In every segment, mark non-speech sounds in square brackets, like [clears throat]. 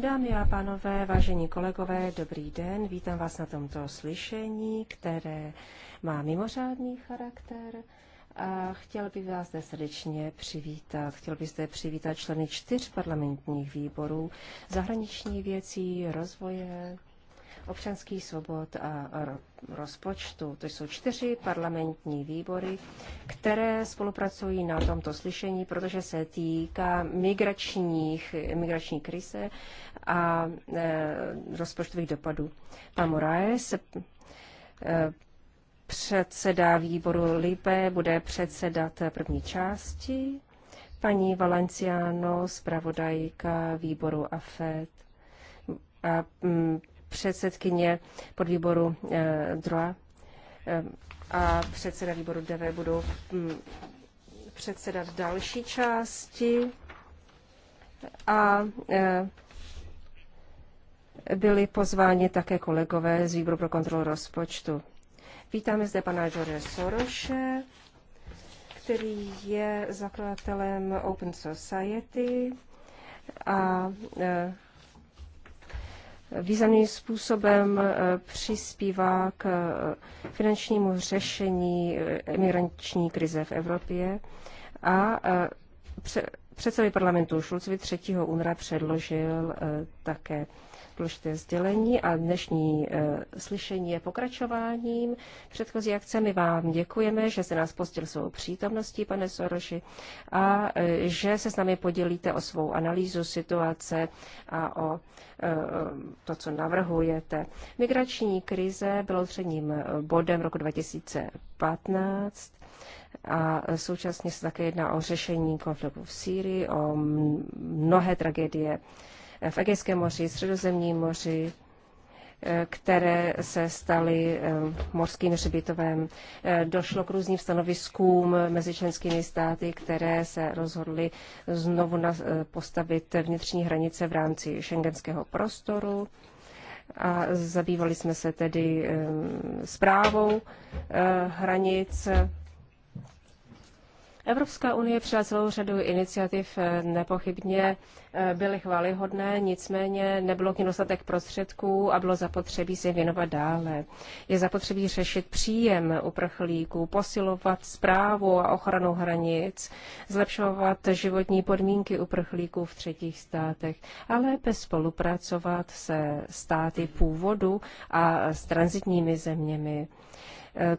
Dámy a pánové, vážení kolegové, dobrý den. Vítám vás na tomto slyšení, které má mimořádný charakter. A chtěl bych vás zde srdečně přivítat. Chtěl bych zde přivítat členy čtyř parlamentních výborů zahraniční věcí, rozvoje, občanských svobod a rozpočtu. To jsou čtyři parlamentní výbory, které spolupracují na tomto slyšení, protože se týká migračních, migrační krize a e, rozpočtových dopadů. Pan Moraes e, předseda výboru LIPE, bude předsedat první části, paní Valenciano, zpravodajka výboru AFED a předsedkyně podvýboru eh, DROA eh, a předseda výboru DV budou hm, předsedat další části a eh, byli pozváni také kolegové z výboru pro kontrolu rozpočtu. Vítáme zde pana George Soroše, který je zakladatelem Open Society a významným způsobem eh, přispívá k eh, finančnímu řešení emigrační eh, krize v Evropě a předsedy parlamentu Šulcovi 3. února předložil také důležité sdělení a dnešní eh, slyšení je pokračováním předchozí akce. My vám děkujeme, že se nás postil svou přítomností, pane Soroši, a eh, že se s námi podělíte o svou analýzu situace a o eh, to, co navrhujete. Migrační krize bylo třetím bodem roku 2015 a současně se také jedná o řešení konfliktu v Sýrii, o mnohé tragédie v Egejském moři, Středozemním moři, eh, které se staly eh, morským hřbitovem. Eh, došlo k různým stanoviskům mezi členskými státy, které se rozhodly znovu postavit vnitřní hranice v rámci šengenského prostoru. A zabývali jsme se tedy zprávou hranic Evropská unie přijala celou řadu iniciativ, eh, nepochybně eh, byly chválihodné, nicméně nebylo k ní dostatek prostředků a bylo zapotřebí se věnovat dále. Je zapotřebí řešit příjem uprchlíků, posilovat zprávu a ochranu hranic, zlepšovat životní podmínky uprchlíků v třetích státech a lépe spolupracovat se státy původu a s transitními zeměmi.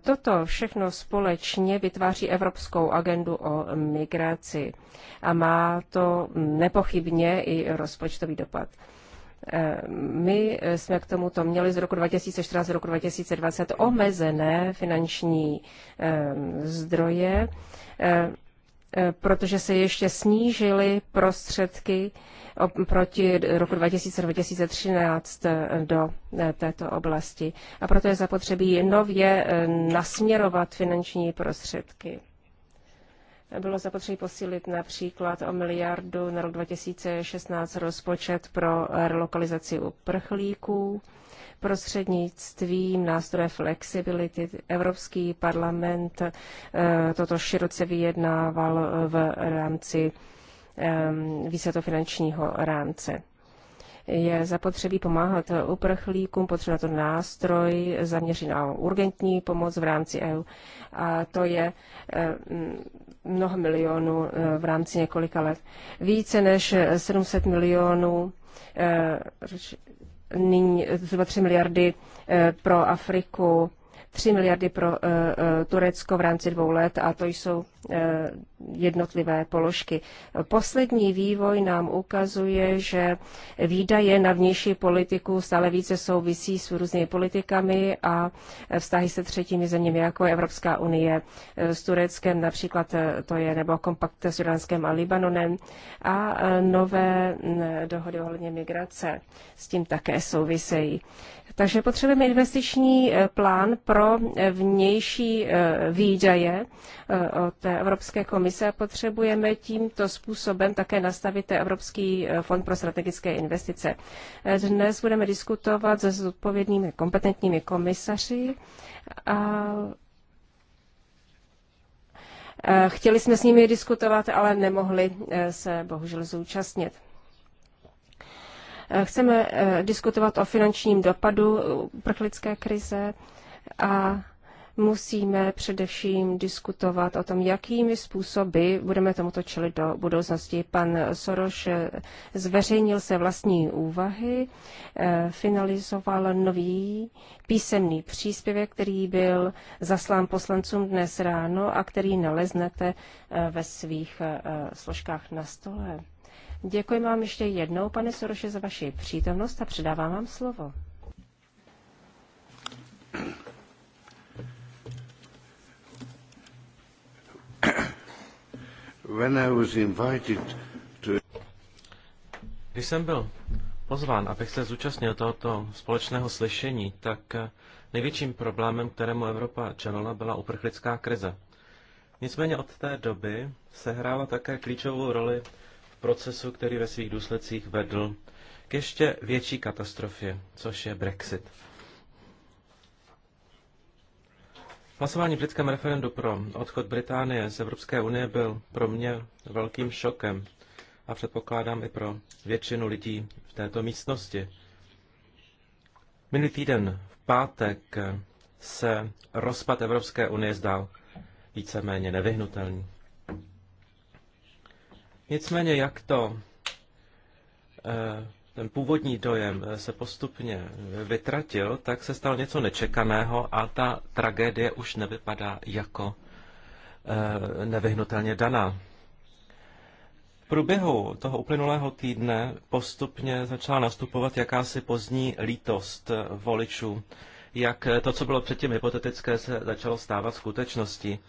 Toto všechno společně vytváří evropskou agendu o migraci a má to nepochybně i rozpočtový dopad. Eh, my jsme k tomuto měli z roku 2014 do roku 2020 omezené finanční eh, zdroje. Eh, Eh, protože se ještě snížily prostředky proti roku 2013 eh, do eh, této oblasti. A proto je zapotřebí nově nasměrovat finanční prostředky. Bylo zapotřebí posílit například o miliardu na rok 2016 rozpočet pro relokalizaci uprchlíků prostřednictvím nástroje flexibility. Evropský parlament eh, toto široce vyjednával eh, v rámci ehm, finančního rámce. Je zapotřebí pomáhat uprchlíkům, potřeba to nástroj zaměřený na urgentní pomoc v rámci EU. A to je eh, mnoho milionů v rámci několika let. Více než 700 milionů nyní zhruba 3 miliardy eh, pro Afriku 3 miliardy pro eh, eh, Turecko v rámci dvou let a to jsou eh, jednotlivé položky. Poslední vývoj nám ukazuje, že výdaje na vnější politiku stále více souvisí s různými politikami a vztahy se třetími zeměmi, jako je Evropská unie s Tureckem, například to je, nebo kompakt s Jordánskem a Libanonem a nové mm, dohody ohledně migrace s tím také souvisejí. Takže potřebujeme investiční eh, plán pro eh, vnější eh, výdaje od té Evropské komise a potřebujeme tímto způsobem také nastavit Evropský fond pro strategické investice. Dnes budeme diskutovat se zodpovědnými kompetentními komisaři a Chtěli jsme s nimi diskutovat, ale nemohli se bohužel zúčastnit. Chceme eh, diskutovat o finančním dopadu uprchlické krize a musíme především diskutovat o tom, jakými způsoby budeme tomuto čelit do budoucnosti. Pan Soros eh, zveřejnil se vlastní úvahy, eh, finalizoval nový písemný příspěvek, který byl zaslán poslancům dnes ráno a který naleznete ve svých složkách na stole. Děkuji vám ještě jednou, pane Soroše, za vaši přítomnost a předávám vám slovo. When I was invited to... Když jsem byl pozván, abych se zúčastnil tohoto společného slyšení, tak eh, největším problémem, kterému Evropa čelila, byla uprchlická krize. Nicméně od té doby sehrála také klíčovou roli procesu, který ve svých důsledcích vedl k ještě větší katastrofě, což je Brexit. Hlasování v britském referendu pro odchod Británie z Evropské unie byl pro mě velkým šokem a předpokládám i pro většinu lidí v této místnosti. Minulý týden v pátek se rozpad Evropské unie zdál víceméně nevyhnutelný. Nicméně jak to eh, ten původní dojem eh, se postupně eh, vytratil, tak se stalo něco nečekaného a ta tragédie už nevypadá jako nevyhnutelně daná. V průběhu toho uplynulého týdne postupně začala nastupovat jakási pozdní lítost voličů, jak to, co bylo předtím hypotetické, se začalo stávat skutečností.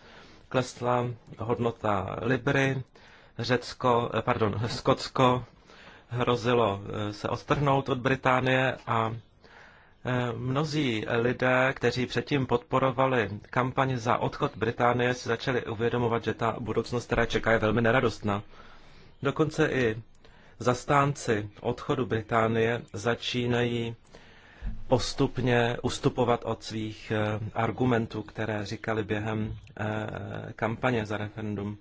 Klesla hodnota Libry, Řecko, eh, pardon, Skotsko hrozilo eh, se odtrhnout od Británie a eh, mnozí lidé, kteří předtím podporovali kampaň za odchod Británie, si začali uvědomovat, že ta budoucnost, která čeká, je velmi neradostná. Dokonce i zastánci odchodu Británie začínají postupně ustupovat od svých argumentů, které říkali během kampaně za referendum.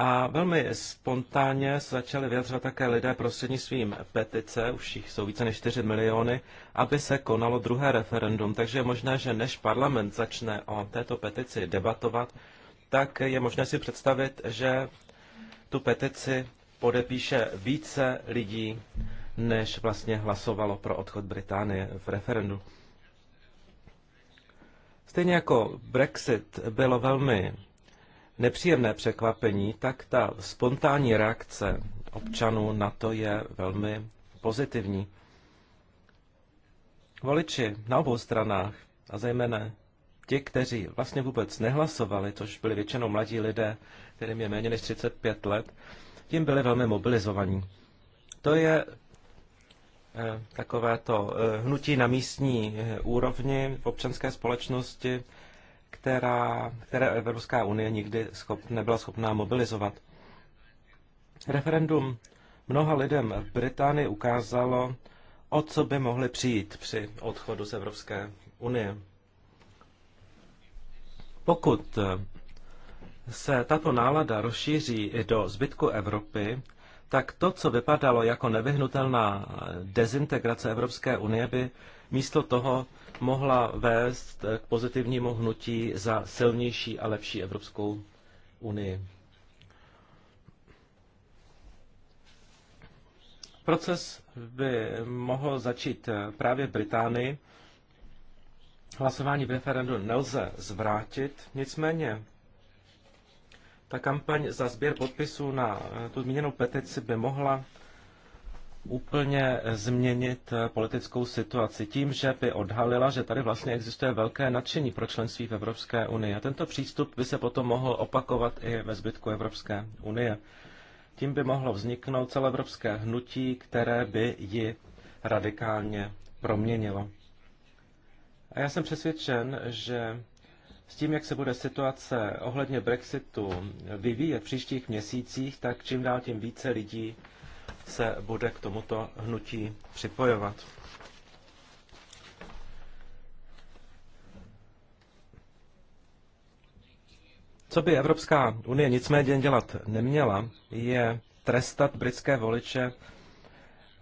A velmi spontánně se začaly vyjadřovat také lidé prostřednictvím petice, už jich jsou více než 4 miliony, aby se konalo druhé referendum. Takže je možné, že než parlament začne o této petici debatovat, tak je možné si představit, že tu petici podepíše více lidí, než vlastně hlasovalo pro odchod Británie v referendu. Stejně jako Brexit bylo velmi nepříjemné překvapení, tak ta spontánní reakce občanů na to je velmi pozitivní. Voliči na obou stranách, a zejména ti, kteří vlastně vůbec nehlasovali, což byli většinou mladí lidé, kterým je méně než 35 let, tím byli velmi mobilizovaní. To je eh, takové to eh, hnutí na místní eh, úrovni v občanské společnosti, která, které Evropská unie nikdy schop, nebyla schopná mobilizovat. Referendum mnoha lidem v Británii ukázalo, o co by mohli přijít při odchodu z Evropské unie. Pokud se tato nálada rozšíří i do zbytku Evropy, tak to, co vypadalo jako nevyhnutelná dezintegrace Evropské unie, by místo toho mohla vést k pozitivnímu hnutí za silnější a lepší Evropskou unii. Proces by mohl začít právě v Británii. Hlasování v referendu nelze zvrátit, nicméně ta kampaň za sběr podpisů na tu zmíněnou petici by mohla úplně změnit eh, politickou situaci tím, že by odhalila, že tady vlastně existuje velké nadšení pro členství v Evropské unii. A tento přístup by se potom mohl opakovat i ve zbytku Evropské unie. Tím by mohlo vzniknout celoevropské hnutí, které by ji radikálně proměnilo. A já jsem přesvědčen, že s tím, jak se bude situace ohledně Brexitu vyvíjet v příštích měsících, tak čím dál tím více lidí se bude k tomuto hnutí připojovat. Co by Evropská unie nicméně dělat neměla, je trestat britské voliče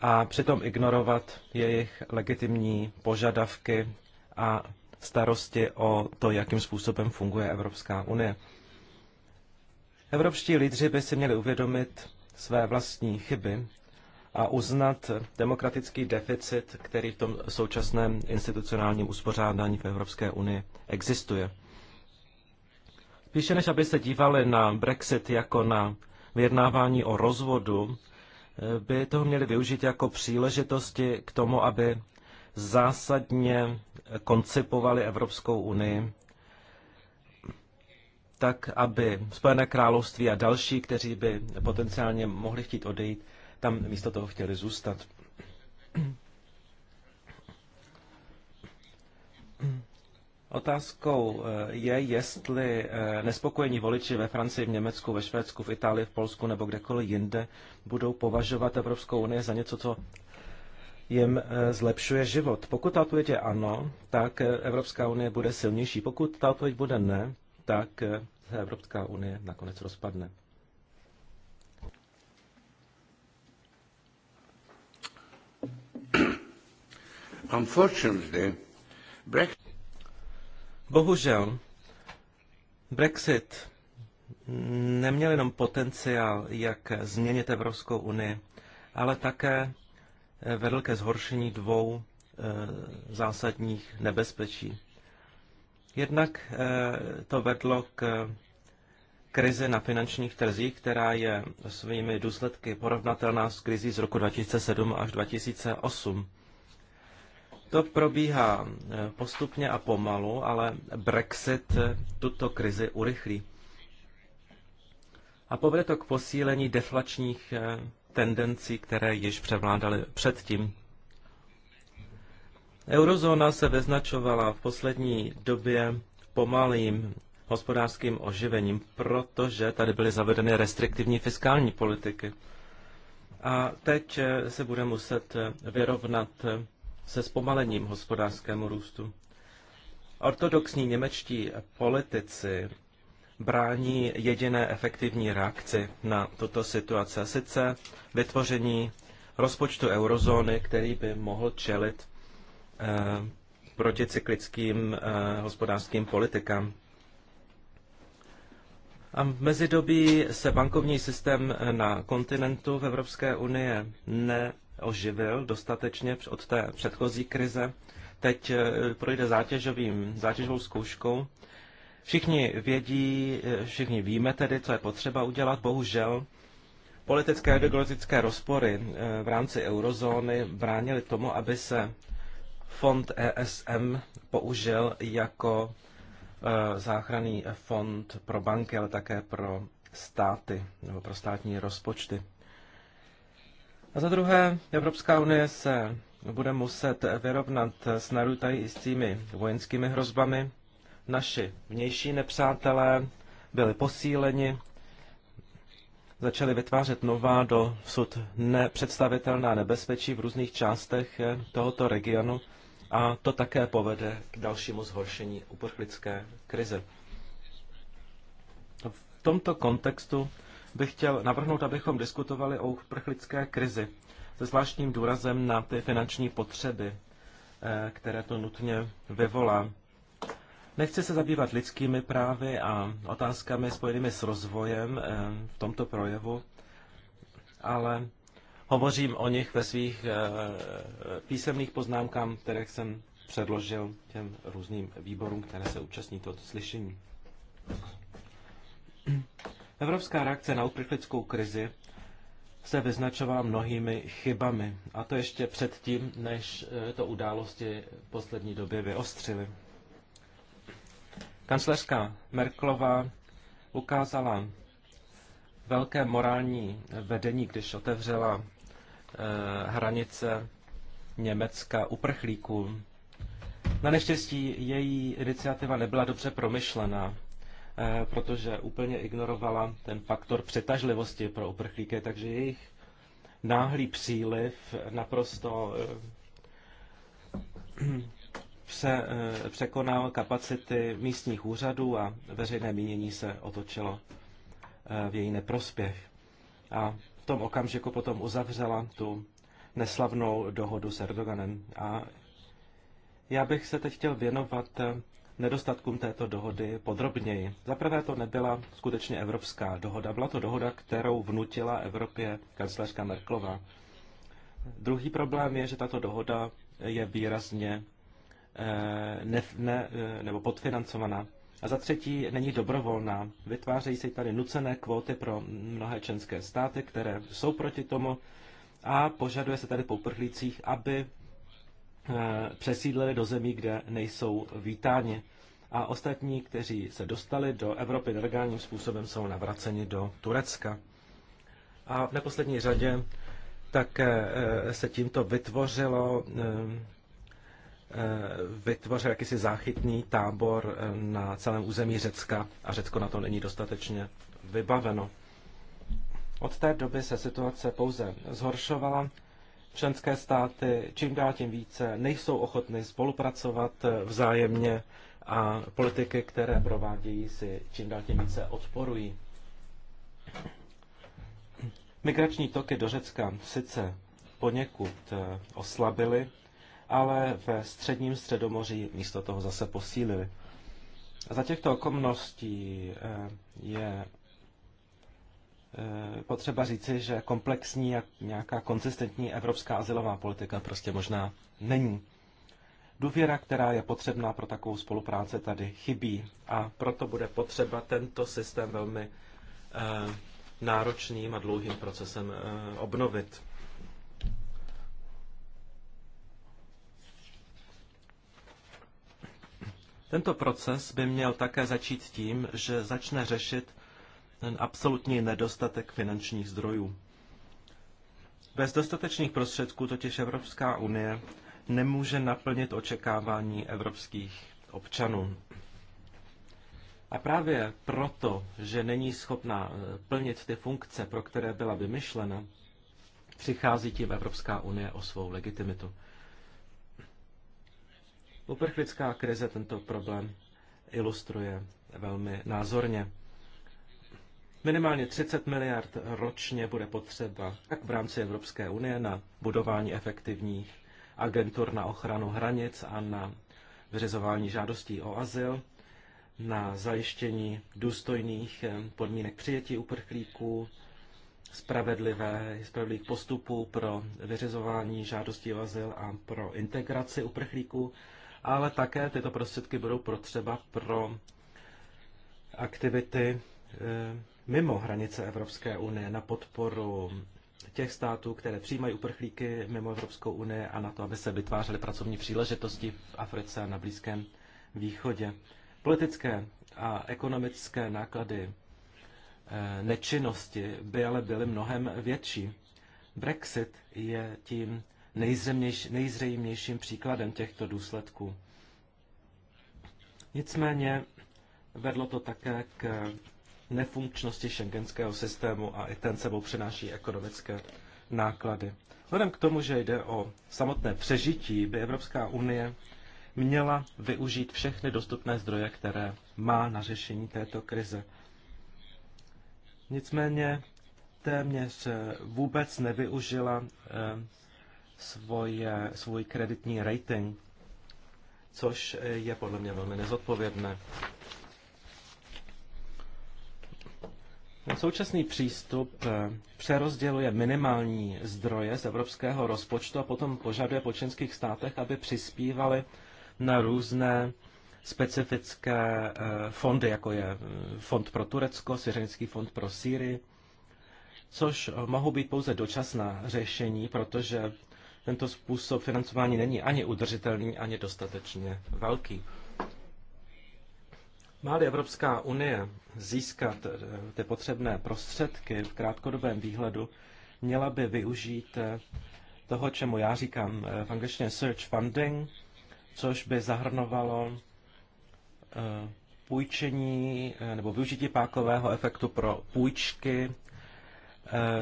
a přitom ignorovat jejich legitimní požadavky a starosti o to, jakým způsobem funguje Evropská unie. Evropští lídři by si měli uvědomit, své vlastní chyby a uznat demokratický deficit, který v tom současném institucionálním uspořádání v Evropské unii existuje. Spíše než aby se dívali na Brexit jako na vyjednávání o rozvodu, by toho měli využít jako příležitosti k tomu, aby zásadně koncipovali Evropskou unii tak aby Spojené království a další, kteří by potenciálně mohli chtít odejít, tam místo toho chtěli zůstat. Otázkou eh, je, jestli eh, nespokojení voliči ve Francii, v Německu, ve Švédsku, v Itálii, v Polsku nebo kdekoliv jinde budou považovat Evropskou unii za něco, co jim eh, zlepšuje život. Pokud ta odpověď je ano, tak Evropská unie bude silnější. Pokud ta odpověď bude ne, tak se Evropská unie nakonec rozpadne. Bohužel, Brexit neměl jenom potenciál, jak změnit Evropskou unii, ale také vedl ke zhoršení dvou e, zásadních nebezpečí. Jednak eh, to vedlo k krizi na finančních trzích, která je svými důsledky porovnatelná s krizí z roku 2007 až 2008. To probíhá eh, postupně a pomalu, ale Brexit eh, tuto krizi urychlí. A povede to k posílení deflačních tendencí, které již převládaly předtím. Eurozóna se vyznačovala v poslední době pomalým hospodářským oživením, protože tady byly zavedeny restriktivní fiskální politiky. A teď se bude muset vyrovnat se zpomalením hospodářskému růstu. Ortodoxní němečtí politici brání jediné efektivní reakci na tuto situaci, sice vytvoření rozpočtu eurozóny, který by mohl čelit Eh, proticyklickým eh, hospodářským politikám. A v mezidobí se bankovní systém na kontinentu v Evropské unie neoživil dostatečně od té předchozí krize. Teď eh, projde zátěžovým, zátěžovou zkouškou. Všichni vědí, všichni víme tedy, co je potřeba udělat. Bohužel politické a ideologické rozpory v rámci eurozóny bránily tomu, aby se fond ESM použil jako eh, záchranný fond pro banky, ale také pro státy nebo pro státní rozpočty. A za druhé, Evropská unie se bude muset vyrovnat s narůstajícími vojenskými hrozbami. Naši vnější nepřátelé byli posíleni, začali vytvářet nová do dosud nepředstavitelná nebezpečí v různých částech tohoto regionu a to také povede k dalšímu zhoršení uprchlické krize. V tomto kontextu bych chtěl navrhnout, abychom diskutovali o uprchlické krizi se zvláštním důrazem na ty finanční potřeby, eh, které to nutně vyvolá. Nechci se zabývat lidskými právy a otázkami spojenými s rozvojem eh, v tomto projevu, ale Hovořím o nich ve svých eh, písemných poznámkách, které jsem předložil těm různým výborům, které se účastní tohoto slyšení. Evropská reakce na uprchlickou krizi se vyznačovala mnohými chybami, a to ještě předtím, než eh, to události v poslední době vyostřily. Kancelářka Merklová ukázala velké morální vedení, když otevřela Eh, hranice Německa uprchlíků. Na neštěstí její iniciativa nebyla dobře promyšlená, eh, protože úplně ignorovala ten faktor přitažlivosti pro uprchlíky, takže jejich náhlý příliv naprosto eh, [clears throat] pře, překonal kapacity místních úřadů a veřejné mínění se otočilo v její neprospěch. A tom okamžiku potom uzavřela tu neslavnou dohodu s Erdoganem. A já bych se teď chtěl věnovat nedostatkům této dohody podrobněji. Zaprvé to nebyla skutečně evropská dohoda, byla to dohoda, kterou vnutila Evropě kancelářka Merklova. Druhý problém je, že tato dohoda je výrazně eh, ne, ne, eh, nebo podfinancovaná. A za třetí, není dobrovolná. Vytvářejí se tady nucené kvóty pro mnohé členské státy, které jsou proti tomu a požaduje se tady po uprchlících, aby eh, přesídlili do zemí, kde nejsou vítáni. A ostatní, kteří se dostali do Evropy nelegálním způsobem, jsou navraceni do Turecka. A v neposlední řadě také eh, se tímto vytvořilo eh, Eh, vytvořil jakýsi záchytný tábor eh, na celém území Řecka a Řecko na to není dostatečně vybaveno. Od té doby se situace pouze zhoršovala. Členské státy čím dál tím více nejsou ochotny spolupracovat eh, vzájemně a politiky, které provádějí, si čím dál tím více odporují. Migrační toky do Řecka sice poněkud oslabily, ale ve středním středomoří místo toho zase posílili. A za těchto okolností eh, je eh, potřeba říci, že komplexní a nějaká konzistentní evropská asilová politika prostě možná není. Důvěra, která je potřebná pro takovou spolupráci, tady chybí a proto bude potřeba tento systém velmi eh, náročným a dlouhým procesem obnovit. Tento proces by měl také začít tím, že začne řešit ten absolutní nedostatek finančních zdrojů. Bez dostatečných prostředků totiž Evropská unie nemůže naplnit očekávání evropských občanů. A právě proto, že není schopna eh, plnit ty funkce, pro které byla vymyšlena, přichází tím Evropská unie o svou legitimitu. Uprchlická krize tento problém ilustruje velmi názorně. Minimálně 30 miliard ročně bude potřeba jak v rámci Evropské unie na budování efektivních agentur na ochranu hranic a na vyřizování žádostí o azyl, na zajištění důstojných podmínek přijetí uprchlíků, spravedlivé, spravedlivých postupů pro vyřizování žádostí o azyl a pro integraci uprchlíků ale také tyto prostředky budou potřeba pro aktivity eh, mimo hranice Evropské unie na podporu těch států, které přijímají uprchlíky mimo Evropskou unii a na to, aby se vytvářely pracovní příležitosti v Africe a na Blízkém východě. Politické a ekonomické náklady eh, nečinnosti by ale byly mnohem větší. Brexit je tím nejzřejmějším příkladem těchto důsledků. Nicméně vedlo to také k nefunkčnosti šengenského systému a i ten sebou přenáší ekonomické náklady. Vzhledem k tomu, že jde o samotné přežití, by Evropská unie měla využít všechny dostupné zdroje, které má na řešení této krize. Nicméně téměř vůbec nevyužila eh, svoje, svůj kreditní rating, což je podle mě velmi nezodpovědné. Současný přístup eh, přerozděluje minimální zdroje z evropského rozpočtu a potom požaduje po členských státech, aby přispívali na různé specifické eh, fondy, jako je eh, Fond pro Turecko, Syřenský fond pro Sýrii, což mohou být pouze dočasná řešení, protože tento způsob financování není ani udržitelný, ani dostatečně velký. má Evropská unie získat eh, ty potřebné prostředky v krátkodobém výhledu, měla by využít eh, toho, čemu já říkám eh, v angličtině search funding, což by zahrnovalo půjčení nebo využití pákového efektu pro půjčky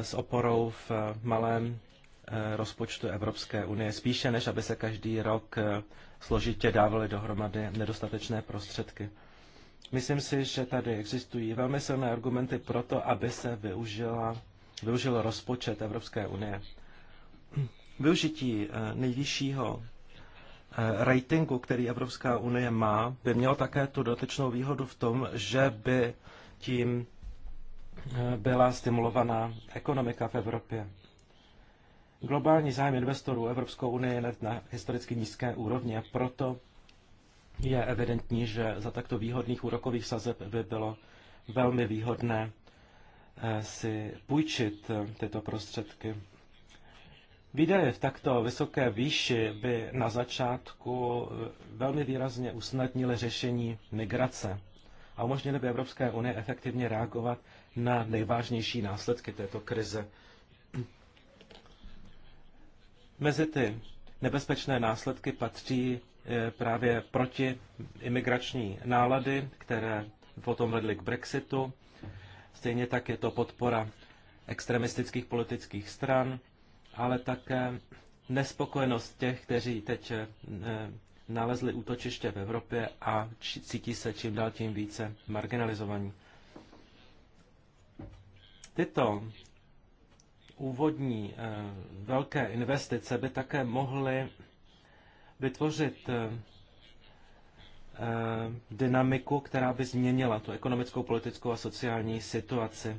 s oporou v malém Eh, rozpočtu Evropské unie, spíše než aby se každý rok eh, složitě dávaly dohromady nedostatečné prostředky. Myslím si, že tady existují velmi silné argumenty pro to, aby se využila, využil rozpočet Evropské unie. Využití eh, nejvyššího ratingu, který Evropská unie má, by mělo také tu dotečnou výhodu v tom, že by tím byla stimulovaná ekonomika v Evropě. Globální zájem investorů Evropskou unii je na historicky nízké úrovni a proto je evidentní, že za takto výhodných úrokových sazeb by bylo velmi výhodné eh, si půjčit eh, tyto prostředky. Výdaje v takto vysoké výši by na začátku eh, velmi výrazně usnadnily řešení migrace a umožnily by Evropské unii efektivně reagovat na nejvážnější následky této krize. Mezi ty nebezpečné následky patří eh, právě proti imigrační nálady, které potom vedly k Brexitu. Stejně tak je to podpora extremistických politických stran, ale také nespokojenost těch, kteří teď eh, nalezli útočiště v Evropě a cítí se čím dál tím více marginalizovaní. Tyto úvodní eh, velké investice by také mohly vytvořit eh, eh, dynamiku, která by změnila tu ekonomickou, politickou a sociální situaci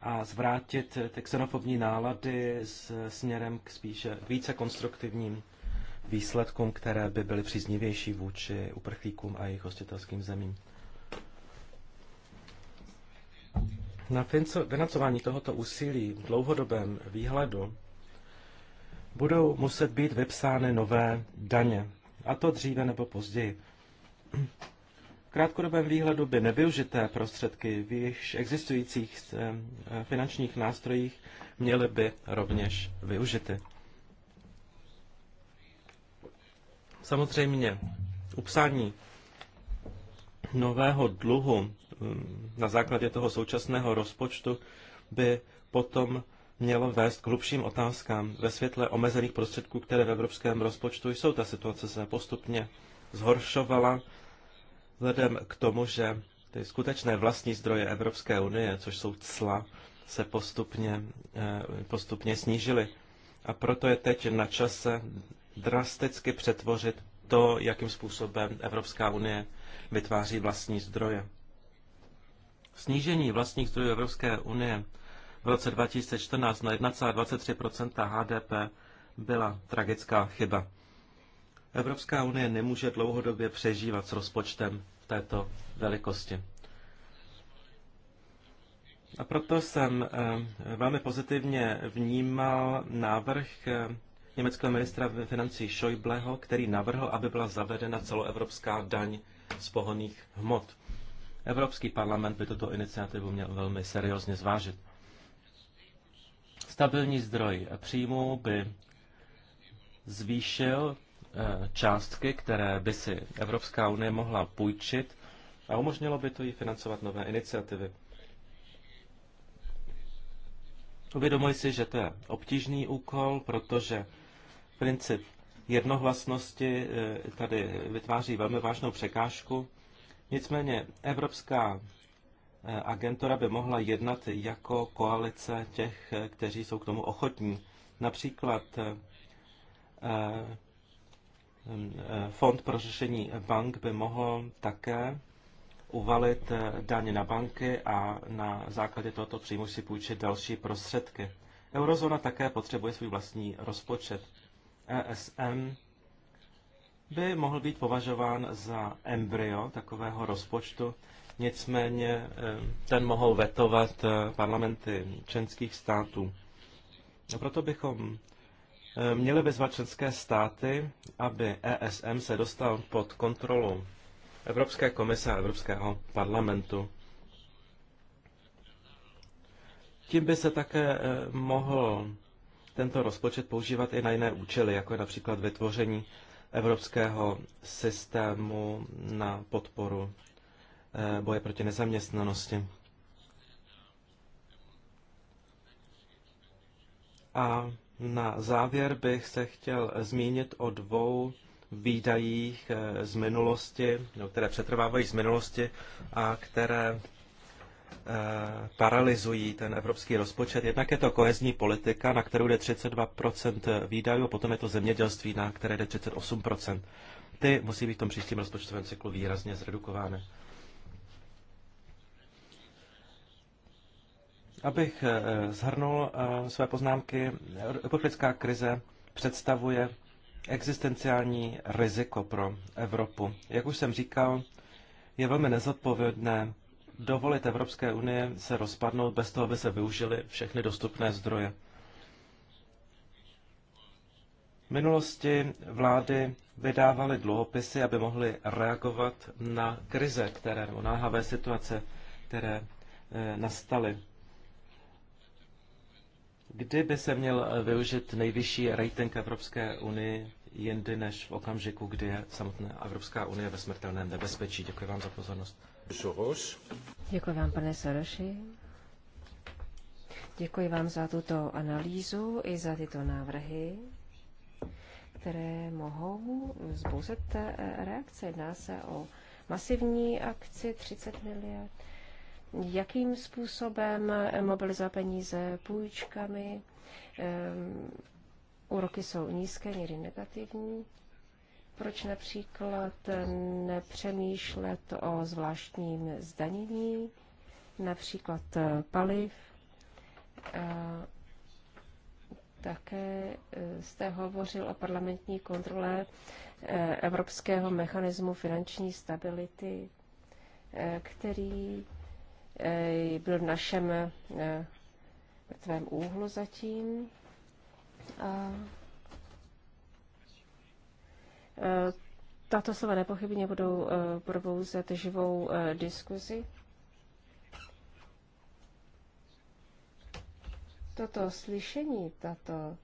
a zvrátit ty xenofobní nálady s směrem k spíše více konstruktivním výsledkům, které by byly příznivější vůči uprchlíkům a jejich hostitelským zemím. na financování tohoto úsilí v dlouhodobém výhledu budou muset být vypsány nové daně, a to dříve nebo později. V krátkodobém výhledu by nevyužité prostředky v již existujících eh, finančních nástrojích měly by rovněž využity. Samozřejmě upsání nového dluhu Mm, na základě toho současného rozpočtu by potom mělo vést k hlubším otázkám ve světle omezených prostředků, které v evropském rozpočtu jsou. Ta situace se postupně zhoršovala vzhledem k tomu, že ty skutečné vlastní zdroje Evropské unie, což jsou cla, se postupně, eh, postupně snížily. A proto je teď na čase drasticky přetvořit to, jakým způsobem Evropská unie vytváří vlastní zdroje. Snížení vlastních zdrojů Evropské unie v roce 2014 na 1,23 HDP byla tragická chyba. Evropská unie nemůže dlouhodobě přežívat s rozpočtem v této velikosti. A proto jsem eh, velmi pozitivně vnímal návrh eh, německého ministra financí Schäubleho, který navrhl, aby byla zavedena celoevropská daň z pohoných hmot. Evropský parlament by tuto iniciativu měl velmi seriózně zvážit. Stabilní zdroj příjmů by zvýšil eh, částky, které by si Evropská unie mohla půjčit a umožnilo by to jí financovat nové iniciativy. Uvědomuji si, že to je obtížný úkol, protože princip jednohlasnosti eh, tady vytváří velmi vážnou překážku Nicméně Evropská eh, agentura by mohla jednat jako koalice těch, eh, kteří jsou k tomu ochotní. Například eh, Fond pro řešení bank by mohl také uvalit daně na banky a na základě tohoto příjmu si půjčit další prostředky. Eurozóna také potřebuje svůj vlastní rozpočet. ESM by mohl být považován za embryo takového rozpočtu. Nicméně eh, ten mohou vetovat eh, parlamenty členských států. A proto bychom eh, měli vyzvat členské státy, aby ESM se dostal pod kontrolu Evropské komise a Evropského parlamentu. Tím by se také mohl tento rozpočet používat i na jiné účely, jako je například vytvoření evropského systému na podporu eh, boje proti nezaměstnanosti. A na závěr bych se chtěl zmínit o dvou výdajích eh, z minulosti, no, které přetrvávají z minulosti a které Eh, paralizují ten evropský rozpočet. Jednak je to kohezní politika, na kterou jde 32% výdajů, a potom je to zemědělství, na které jde 38%. Ty musí být v tom příštím rozpočtovém cyklu výrazně zredukovány. Abych zhrnul eh, eh, své poznámky, uprchlická krize představuje existenciální riziko pro Evropu. Jak už jsem říkal, je velmi nezodpovědné dovolit Evropské unie se rozpadnout bez toho, aby se využili všechny dostupné zdroje. V minulosti vlády vydávaly dluhopisy, aby mohly reagovat na krize, které, nebo náhavé situace, které e, nastaly. Kdyby se měl eh, využít nejvyšší rating Evropské unie jindy než v okamžiku, kdy je samotná Evropská unie ve smrtelném nebezpečí? Děkuji vám za pozornost. Soros. Děkuji vám, pane Soroši. Děkuji vám za tuto analýzu i za tyto návrhy, které mohou zbouzet eh, reakce. Jedná se o masivní akci 30 miliard. Jakým způsobem eh, mobilizovat peníze půjčkami? Um, úroky jsou nízké, někdy negativní. Proč například nepřemýšlet o zvláštním zdanění, například paliv? Také e, jste hovořil o parlamentní kontrole e, Evropského mechanismu finanční stability, e, který byl v našem tvém úhlu zatím. A tato slova nepochybně budou eh, probouzet živou eh, diskuzi. Toto slyšení, tato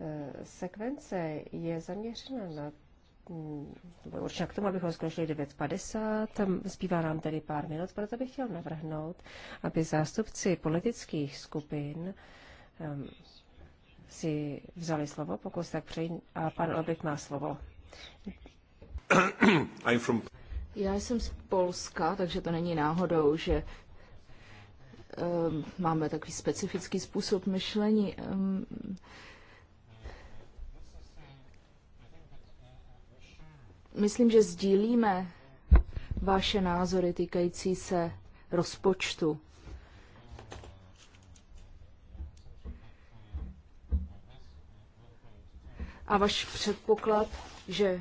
eh, sekvence je zaměřena na mm, určitě k tomu, abychom skončili 9.50. Tam zbývá nám tedy pár minut, proto bych chtěl navrhnout, aby zástupci politických skupin ehm, si vzali slovo, pokud tak přeji, a pan Olbik má slovo. [coughs] From... Já jsem z Polska, takže to není náhodou, že um, máme takový specifický způsob myšlení. Um, myslím, že sdílíme vaše názory týkající se rozpočtu. A váš předpoklad, že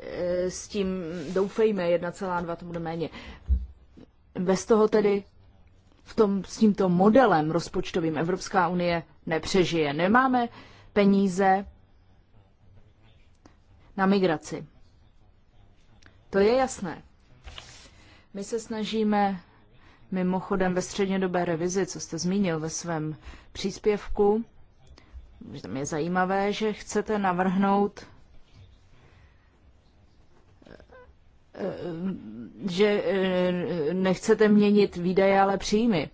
eh, s tím doufejme 1,2 to bude méně. Bez toho tedy v tom, s tímto modelem rozpočtovým Evropská unie nepřežije. Nemáme peníze na migraci. To je jasné. My se snažíme mimochodem ve střednědobé revizi, co jste zmínil ve svém příspěvku, že je zajímavé, že chcete navrhnout, eh, že eh, nechcete měnit výdaje, ale příjmy.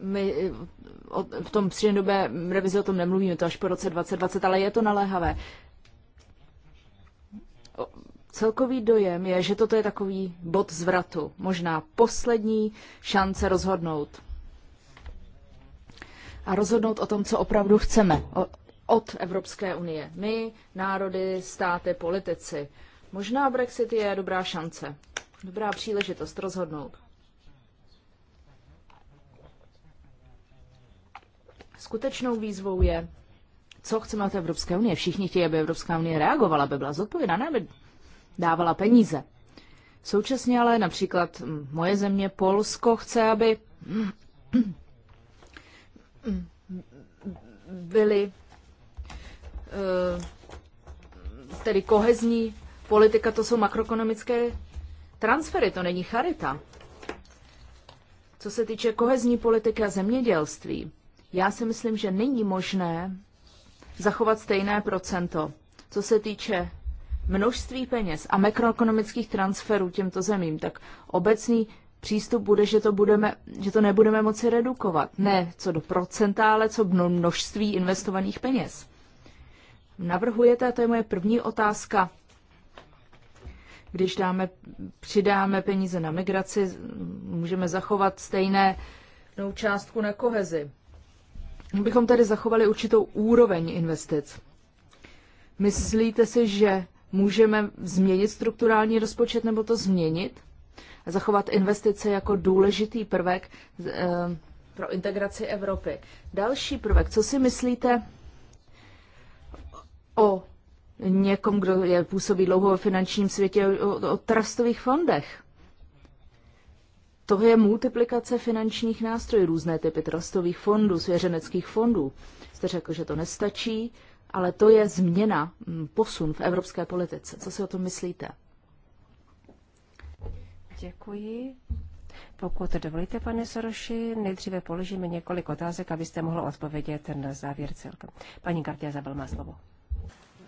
My eh, v tom střednodobé revizi o tom nemluvíme, to až po roce 2020, ale je to naléhavé. Celkový dojem je, že toto je takový bod zvratu, možná poslední šance rozhodnout a rozhodnout o tom, co opravdu chceme od Evropské unie. My, národy, státy, politici. Možná Brexit je dobrá šance, dobrá příležitost rozhodnout. Skutečnou výzvou je, co chceme od Evropské unie. Všichni chtějí, aby Evropská unie reagovala, aby byla zodpovědná, ne aby dávala peníze. Současně ale například mm, moje země Polsko chce, aby byly eh, tedy kohezní politika, to jsou makroekonomické transfery, to není charita. Co se týče kohezní politiky a zemědělství, já si myslím, že není možné zachovat stejné procento. Co se týče množství peněz a makroekonomických transferů těmto zemím, tak obecný přístup bude, že to, budeme, že to nebudeme moci redukovat. Ne co do procenta, ale co množství investovaných peněz. Navrhujete, a to je moje první otázka, když dáme, přidáme peníze na migraci, můžeme zachovat stejné no, částku na kohezi. Bychom tady zachovali určitou úroveň investic. Myslíte si, že můžeme změnit strukturální rozpočet nebo to změnit? zachovat investice jako důležitý prvek eh, pro integraci Evropy. Další prvek, co si myslíte o někom, kdo je působí dlouho ve finančním světě, o, o trustových fondech? To je multiplikace finančních nástrojů, různé typy trustových fondů, svěřeneckých fondů. Jste řekl, že to nestačí, ale to je změna, mm, posun v evropské politice. Co si o tom myslíte? Děkuji. Pokud dovolíte, pane Soroši, nejdříve položíme několik otázek, abyste mohl odpovědět na závěr celkem. Paní Gartia Zabel má slovo.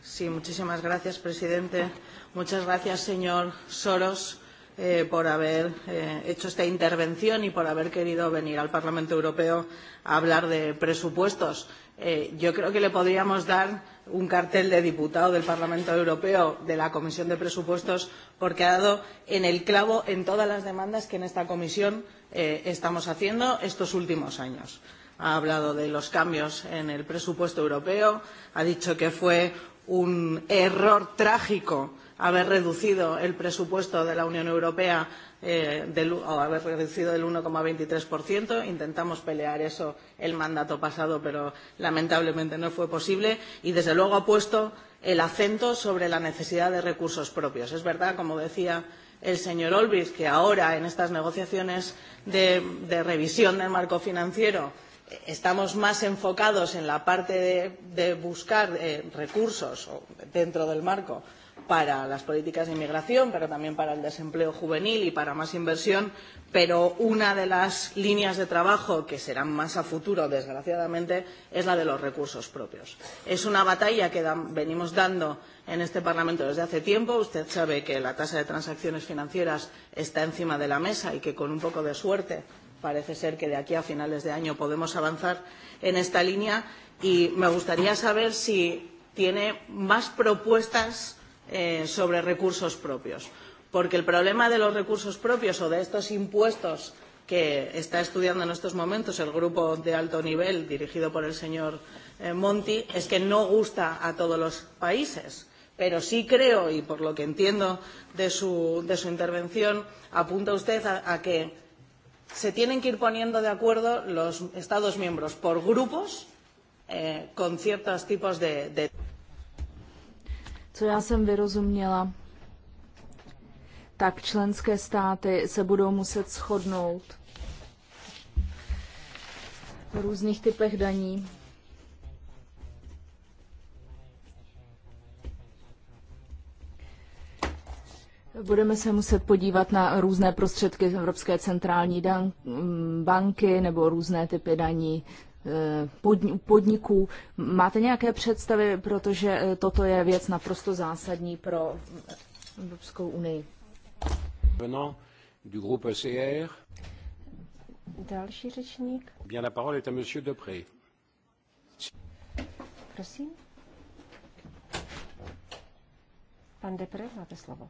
Sí, muchísimas gracias, presidente. Muchas gracias, señor Soros, eh, por haber eh, hecho esta intervención y por haber querido venir al Parlamento Europeo a hablar de presupuestos. Eh, yo creo que le podríamos dar un cartel de diputado del Parlamento Europeo de la Comisión de Presupuestos porque ha dado en el clavo en todas las demandas que en esta comisión eh, estamos haciendo estos últimos años. Ha hablado de los cambios en el presupuesto europeo, ha dicho que fue un error trágico haber reducido el presupuesto de la Unión Europea eh, del, o haber reducido del 1,23%. Intentamos pelear eso el mandato pasado, pero lamentablemente no fue posible. Y desde luego ha puesto el acento sobre la necesidad de recursos propios. Es verdad, como decía el señor Olbis, que ahora en estas negociaciones de, de revisión del marco financiero eh, estamos más enfocados en la parte de, de buscar eh, recursos dentro del marco para las políticas de inmigración, pero también para el desempleo juvenil y para más inversión. Pero una de las líneas de trabajo que serán más a futuro, desgraciadamente, es la de los recursos propios. Es una batalla que dan, venimos dando en este Parlamento desde hace tiempo. Usted sabe que la tasa de transacciones financieras está encima de la mesa y que con un poco de suerte parece ser que de aquí a finales de año podemos avanzar en esta línea. Y me gustaría saber si tiene más propuestas Eh, sobre recursos propios. Porque el problema de los recursos propios o de estos impuestos que está estudiando en estos momentos el grupo de alto nivel dirigido por el señor eh, Monti es que no gusta a todos los países. Pero sí creo, y por lo que entiendo de su, de su intervención, apunta usted a, a que se tienen que ir poniendo de acuerdo los Estados miembros por grupos eh, con ciertos tipos de, de co já jsem vyrozuměla, tak členské státy se budou muset shodnout v různých typech daní. Budeme se muset podívat na různé prostředky Evropské centrální banky nebo různé typy daní Eh, podniků. Máte nějaké představy, protože eh, toto je věc naprosto zásadní pro Evropskou unii. E Další řečník. Prosím. Pan Depre, máte slovo.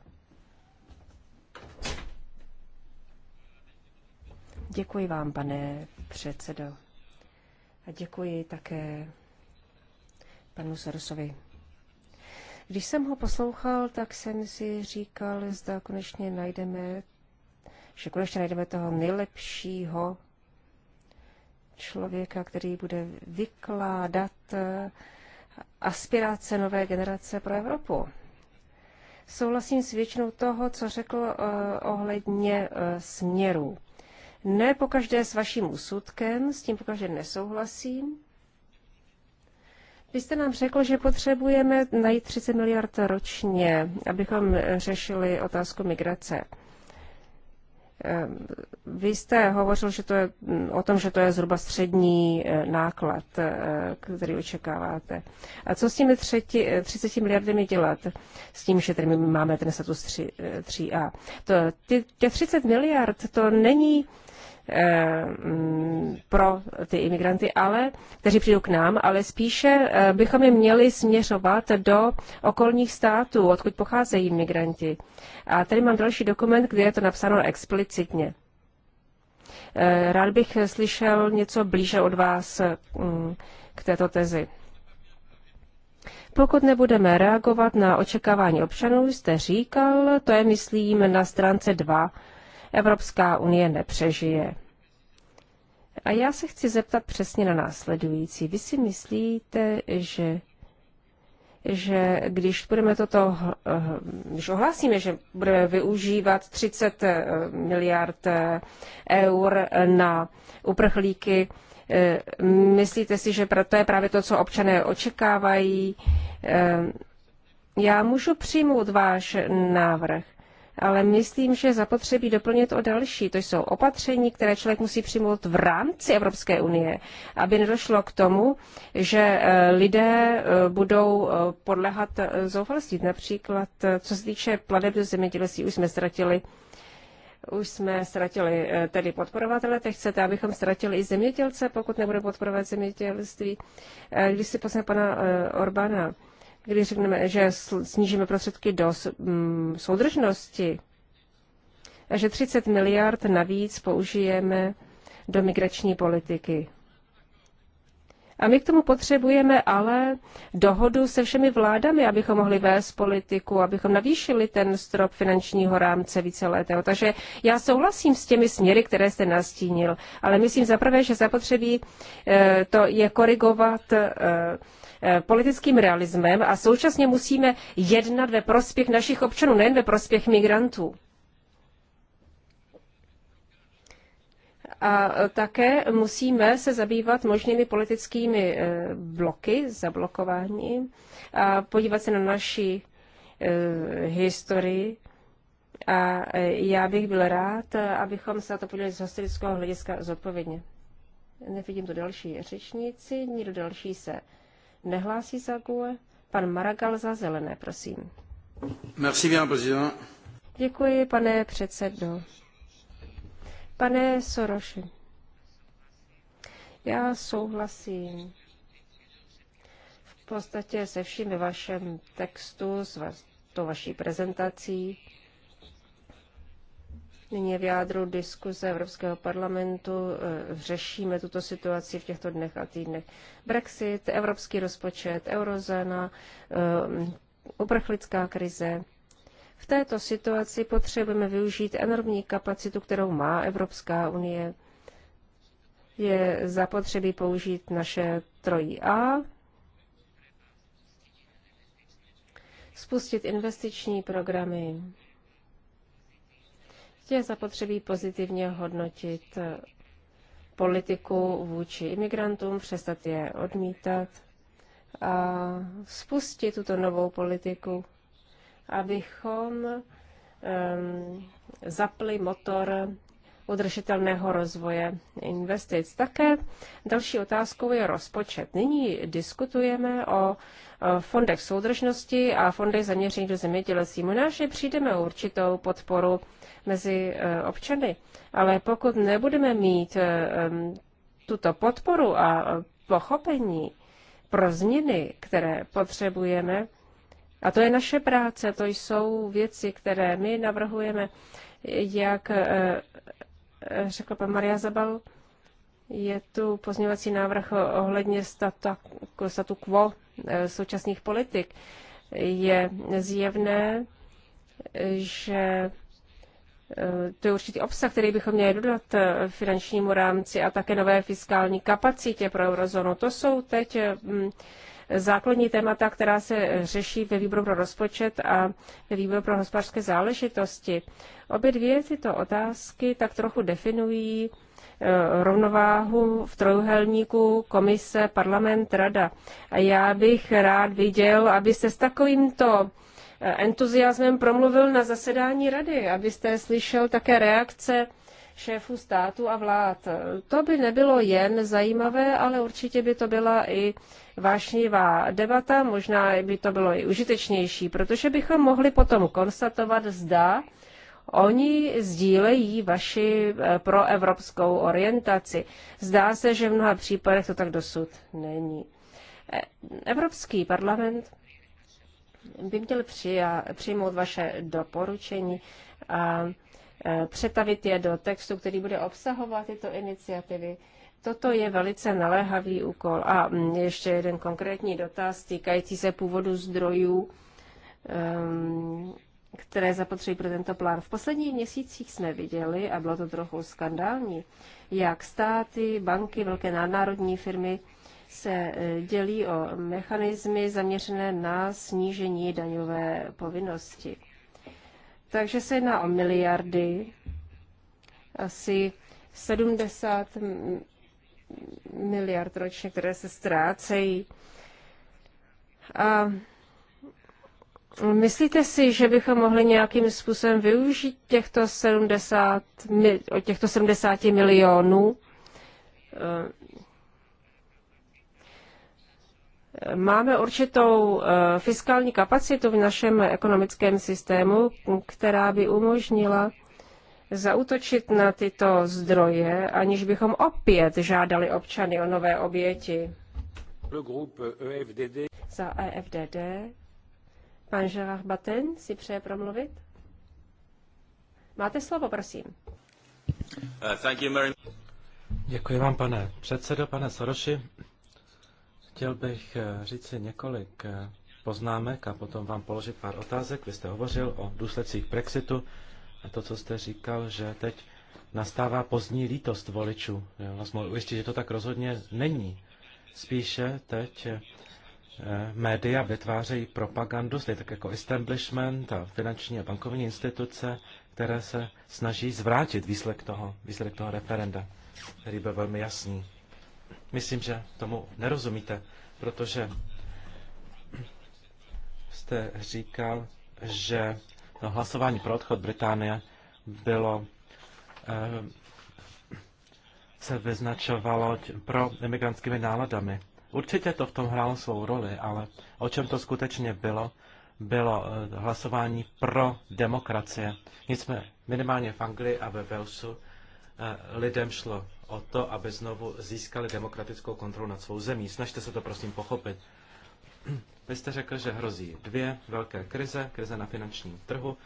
Děkuji vám, pane předsedo. A děkuji také panu Sorosovi. Když jsem ho poslouchal, tak jsem si říkal, zda konečně najdeme, že konečně najdeme toho nejlepšího člověka, který bude vykládat aspirace nové generace pro Evropu. Souhlasím s většinou toho, co řekl eh, ohledně eh, směrů ne pokaždé s vaším úsudkem, s tím pokaždé nesouhlasím. Vy jste nám řekl, že potřebujeme najít 30 miliard ročně, abychom řešili otázku migrace. Ehm, vy jste hovořil že to je, o tom, že to je zhruba střední eh, náklad, eh, který očekáváte. A co s těmi 30 eh, miliardami dělat? S tím, že tady my máme ten status 3, 3A. To, ty, těch 30 miliard to není Eh, pro ty imigranty, ale kteří přijdou k nám, ale spíše eh, bychom je měli směřovat do okolních států, odkud pocházejí imigranti. A tady mám další dokument, kde je to napsáno explicitně. Eh, rád bych slyšel něco blíže od vás mm, k této tezi. Pokud nebudeme reagovat na očekávání občanů, jste říkal, to je myslím na stránce 2 Evropská unie nepřežije. A já se chci zeptat přesně na následující. Vy si myslíte, že že když budeme toto, eh, když ohlásíme, že budeme využívat 30 eh, miliard eh, eur na uprchlíky, myslíte si, že to je právě to, co občané očekávají? Já můžu přijmout váš návrh, ale myslím, že zapotřebí doplnit o další. To jsou opatření, které člověk musí přijmout v rámci Evropské unie, aby nedošlo k tomu, že eh, lidé eh, budou eh, podlehat zoufalství. Například, co se týče pladeb do zemědělství, už jsme ztratili už jsme ztratili tedy podporovatele, teď chcete, abychom ztratili i zemědělce, pokud nebude podporovat zemědělství. Když si poslám pana Orbána, když řekneme, že snížíme prostředky do mm, soudržnosti a že 30 miliard navíc použijeme do migrační politiky. A my k tomu potřebujeme ale dohodu se všemi vládami, abychom mohli vést politiku, abychom navýšili ten strop finančního rámce víceletého. Takže já souhlasím s těmi směry, které jste nastínil, ale myslím zaprvé, že zapotřebí eh, to je korigovat eh, Eh, politickým realismem a současně musíme jednat ve prospěch našich občanů, nejen ve prospěch migrantů. A eh, také musíme se zabývat možnými politickými eh, bloky, zablokování. a podívat se na naši historii. A já bych byl rád, abychom se na to podívali z historického hlediska zodpovědně. Nevidím tu další řečníci, nikdo další se nehlásí za GUE. Pan Maragal za zelené, prosím. Merci bien, président. Děkuji, pane předsedo. Pane Soroši, já souhlasím v podstatě se vším ve vašem textu, s to vaší prezentací. Nyní v jádru diskuze Evropského parlamentu eh, řešíme tuto situaci v těchto dnech a týdnech. Brexit, evropský rozpočet, eurozóna, eh, uprchlická krize. V této situaci potřebujeme využít enormní kapacitu, kterou má Evropská unie. Je zapotřebí použít naše trojí A, spustit investiční programy, je prostě zapotřebí pozitivně hodnotit eh, politiku vůči imigrantům, přestat je odmítat a spustit tuto novou politiku, abychom um, zapli motor udržitelného rozvoje investic. Také další otázkou je rozpočet. Nyní diskutujeme o fondech soudržnosti a fondech zaměřených do zemědělství. Možná, že přijdeme určitou podporu mezi e, občany, ale pokud nebudeme mít e, tuto podporu a e, pochopení pro změny, které potřebujeme, a to je naše práce, to jsou věci, které my navrhujeme, jak řekl pan Maria Zabal, je tu pozměňovací návrh ohledně statu, statu quo eh, současných politik. Je zjevné, že eh, to je určitý obsah, který bychom měli dodat eh, finančnímu rámci a také nové fiskální kapacitě pro eurozónu. To jsou teď mm, základní témata, která se řeší ve výboru pro rozpočet a ve výboru pro hospodářské záležitosti. Obě dvě tyto otázky tak trochu definují e, rovnováhu v trojuhelníku komise, parlament, rada. A já bych rád viděl, abyste s takovýmto e, entuziasmem promluvil na zasedání rady, abyste slyšel také reakce šéfů státu a vlád. To by nebylo jen zajímavé, ale určitě by to byla i vášnivá debata, možná by to bylo i užitečnější, protože bychom mohli potom konstatovat, zda Oni sdílejí vaši eh, proevropskou orientaci. Zdá se, že v mnoha případech to tak dosud není. Eh, Evropský parlament by měl přijmout vaše doporučení a Eh, přetavit je do textu, který bude obsahovat tyto iniciativy. Toto je velice naléhavý úkol. A mm, ještě jeden konkrétní dotaz týkající se původu zdrojů, ehm, které zapotřebí pro tento plán. V posledních měsících jsme viděli, a bylo to trochu skandální, jak státy, banky, velké nadnárodní firmy se eh, dělí o mechanismy zaměřené na snížení daňové povinnosti. Takže se jedná o miliardy, asi 70 miliard ročně, které se ztrácejí. A myslíte si, že bychom mohli nějakým způsobem využít těchto 70, těchto 70 milionů Máme určitou eh, fiskální kapacitu v našem ekonomickém systému, která by umožnila zautočit na tyto zdroje, aniž bychom opět žádali občany o nové oběti. E Za EFDD pan Gerard Baten si přeje promluvit. Máte slovo, prosím. Uh, Děkuji vám, pane předsedo, pane Soroši. Chtěl bych eh, si několik eh, poznámek a potom vám položit pár otázek. Vy jste hovořil o důsledcích Brexitu a to, co jste říkal, že teď nastává pozdní lítost voličů. Já vás mohu ujistit, že to tak rozhodně není. Spíše teď eh, média vytvářejí propagandu, stejně tak jako establishment a finanční a bankovní instituce, které se snaží zvrátit výsledek toho, výsledek toho referenda, který byl velmi jasný. Myslím, že tomu nerozumíte, protože jste říkal, že no, hlasování pro odchod Británie bylo eh, se vyznačovalo pro imigrantskými náladami. Určitě to v tom hrálo svou roli, ale o čem to skutečně bylo, bylo eh, hlasování pro demokracie. Nicméně minimálně v Anglii a ve Walesu eh, lidem šlo o to, aby znovu získali demokratickou kontrolu nad svou zemí. Snažte se to prosím pochopit. [clears throat] Vy jste řekl, že hrozí dvě velké krize, krize na finančním trhu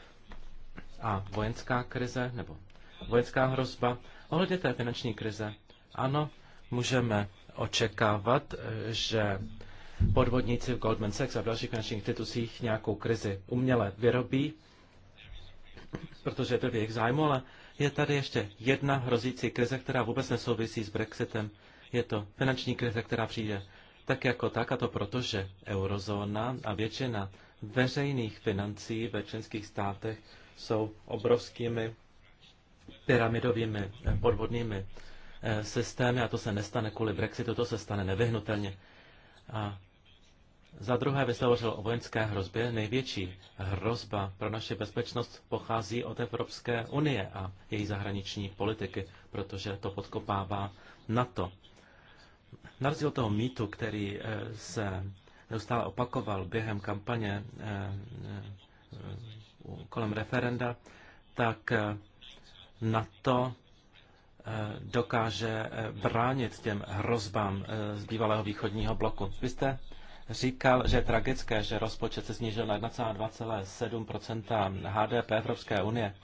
a vojenská krize, nebo vojenská hrozba. Ohledně té finanční krize, ano, můžeme očekávat, že podvodníci v Goldman Sachs a v dalších finančních institucích nějakou krizi uměle vyrobí, [clears throat] protože je to v jejich zájmu, ale je tady ještě jedna hrozící krize, která vůbec nesouvisí s Brexitem. Je to finanční krize, která přijde tak jako tak, a to proto, že eurozóna a většina veřejných financí ve členských státech jsou obrovskými pyramidovými eh, podvodnými eh, systémy a to se nestane kvůli Brexitu, to se stane nevyhnutelně. A za druhé, vy o vojenské hrozbě. Největší hrozba pro naši bezpečnost pochází od Evropské unie a její zahraniční politiky, protože to podkopává NATO. Na rozdíl toho mýtu, který eh, se neustále opakoval během kampaně eh, eh, kolem referenda, tak NATO dokáže bránit těm hrozbám z bývalého východního bloku. Vy jste říkal, že je tragické, že rozpočet se snížil na 1,2,7 HDP Evropské unie.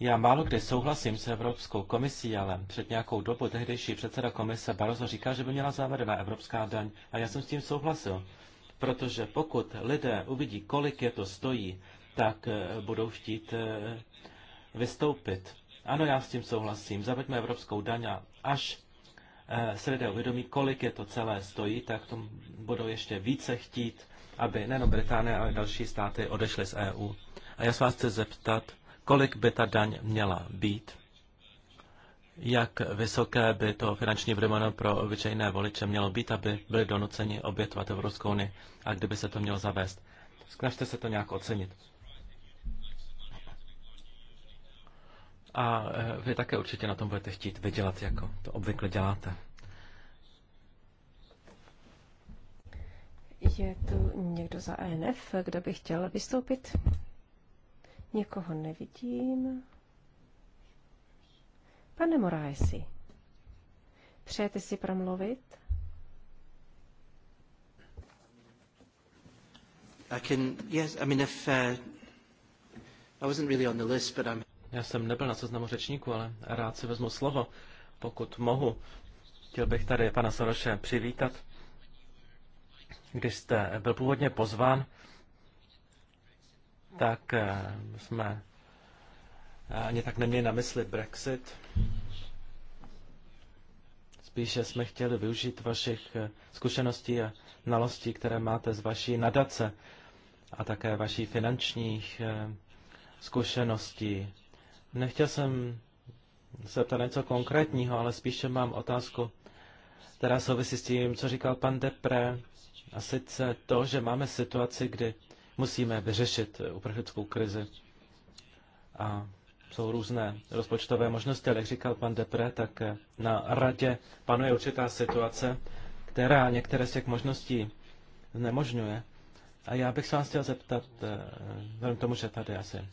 Já málo kdy souhlasím s Evropskou komisí, ale před nějakou dobu tehdejší předseda komise Barozo říkal, že by měla zavedena evropská daň a já jsem s tím souhlasil, protože pokud lidé uvidí, kolik je to stojí, tak eh, budou chtít eh, vystoupit. Ano, já s tím souhlasím. Zaveďme evropskou daň a až Eh, si lidé uvědomí, kolik je to celé stojí, tak tom budou ještě více chtít, aby nejen Británie, ale další státy odešly z EU. A já se vás chci zeptat, kolik by ta daň měla být? Jak vysoké by to finanční brimeno pro obyčejné voliče mělo být, aby byli donuceni obětovat Evropskou unii a kdyby se to mělo zavést? Snažte se to nějak ocenit. A eh, vy také určitě na tom budete chtít vydělat, jako to obvykle děláte. Je tu někdo za ENF, kdo by chtěl vystoupit? Nikoho nevidím. Pane Moraesi, přejete si promluvit? I can, yes, I mean, if, uh, I wasn't really on the list, but I'm... Já jsem nebyl na seznamu řečníku, ale rád si vezmu slovo, pokud mohu. Chtěl bych tady pana Soroše přivítat. Když jste byl původně pozván, tak eh, jsme eh, ani tak neměli na mysli Brexit. Spíše jsme chtěli využít vašich eh, zkušeností a znalostí, které máte z vaší nadace a také vašich finančních zkušeností Nechtěl jsem se ptat něco konkrétního, ale spíše mám otázku, která souvisí s tím, co říkal pan Depre, a sice to, že máme situaci, kdy musíme vyřešit uprchlickou krizi. A jsou různé rozpočtové možnosti, ale jak říkal pan Depre, tak na radě panuje určitá situace, která některé z těch možností znemožňuje. A já bych se vás chtěl zeptat, eh, vzhledem tomu, že tady asi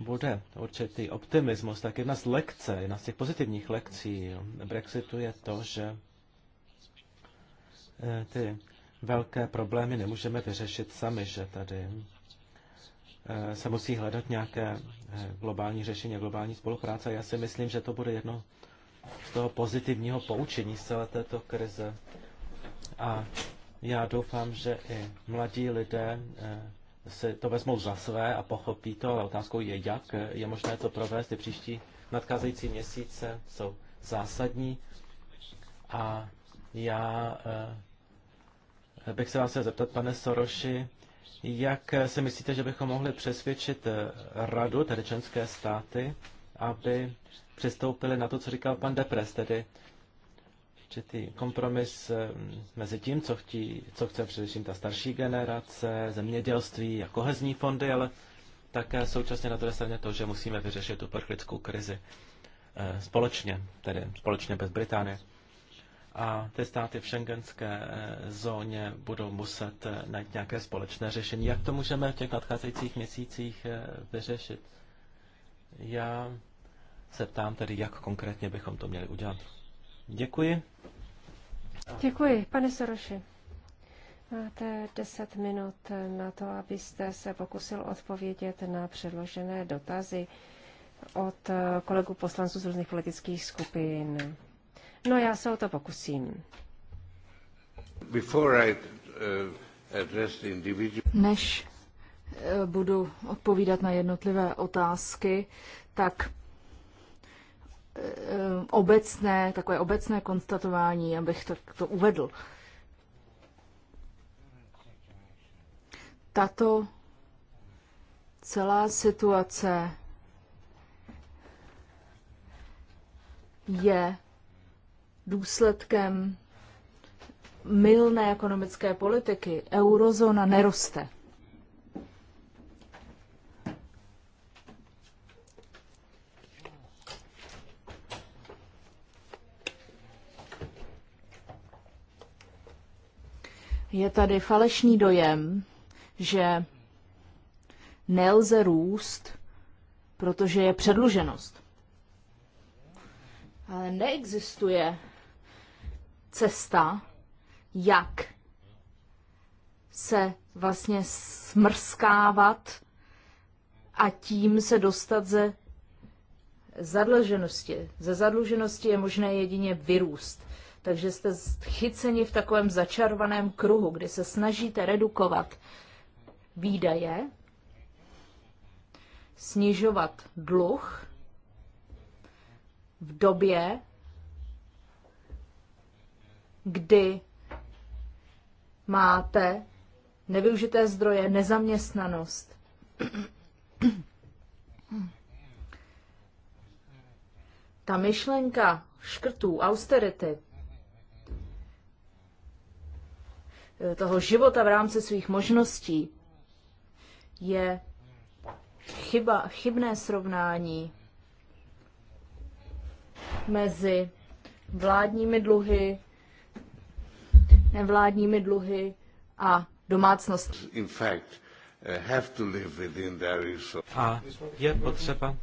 bude určitý optimismus, tak jedna z lekce, jedna z těch pozitivních lekcí Brexitu je to, že eh, ty velké problémy nemůžeme vyřešit sami, že tady eh, se musí hledat nějaké eh, globální řešení, globální spolupráce. Já si myslím, že to bude jedno z toho pozitivního poučení z celé této krize. A já doufám, že i mladí lidé si to vezmou za své a pochopí to, ale otázkou je, jak je možné to provést. Ty příští nadcházející měsíce jsou zásadní a já eh, bych se vás chtěl zeptat, pane Soroši, jak si myslíte, že bychom mohli přesvědčit eh, radu, tedy členské státy, aby přistoupili na to, co říkal pan Depres, tedy určitý kompromis mezi tím, co, chtí, co chce především ta starší generace, zemědělství a kohezní fondy, ale také současně na druhé straně to, že musíme vyřešit tu prchlickou krizi eh, společně, tedy společně bez Británie. A ty státy v šengenské eh, zóně budou muset eh, najít nějaké společné řešení. Jak to můžeme v těch nadcházejících měsících vyřešit? Já se ptám tedy, jak konkrétně bychom to měli udělat. Děkuji. Děkuji, pane Soroši. Máte 10 minut na to, abyste se pokusil odpovědět na předložené dotazy od kolegů poslanců z různých politických skupin. No já se o to pokusím. Uh, Než uh, budu odpovídat na jednotlivé otázky, tak Eh, obecné, takové obecné konstatování, abych tak to uvedl. Tato celá situace je důsledkem mylné ekonomické politiky. Eurozóna neroste. je tady falešný dojem, že nelze růst, protože je předluženost. Ale neexistuje cesta, jak se vlastně smrskávat a tím se dostat ze zadluženosti. Ze zadluženosti je možné jedině vyrůst. Takže jste chyceni v takovém začarovaném kruhu, kdy se snažíte redukovat výdaje, snižovat dluh v době, kdy máte nevyužité zdroje, nezaměstnanost. Ta myšlenka škrtů, austerity, Eh, toho života v rámci svých možností, je chyba, chybné srovnání mezi vládními dluhy, nevládními dluhy a domácností. Eh, a je potřeba,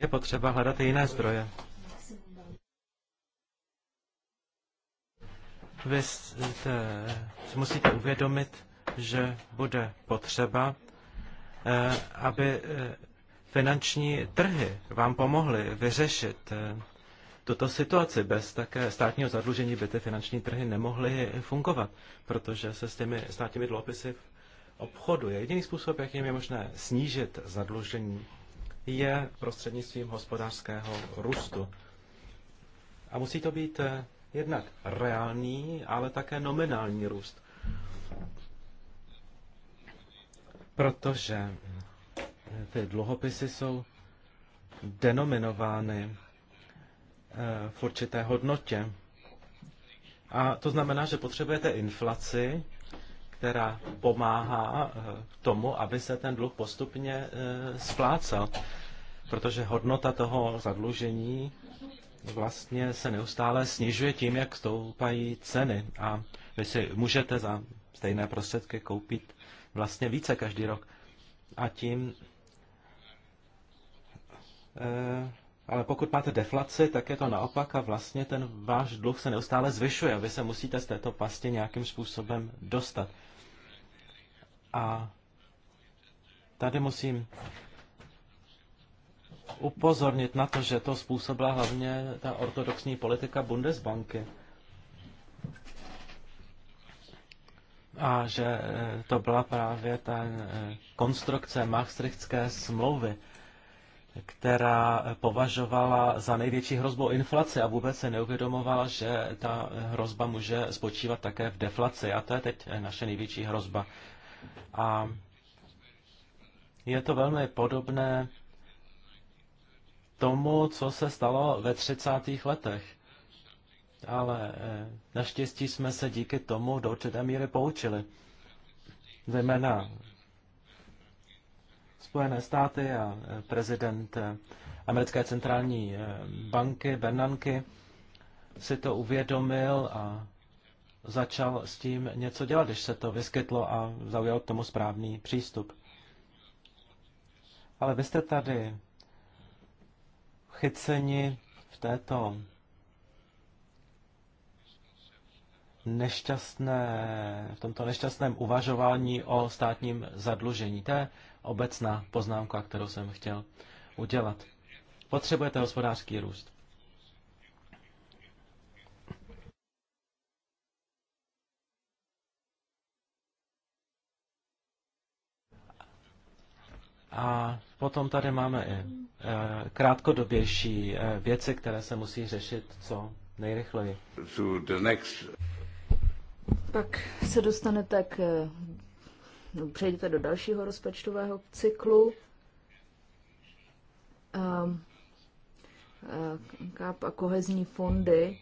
je potřeba hledat i jiné zdroje. Vy si musíte uvědomit, že bude potřeba, eh, aby eh, finanční trhy vám pomohly vyřešit eh, tuto situaci. Bez také státního zadlužení by ty finanční trhy nemohly fungovat, protože se s těmi státními dluhopisy obchodu. Jediný způsob, jakým je možné snížit zadlužení, je prostřednictvím hospodářského růstu. A musí to být jednak reálný, ale také nominální růst. Protože ty dluhopisy jsou denominovány eh, v určité hodnotě. A to znamená, že potřebujete inflaci, která pomáhá eh, tomu, aby se ten dluh postupně eh, splácel, protože hodnota toho zadlužení vlastně se neustále snižuje tím, jak stoupají ceny a vy si můžete za stejné prostředky koupit vlastně více každý rok. A tím, e, ale pokud máte deflaci, tak je to naopak a vlastně ten váš dluh se neustále zvyšuje a vy se musíte z této pasti nějakým způsobem dostat. A tady musím upozornit na to, že to způsobila hlavně ta ortodoxní politika Bundesbanky. A že eh, to byla právě ta eh, konstrukce Maastrichtské smlouvy, která eh, považovala za největší hrozbu inflaci a vůbec se neuvědomovala, že ta hrozba může spočívat také v deflaci. A to je teď naše největší hrozba. A je to velmi podobné tomu, co se stalo ve 30. letech. Ale eh, naštěstí jsme se díky tomu do určité míry poučili. Zejména Spojené státy a eh, prezident eh, americké centrální banky Bernanke si to uvědomil a začal s tím něco dělat, když se to vyskytlo a zaujal k tomu správný přístup. Ale vy jste tady zachyceni v této nešťastné, v tomto nešťastném uvažování o státním zadlužení. To je obecná poznámka, kterou jsem chtěl udělat. Potřebujete hospodářský růst. A potom tady máme i Eh, krátkodobější eh, věci, které se musí řešit co nejrychleji. Pak se dostanete k... Eh, no, přejdete do dalšího rozpočtového cyklu. Ehm, KAP a kohezní fondy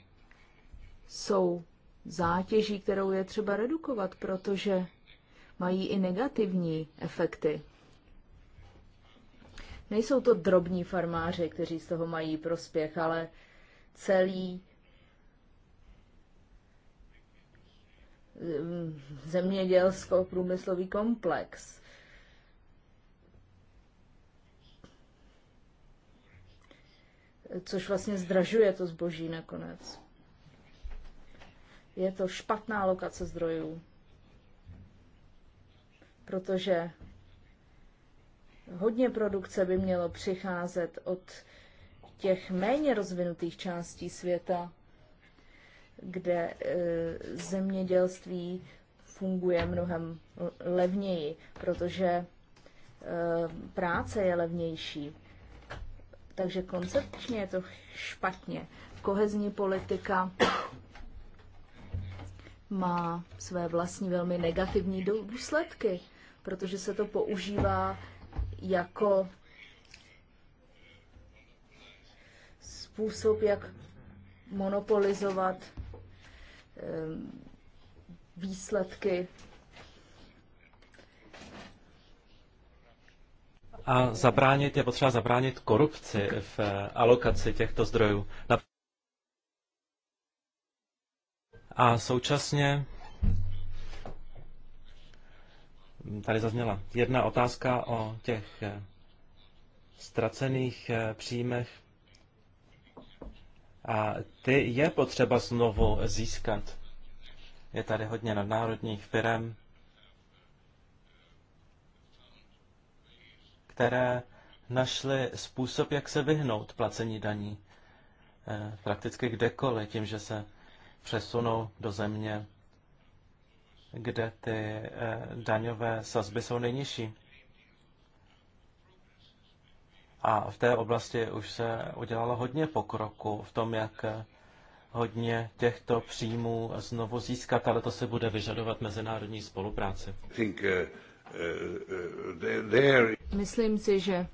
jsou zátěží, kterou je třeba redukovat, protože mají i negativní efekty. Nejsou to drobní farmáři, kteří z toho mají prospěch, ale celý mm, zemědělsko-průmyslový komplex. Což vlastně zdražuje to zboží nakonec. Je to špatná lokace zdrojů, protože hodně produkce by mělo přicházet od těch méně rozvinutých částí světa, kde e, zemědělství funguje mnohem levněji, protože e, práce je levnější. Takže koncepčně je to špatně. Kohezní politika má své vlastní velmi negativní důsledky, protože se to používá jako způsob, jak monopolizovat ehm, výsledky. A zabránit, je potřeba zabránit korupci v eh, alokaci těchto zdrojů. A současně Tady zazněla jedna otázka o těch eh, ztracených eh, příjmech. A ty je potřeba znovu získat. Je tady hodně nadnárodních firm, které našly způsob, jak se vyhnout placení daní eh, prakticky kdekoliv, tím, že se přesunou do země, kde ty eh, daňové sazby jsou nejnižší. A v té oblasti už se udělalo hodně pokroku v tom, jak eh, hodně těchto příjmů znovu získat, ale to se bude vyžadovat mezinárodní spolupráci. Eh, Myslím si, že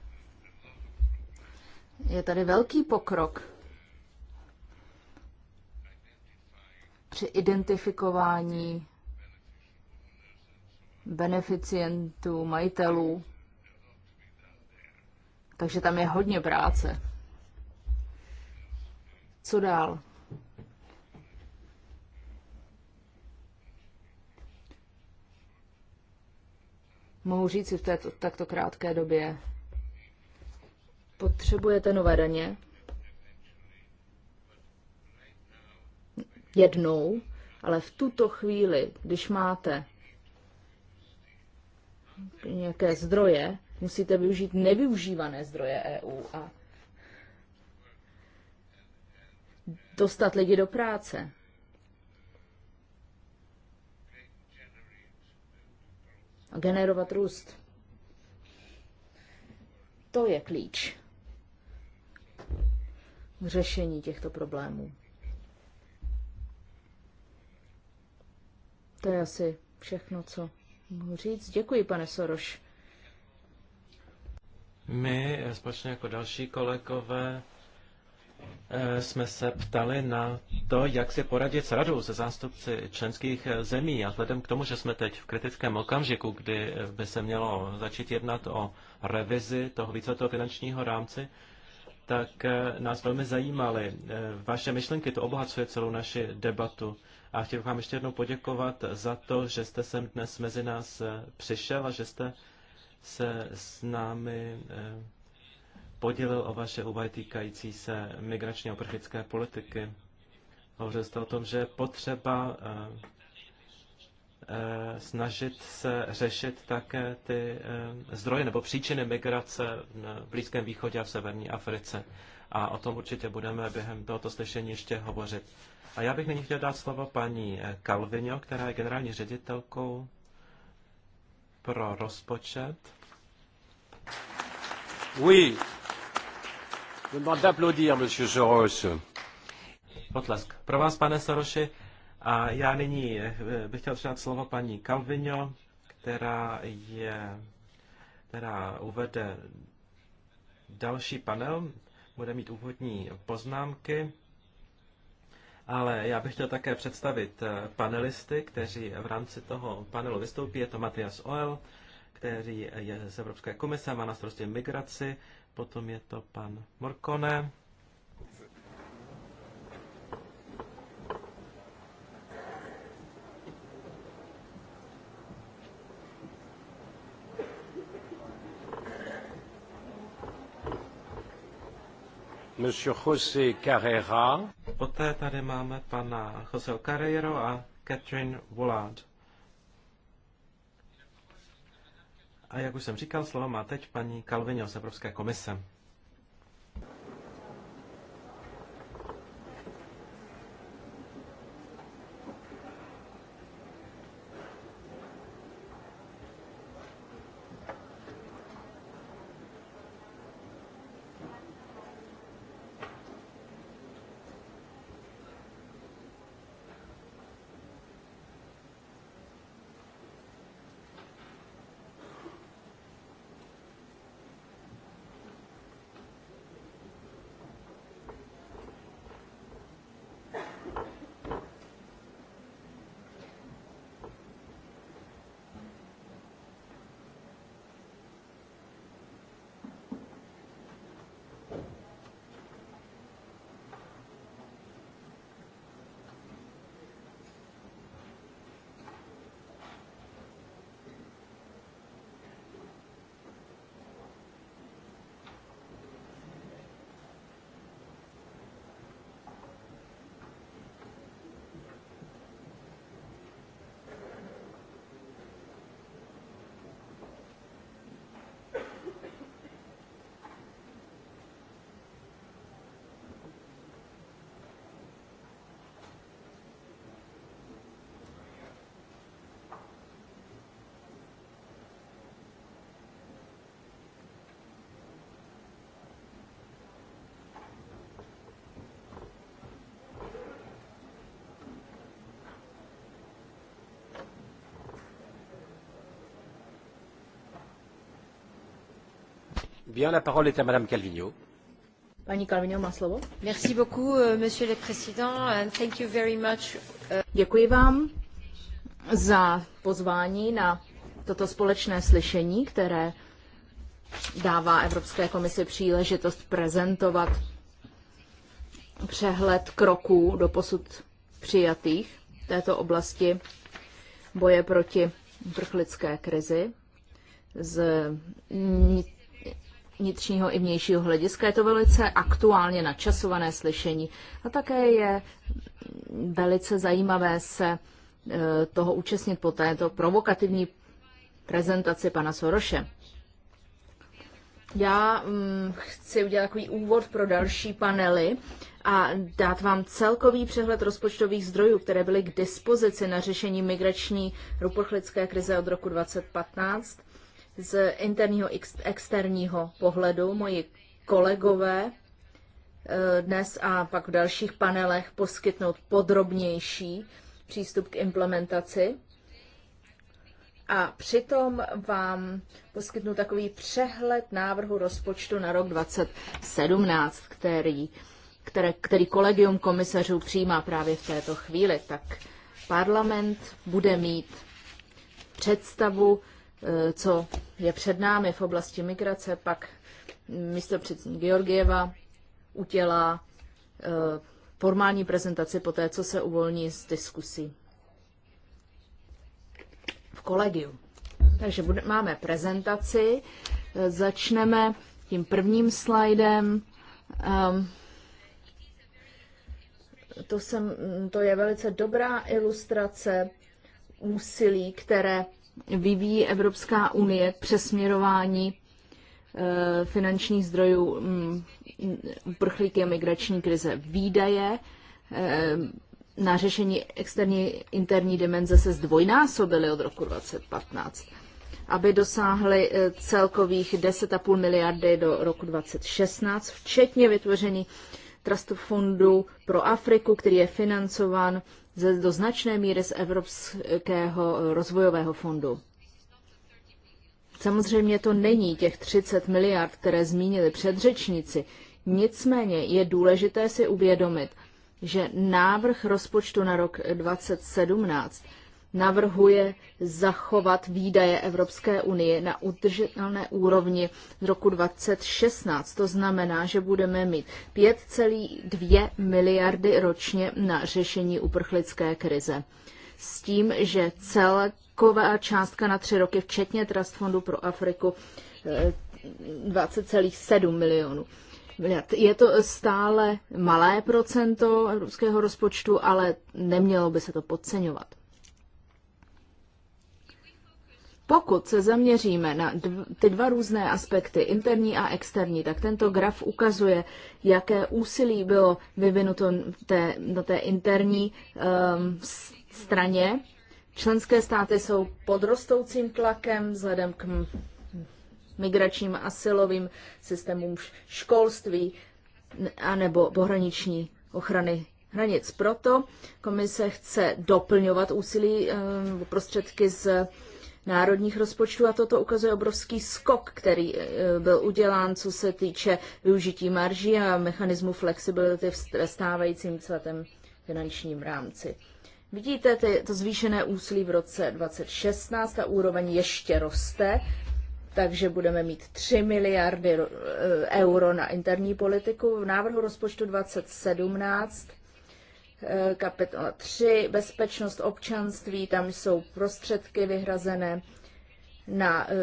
je tady velký pokrok při identifikování beneficientů, majitelů. Takže tam je hodně práce. Co dál? Mohu říct si v této takto krátké době. Potřebujete nové daně? Jednou, ale v tuto chvíli, když máte nějaké zdroje, musíte využít nevyužívané zdroje EU a dostat lidi do práce. A generovat růst. To je klíč k řešení těchto problémů. To je asi všechno, co mohu říct. Děkuji, pane Soroš. My, společně jako další kolegové, eh, jsme se ptali na to, jak si poradit s radou se zástupci členských eh, zemí. A vzhledem k tomu, že jsme teď v kritickém okamžiku, kdy eh, by se mělo začít jednat o revizi toho víceletého finančního rámce, tak nás velmi zajímaly vaše myšlenky. To obohacuje celou naši debatu. A chtěl bych vám ještě jednou poděkovat za to, že jste sem dnes mezi nás eh, přišel a že jste se s námi eh, podělil o vaše úvahy týkající se migrační a uprchlické politiky. Hovořil jste o tom, že je potřeba eh, snažit se řešit také ty zdroje nebo příčiny migrace v Blízkém východě a v severní Africe. A o tom určitě budeme během tohoto slyšení ještě hovořit. A já bych nyní chtěl dát slovo paní Kalvinio, která je generální ředitelkou pro rozpočet. Oui. Je demande d'applaudir, monsieur Soros. Potlesk. Pro vás, pane Soroši, a já nyní eh, bych chtěl předat slovo paní Kalvinio, která je, která uvede další panel, bude mít úvodní poznámky. Ale já bych chtěl také představit eh, panelisty, kteří v rámci toho panelu vystoupí. Je to Matias Oel, který je z Evropské komise, má na starosti migraci. Potom je to pan Morkone, Monsieur José Carrera. Poté tady máme pana Jose Carreiro a Catherine Volant. A jak už jsem říkal, slovo má teď paní Kalvině z Evropské komise. Bien, la parole est à Madame Calvino. Calvino má slovo. Merci beaucoup, euh, Monsieur le Président, and thank you very much. Euh, Děkuji vám za pozvání na toto společné slyšení, které dává Evropské komisi příležitost prezentovat přehled kroků do posud přijatých v této oblasti boje proti prchlické krizi z vnitřního i vnějšího hlediska. Je to velice aktuálně načasované slyšení a také je velice zajímavé se e, toho účastnit po této provokativní prezentaci pana Soroše. Já mm, chci udělat takový úvod pro další panely a dát vám celkový přehled rozpočtových zdrojů, které byly k dispozici na řešení migrační ruporchlické krize od roku 2015 z interního i externího pohledu. Moji kolegové eh, dnes a pak v dalších panelech poskytnout podrobnější přístup k implementaci. A přitom vám poskytnu takový přehled návrhu rozpočtu na rok 2017, který, které, který kolegium komisařů přijímá právě v této chvíli. Tak parlament bude mít představu E, co je před námi v oblasti migrace, pak místo předsední Georgieva udělá e, formální prezentaci po té, co se uvolní z diskusí v kolegiu. Takže bude, máme prezentaci, e, začneme tím prvním slajdem. Ehm, to, jsem, to je velice dobrá ilustrace úsilí, které vyvíjí Evropská unie k přesměrování eh, finančních zdrojů mm, uprchlíky a migrační krize. Výdaje eh, na řešení externí interní dimenze se zdvojnásobily od roku 2015, aby dosáhly eh, celkových 10,5 miliardy do roku 2016, včetně vytvoření Trustu fondu pro Afriku, který je financován do značné míry z Evropského rozvojového fondu. Samozřejmě to není těch 30 miliard, které zmínili předřečníci. Nicméně je důležité si uvědomit, že návrh rozpočtu na rok 2017 navrhuje zachovat výdaje Evropské unie na udržitelné úrovni z roku 2016. To znamená, že budeme mít 5,2 miliardy ročně na řešení uprchlické krize. S tím, že celková částka na tři roky, včetně Trust Fondu pro Afriku, 20,7 eh, milionů. Je to stále malé procento evropského rozpočtu, ale nemělo by se to podceňovat. Pokud se zaměříme na dv, ty dva různé aspekty, interní a externí, tak tento graf ukazuje, jaké úsilí bylo vyvinuto té, na té interní um, straně. Členské státy jsou pod rostoucím tlakem vzhledem k migračním silovým systémům školství anebo pohraniční ochrany hranic. Proto komise chce doplňovat úsilí um, prostředky z národních rozpočtů a toto ukazuje obrovský skok, který e, byl udělán, co se týče využití marží a mechanismu flexibility ve stávajícím celém finančním rámci. Vidíte ty, to zvýšené úsilí v roce 2016, ta úroveň ještě roste, takže budeme mít 3 miliardy e, euro na interní politiku. V návrhu rozpočtu 2017 Eh, kapitola 3, bezpečnost občanství, tam jsou prostředky vyhrazené na eh,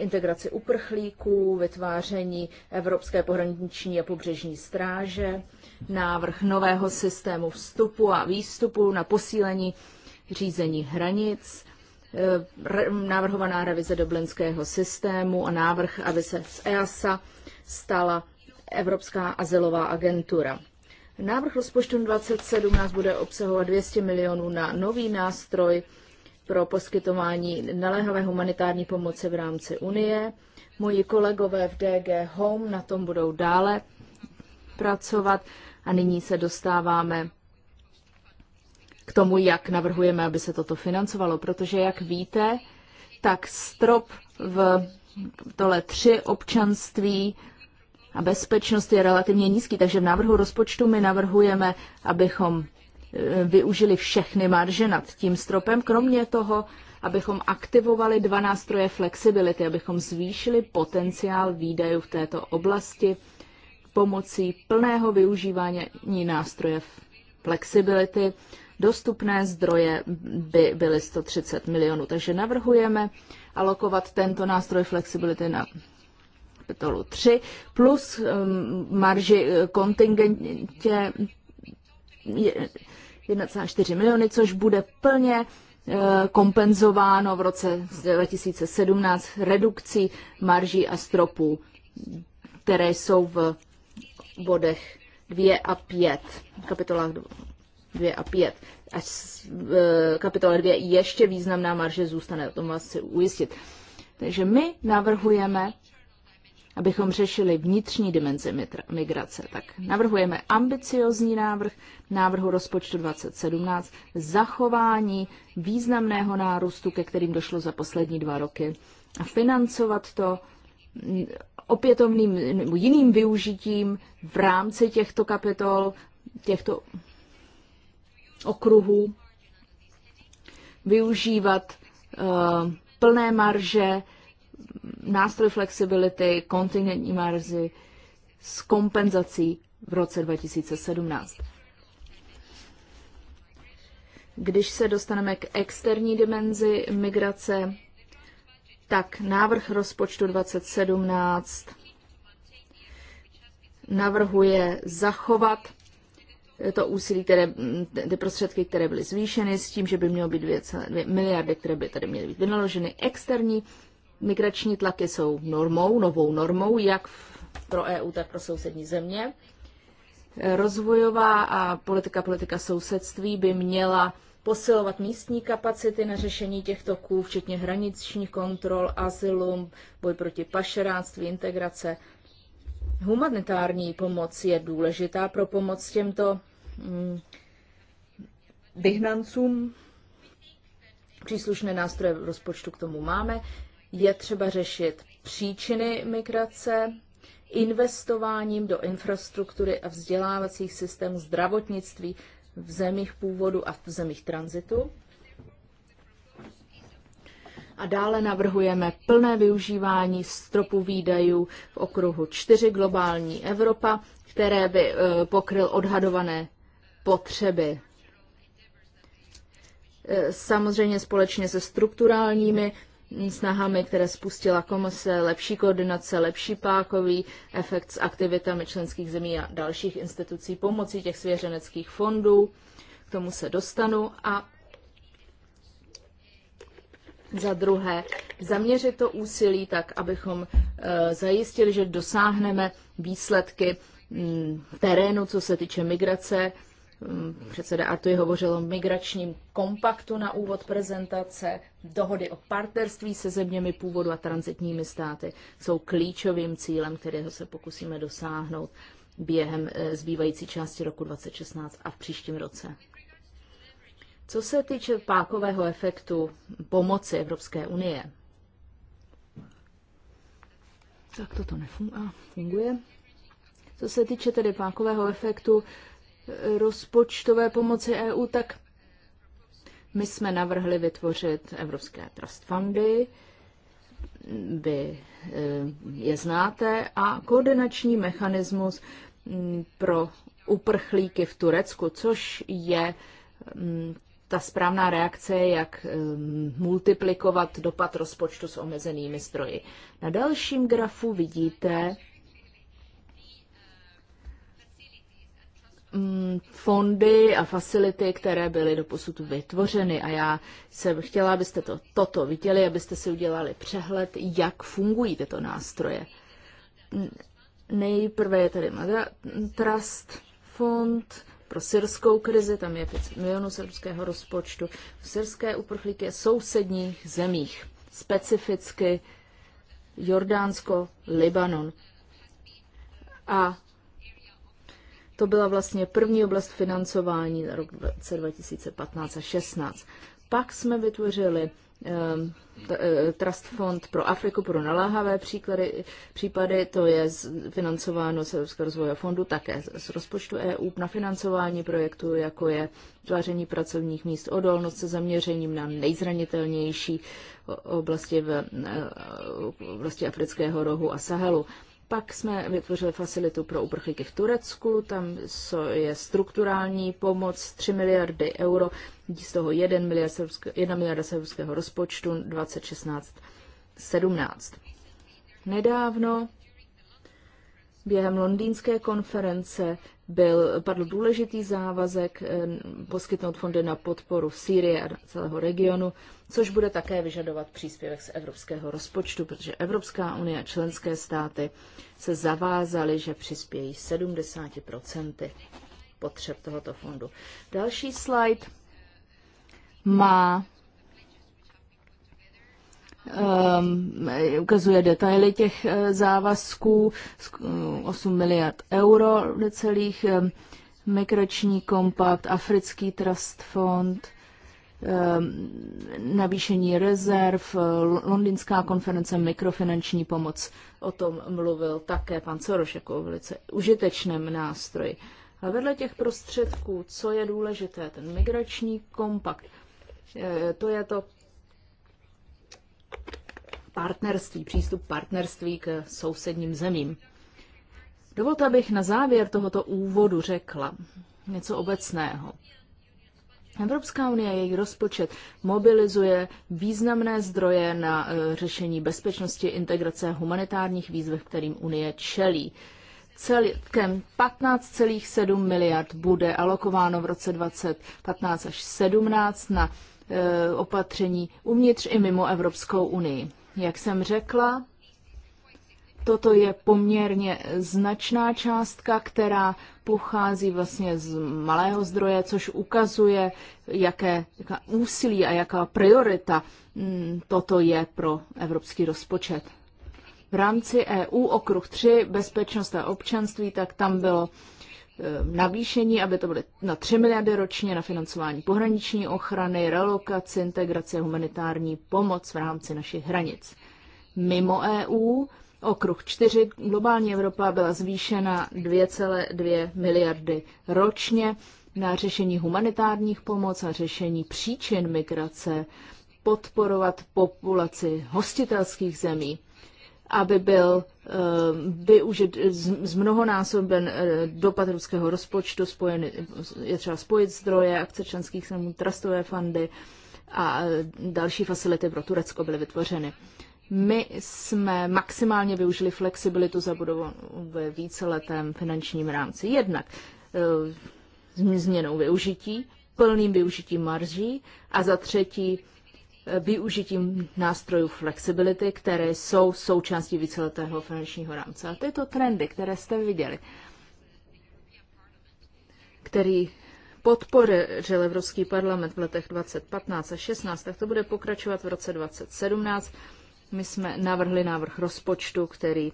integraci uprchlíků, vytváření Evropské pohraniční a pobřežní stráže, návrh nového systému vstupu a výstupu na posílení řízení hranic, eh, návrhovaná revize dublinského systému a návrh, aby se z EASA stala Evropská azylová agentura. Návrh rozpočtu 2017 bude obsahovat 200 milionů na nový nástroj pro poskytování naléhavé humanitární pomoci v rámci Unie. Moji kolegové v DG Home na tom budou dále pracovat a nyní se dostáváme k tomu, jak navrhujeme, aby se toto financovalo, protože jak víte, tak strop v tole tři občanství a bezpečnost je relativně nízký, takže v návrhu rozpočtu my navrhujeme, abychom e, využili všechny marže nad tím stropem, kromě toho, abychom aktivovali dva nástroje flexibility, abychom zvýšili potenciál výdajů v této oblasti pomocí plného využívání nástroje flexibility. Dostupné zdroje by byly 130 milionů, takže navrhujeme alokovat tento nástroj flexibility na kapitolu 3 plus um, marži eh, kontingentě 1,4 miliony, což bude plně eh, kompenzováno v roce 2017 redukcí marží a stropů, které jsou v bodech 2 a 5, kapitolách 2 a 5. Až v eh, kapitole 2 ještě významná marže zůstane, o tom vás chci ujistit. Takže my navrhujeme abychom řešili vnitřní dimenzi migrace, tak navrhujeme ambiciozní návrh návrhu rozpočtu 2017, zachování významného nárůstu, ke kterým došlo za poslední dva roky, a financovat to opětovným jiným využitím v rámci těchto kapitol, těchto okruhů, využívat uh, plné marže, nástroj flexibility, kontingentní marzy s kompenzací v roce 2017. Když se dostaneme k externí dimenzi migrace, tak návrh rozpočtu 2017 navrhuje zachovat to úsilí, které, ty prostředky, které byly zvýšeny, s tím, že by mělo být 2 miliardy, které by tady měly být vynaloženy. Externí Migrační tlaky jsou normou, novou normou, jak pro EU, tak pro sousední země. Rozvojová a politika, politika sousedství by měla posilovat místní kapacity na řešení těch toků, včetně hraničních kontrol, asylum, boj proti pašeránství, integrace. Humanitární pomoc je důležitá pro pomoc těmto mm, vyhnancům. Příslušné nástroje v rozpočtu k tomu máme. Je třeba řešit příčiny migrace, investováním do infrastruktury a vzdělávacích systémů zdravotnictví v zemích původu a v zemích tranzitu. A dále navrhujeme plné využívání stropu výdajů v okruhu 4 globální Evropa, které by e, pokryl odhadované potřeby. E, samozřejmě společně se strukturálními snahami, které spustila komise, lepší koordinace, lepší pákový efekt s aktivitami členských zemí a dalších institucí pomocí těch svěřeneckých fondů. K tomu se dostanu. A za druhé, zaměřit to úsilí tak, abychom eh, zajistili, že dosáhneme výsledky mm, terénu, co se týče migrace, Mm, předseda Artuji hovořil o migračním kompaktu na úvod prezentace. Dohody o partnerství se zeměmi původu a transitními státy jsou klíčovým cílem, kterého se pokusíme dosáhnout během eh, zbývající části roku 2016 a v příštím roce. Co se týče pákového efektu pomoci Evropské unie, tak toto nefunguje. Co se týče tedy pákového efektu rozpočtové pomoci EU, tak my jsme navrhli vytvořit Evropské trust fundy, vy eh, je znáte, a koordinační mechanismus mm, pro uprchlíky v Turecku, což je mm, ta správná reakce, jak mm, multiplikovat dopad rozpočtu s omezenými stroji. Na dalším grafu vidíte Mm, fondy a facility, které byly doposud vytvořeny. A já jsem chtěla, abyste to, toto viděli, abyste si udělali přehled, jak fungují tyto nástroje. Nejprve je tady Madra Trust Fond pro syrskou krizi, tam je 500 milionů srbského rozpočtu, syrské uprchlíky a sousedních zemích, specificky Jordánsko, Libanon. A to byla vlastně první oblast financování na rok 2015 a 16. Pak jsme vytvořili ehm, e, Trust Fond pro Afriku pro naláhavé příklady, případy, to je financováno z Evropského rozvojového fondu, také z rozpočtu EU na financování projektů, jako je tváření pracovních míst, odolnost se zaměřením na nejzranitelnější oblasti v e, oblasti afrického rohu a Sahelu. Pak jsme vytvořili facilitu pro uprchlíky v Turecku, tam je strukturální pomoc 3 miliardy euro, z toho 1 miliard srbské, 1 miliarda srbského rozpočtu 2016 17. Nedávno během londýnské konference byl, padl důležitý závazek eh, poskytnout fondy na podporu Sýrie a celého regionu, což bude také vyžadovat příspěvek z evropského rozpočtu, protože Evropská unie a členské státy se zavázaly, že přispějí 70 potřeb tohoto fondu. Další slide má Um, ukazuje detaily těch eh, závazků, 8 eh, miliard euro celých, eh, migrační kompakt, africký trust fond, navýšení rezerv, londýnská konference, mikrofinanční pomoc. O tom mluvil také pan Soroš jako o velice užitečném nástroji. A vedle těch prostředků, co je důležité, ten migrační kompakt, to je to partnerství, přístup partnerství k sousedním zemím. Dovolte, abych na závěr tohoto úvodu řekla něco obecného. Evropská unie, její rozpočet mobilizuje významné zdroje na e, řešení bezpečnosti, integrace a humanitárních výzv, kterým Unie čelí. Celkem 15,7 miliard bude alokováno v roce 2015 až 17 na Eh, opatření uvnitř i mimo Evropskou unii. Jak jsem řekla, toto je poměrně značná částka, která pochází vlastně z malého zdroje, což ukazuje, jaké, jaká úsilí a jaká priorita mm, toto je pro evropský rozpočet. V rámci EU okruh 3 bezpečnost a občanství, tak tam bylo Eh, navýšení, aby to bylo na 3 miliardy ročně na financování pohraniční ochrany, relokaci, integrace humanitární pomoc v rámci našich hranic. Mimo EU okruh 4 globální Evropa byla zvýšena 2,2 miliardy ročně na řešení humanitárních pomoc a řešení příčin migrace, podporovat populaci hostitelských zemí aby byl eh, využit z mnohonásoben eh, dopad ruského rozpočtu, spojen, je třeba spojit zdroje, akce členských samů, trustové fundy a eh, další facility pro Turecko byly vytvořeny. My jsme maximálně využili flexibilitu zabudovanou ve víceletém finančním rámci. Jednak změnou využití, plným využitím marží a za třetí využitím nástrojů flexibility, které jsou součástí víceletého finančního rámce. A tyto trendy, které jste viděli, který podpořil Evropský parlament v letech 2015 a 2016, tak to bude pokračovat v roce 2017. My jsme navrhli návrh rozpočtu, který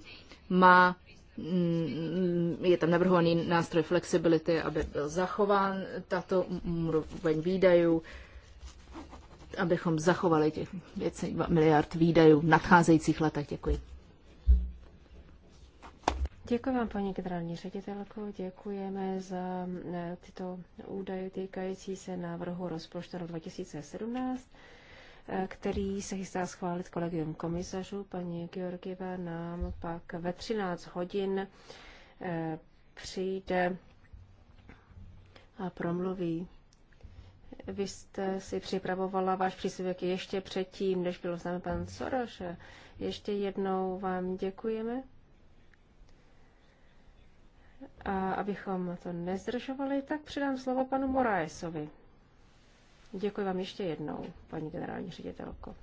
má mm, je tam navrhovaný nástroj flexibility, aby byl zachován tato úroveň výdajů, abychom zachovali těch 500 miliard výdajů v nadcházejících letech. Děkuji. Děkuji vám, paní generální ředitelko. Děkujeme za eh, tyto údaje týkající se návrhu rozpočtu roku 2017, eh, který se chystá schválit kolegium komisařů. Paní Georgieva nám pak ve 13 hodin eh, přijde a promluví. Vy jste si připravovala váš příspěvek ještě předtím, než byl znám pan Soroš. Ještě jednou vám děkujeme. A abychom to nezdržovali, tak předám slovo panu Moraesovi. Děkuji vám ještě jednou, paní generální ředitelko.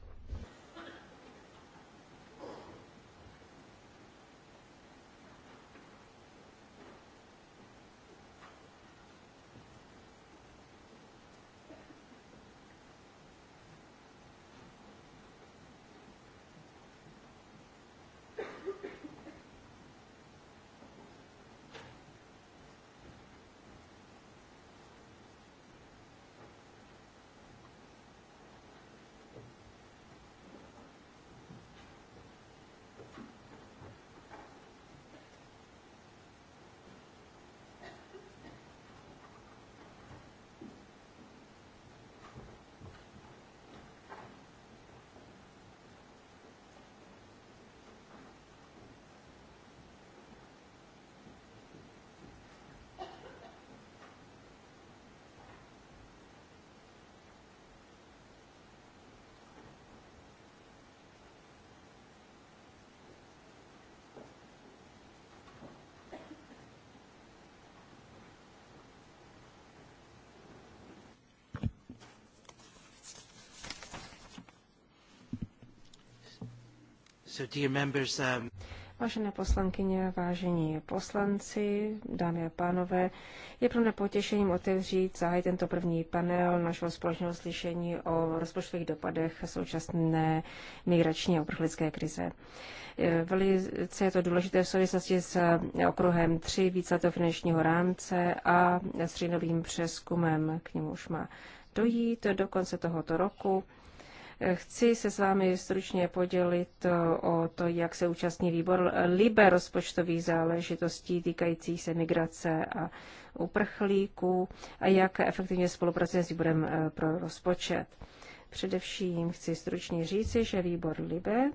So members, um... Vážené poslankyně, vážení poslanci, dámy a pánové, je pro mě potěšením otevřít zahaj tento první panel našeho společného slyšení o rozpočtových dopadech současné migrační a uprchlické krize. Velice je to důležité v souvislosti s okruhem 3 víceletého finančního rámce a střednovým přeskumem, k němu už má dojít do konce tohoto roku. Chci se s vámi stručně podělit eh, o to, jak se účastní výbor LIBE rozpočtových záležitostí týkajících se migrace a uprchlíků a jak efektivně spolupracuje s výborem eh, pro rozpočet. Především chci stručně říci, že výbor LIBE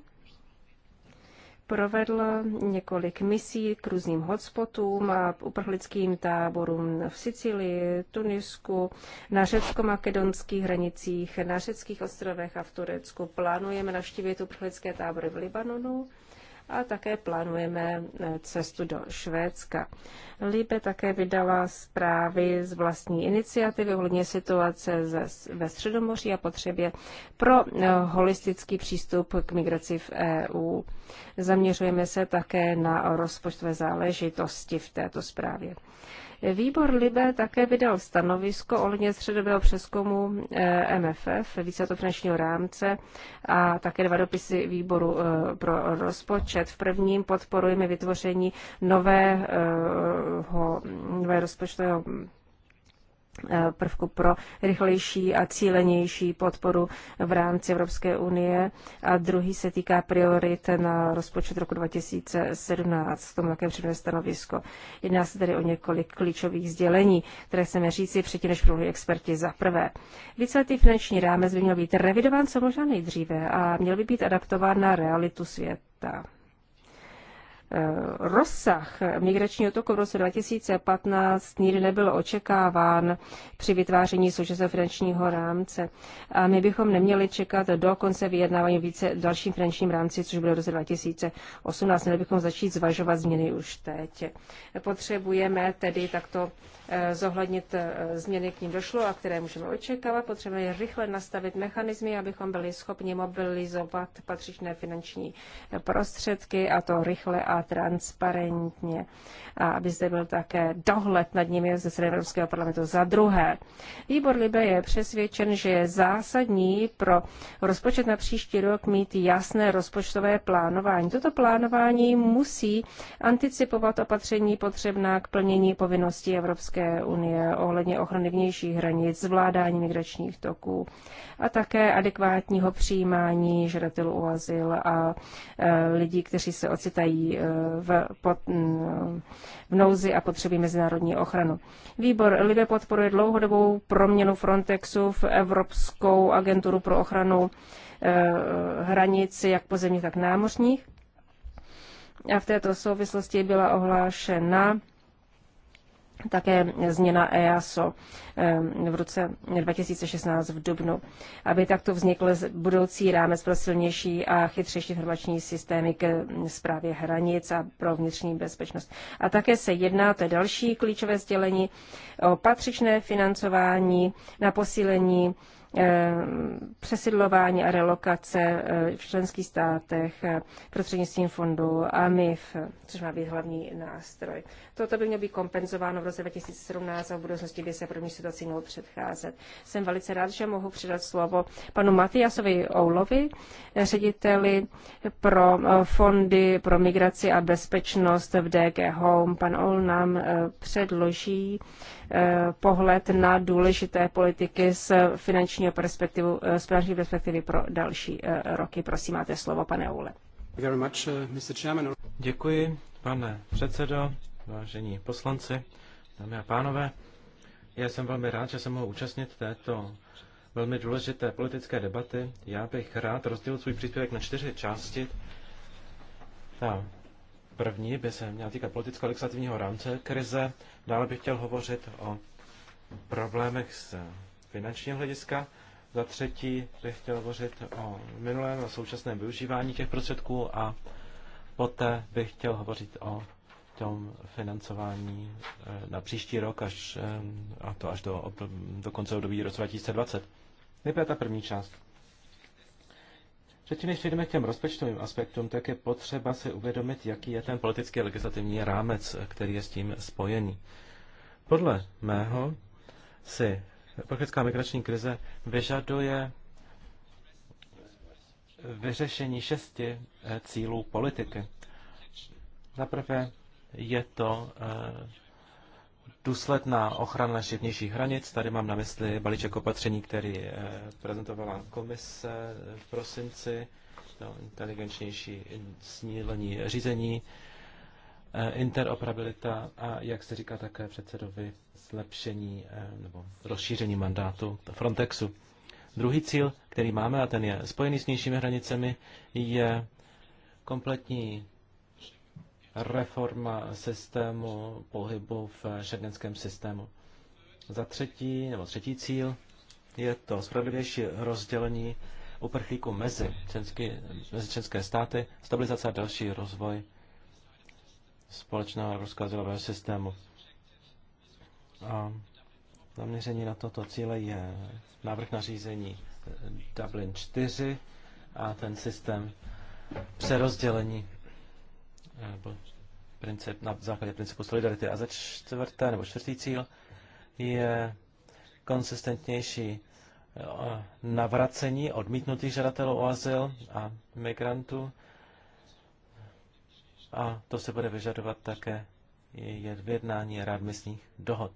provedl několik misí k různým hotspotům a uprchlickým táborům v Sicílii, Tunisku, na řecko-makedonských hranicích, na řeckých ostrovech a v Turecku. Plánujeme navštívit uprchlické tábory v Libanonu a také plánujeme eh, cestu do Švédska. Líbe také vydala zprávy z vlastní iniciativy ohledně situace ze, ve Středomoří a potřebě pro eh, holistický přístup k migraci v EU. Zaměřujeme se také na rozpočtové záležitosti v této zprávě. Výbor Libe také vydal stanovisko ohledně středového přeskumu eh, MFF, víceto finančního rámce a také dva dopisy výboru eh, pro rozpočet. V prvním podporujeme vytvoření nového, eh, nového rozpočtového Eh, prvku pro rychlejší a cílenější podporu v rámci Evropské unie a druhý se týká priorit na rozpočet roku 2017, tomu také předme stanovisko. Jedná se tedy o několik klíčových sdělení, které chceme říci předtím, než promluví experti za prvé. Víceletý finanční rámec by měl být revidován co možná nejdříve a měl by být adaptován na realitu světa. Eh, rozsah migračního toku v roce 2015 nikdy nebyl očekáván při vytváření současného finančního rámce. A my bychom neměli čekat do konce vyjednávání více dalším finančním rámci, což bude v roce 2018. Měli bychom začít zvažovat změny už teď. Potřebujeme tedy takto Eh, zohlednit eh, změny, k ním došlo a které můžeme očekávat. Potřebujeme rychle nastavit mechanizmy, abychom byli schopni mobilizovat patřičné finanční eh, prostředky a to rychle a transparentně. A aby zde byl také dohled nad nimi ze strany Evropského parlamentu. Za druhé, výbor Libe je přesvědčen, že je zásadní pro rozpočet na příští rok mít jasné rozpočtové plánování. Toto plánování musí anticipovat opatření potřebná k plnění povinností Evropské Evropské unie ohledně ochrany vnějších hranic, zvládání migračních toků a také adekvátního přijímání žadatelů o azyl a e, lidí, kteří se ocitají e, v, pod, v nouzi a potřebují mezinárodní ochranu. Výbor Libe podporuje dlouhodobou proměnu Frontexu v Evropskou agenturu pro ochranu e, hranic jak pozemních, tak námořních. A v této souvislosti byla ohlášena také změna EASO eh, v roce 2016 v Dubnu, aby takto vznikl budoucí rámec pro silnější a chytřejší informační systémy k zprávě hranic a pro vnitřní bezpečnost. A také se jedná, to je další klíčové sdělení, o patřičné financování na posílení Eh, přesidlování a relokace eh, v členských státech eh, prostřednictvím fondu AMIF, což má být hlavní nástroj. Toto by mělo být kompenzováno v roce 2017 a v budoucnosti by se podobné situaci mohlo předcházet. Jsem velice rád, že mohu předat slovo panu Matiasovi Oulovi, řediteli pro fondy pro migraci a bezpečnost v DG Home. Pan Oul nám předloží Eh, pohled na důležité politiky z finančního perspektivu, eh, z finanční perspektivy pro další eh, roky. Prosím, máte slovo, pane Oule. Děkuji, pane předsedo, vážení poslanci, dámy a pánové. Já jsem velmi rád, že jsem mohl účastnit této velmi důležité politické debaty. Já bych rád rozdělil svůj příspěvek na čtyři části. Ta První by se měl týkat politicko-legislativního rámce krize, dále bych chtěl hovořit o problémech z finančního hlediska, za třetí bych chtěl hovořit o minulém a současném využívání těch prostředků a poté bych chtěl hovořit o tom financování eh, na příští rok, až, eh, a to až do, do konce období roku 2020. Nejprve ta první část. Předtím, než přejdeme k těm rozpočtovým aspektům, tak je potřeba si uvědomit, jaký je ten politický legislativní rámec, který je s tím spojený. Podle mého si politická migrační krize vyžaduje vyřešení šesti eh, cílů politiky. Zaprvé je to eh, důsledná ochrana našich vnějších hranic. Tady mám na mysli balíček opatření, který eh, prezentovala komise v prosinci, no, inteligenčnější snílení řízení, eh, interoperabilita a, jak se říká také předsedovi, zlepšení eh, nebo rozšíření mandátu Frontexu. Druhý cíl, který máme, a ten je spojený s vnějšími hranicemi, je kompletní reforma systému pohybu v šengenském systému. Za třetí, nebo třetí cíl, je to spravedlivější rozdělení uprchlíků mezi, členské, mezi české státy, stabilizace a další rozvoj společného evropského azylového systému. A zaměření na toto cíle je návrh na řízení Dublin 4 a ten systém přerozdělení princip, na základě principu solidarity. A za čtvrté nebo čtvrtý cíl je konsistentnější eh, navracení odmítnutých žadatelů o azyl a migrantů. A to se bude vyžadovat také je v jednání readmisních dohod.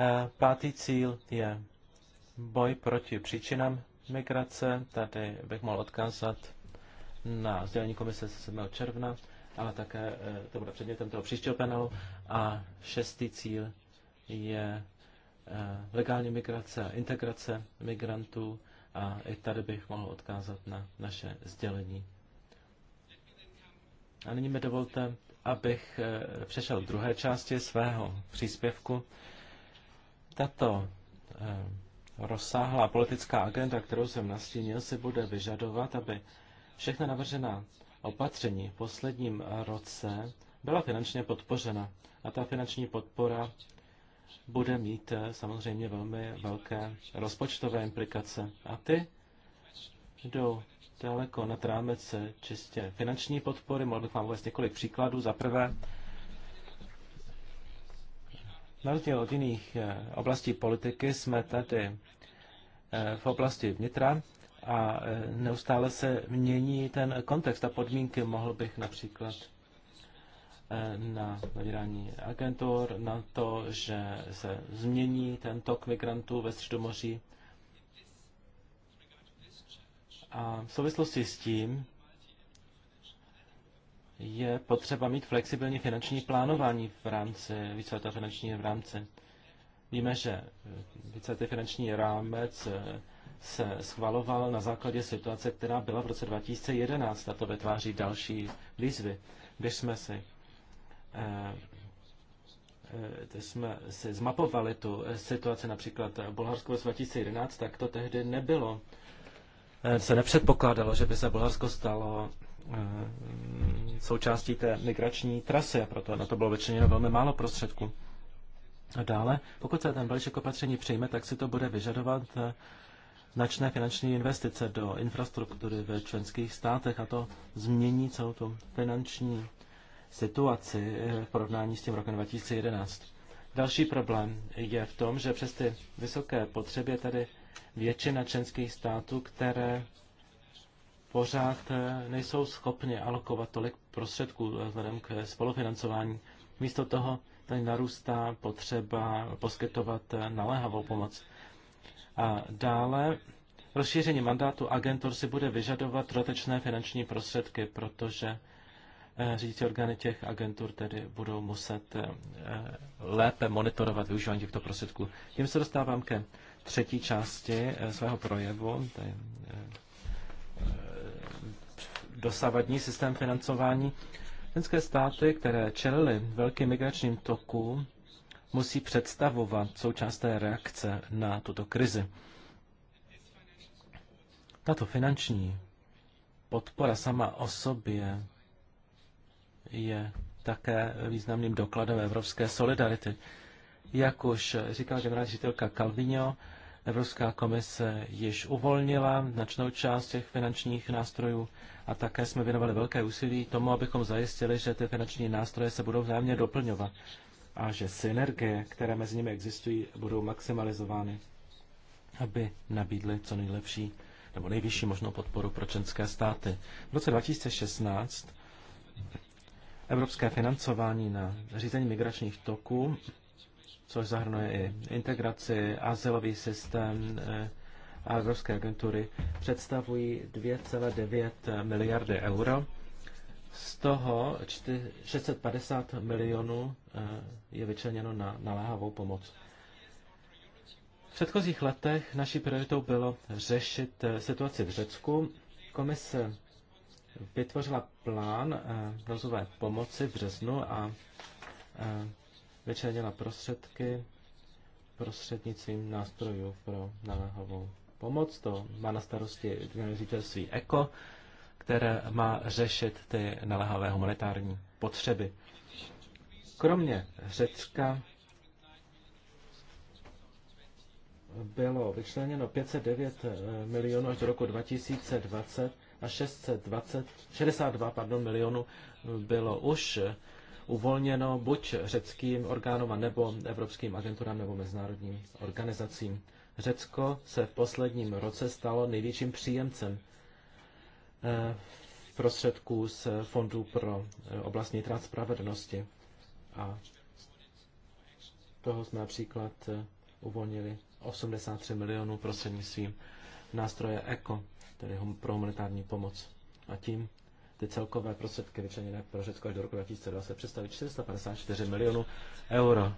Eh, pátý cíl je boj proti příčinám migrace. Tady bych mohl odkázat na sdělení komise 7. června, ale také eh, to bude předmětem toho příštího panelu. A šestý cíl je eh, legální migrace a integrace migrantů. A i tady bych mohl odkázat na naše sdělení. A nyní mi dovolte, abych eh, přešel k druhé části svého příspěvku. Tato rozsáhlá politická agenda, kterou jsem nastínil, si bude vyžadovat, aby Všechna navržená opatření v posledním roce byla finančně podpořena a ta finanční podpora bude mít eh, samozřejmě velmi velké rozpočtové implikace. A ty jdou daleko nad rámec eh, čistě finanční podpory. Mohl bych vám uvést několik příkladů. Za prvé, na rozdíl od jiných eh, oblastí politiky jsme tady v oblasti vnitra a e, neustále se mění ten kontext a podmínky. Mohl bych například e, na vydání agentur, na to, že se změní ten tok migrantů ve Středomoří. A v souvislosti s tím je potřeba mít flexibilní finanční plánování v rámci víceletého finančního rámce. Víme, že e, víceletý finanční rámec se schvaloval na základě situace, která byla v roce 2011 a to vytváří další výzvy. Když jsme si eh, eh, když jsme si zmapovali tu eh, situaci například v Bulharsku v roce 2011, tak to tehdy nebylo. Se nepředpokládalo, že by se Bulharsko stalo součástí té migrační trasy a proto na to bylo vyčleněno velmi málo prostředků. A dále, pokud se ten balíček opatření přijme, tak si to bude vyžadovat značné finanční investice do infrastruktury ve členských státech a to změní celou tu finanční situaci eh, v porovnání s tím rokem 2011. Další problém je v tom, že přes ty vysoké potřeby je tady většina členských států, které pořád eh, nejsou schopny alokovat tolik prostředků eh, vzhledem k spolufinancování. Místo toho tady narůstá potřeba poskytovat naléhavou pomoc. A dále rozšíření mandátu agentur si bude vyžadovat dodatečné finanční prostředky, protože eh, řídící orgány těch agentur tedy budou muset eh, eh, lépe monitorovat využívání těchto prostředků. Tím se dostávám ke třetí části svého projevu, tady, dosavadní systém financování. Členské státy, které čelily velkým migračním tokům, musí představovat součást té reakce na tuto krizi. Tato finanční podpora sama o sobě je také významným dokladem evropské solidarity. Jak už říkala generální ředitelka Calvino, Evropská komise již uvolnila značnou část těch finančních nástrojů a také jsme věnovali velké úsilí tomu, abychom zajistili, že ty finanční nástroje se budou vzájemně doplňovat a že synergie, které mezi nimi existují, budou maximalizovány, aby nabídly co nejlepší nebo nejvyšší možnou podporu pro členské státy. V roce 2016 evropské financování na řízení migračních toků, což zahrnuje i integraci, azylový systém eh, a evropské agentury, představují 2,9 miliardy euro z toho 650 milionů eh, je vyčleněno na naléhavou pomoc. V předchozích letech naší prioritou bylo řešit eh, situaci v Řecku. Komise vytvořila plán eh, rozvojové pomoci v březnu a vyčleněla prostředky prostřednictvím nástrojů pro naléhavou pomoc. To má na starosti ředitelství ECO které má řešit ty naléhavé humanitární potřeby. Kromě Řecka bylo vyčleněno 509 eh, milionů až do roku 2020 a 620, 62 pardon, milionů bylo už uvolněno buď řeckým orgánům, nebo evropským agenturám, nebo mezinárodním organizacím. Řecko se v posledním roce stalo největším příjemcem Eh, prostředků z Fondu pro eh, oblastní transpravedlnosti. A toho jsme například eh, uvolnili 83 milionů prostřednictvím nástroje ECO, tedy pro humanitární pomoc. A tím ty celkové prostředky vyčleněné pro Řecko až do roku 2020 představí 454 milionů euro.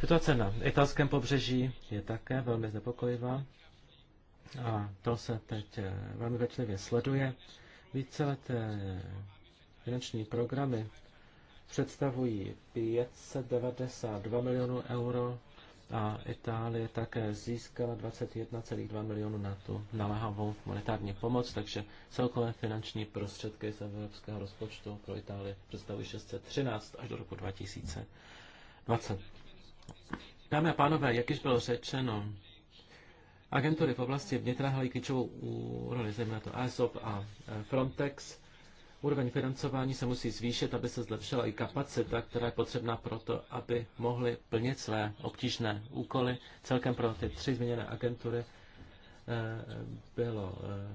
Situace na italském pobřeží je také velmi znepokojivá. A to se teď eh, velmi večlivě sleduje. Víceleté eh, finanční programy představují 592 milionů euro a Itálie také získala 21,2 milionů na tu naléhavou monetární pomoc, takže celkové finanční prostředky z evropského rozpočtu pro Itálii představují 613 až do roku 2020. Dámy a pánové, jak již bylo řečeno, Agentury v oblasti vnitra hrají klíčovou roli, zejména to ASOP a e, Frontex. Úroveň financování se musí zvýšit, aby se zlepšila i kapacita, která je potřebná pro to, aby mohly plnit své obtížné úkoly. Celkem pro ty tři změněné agentury e, bylo e,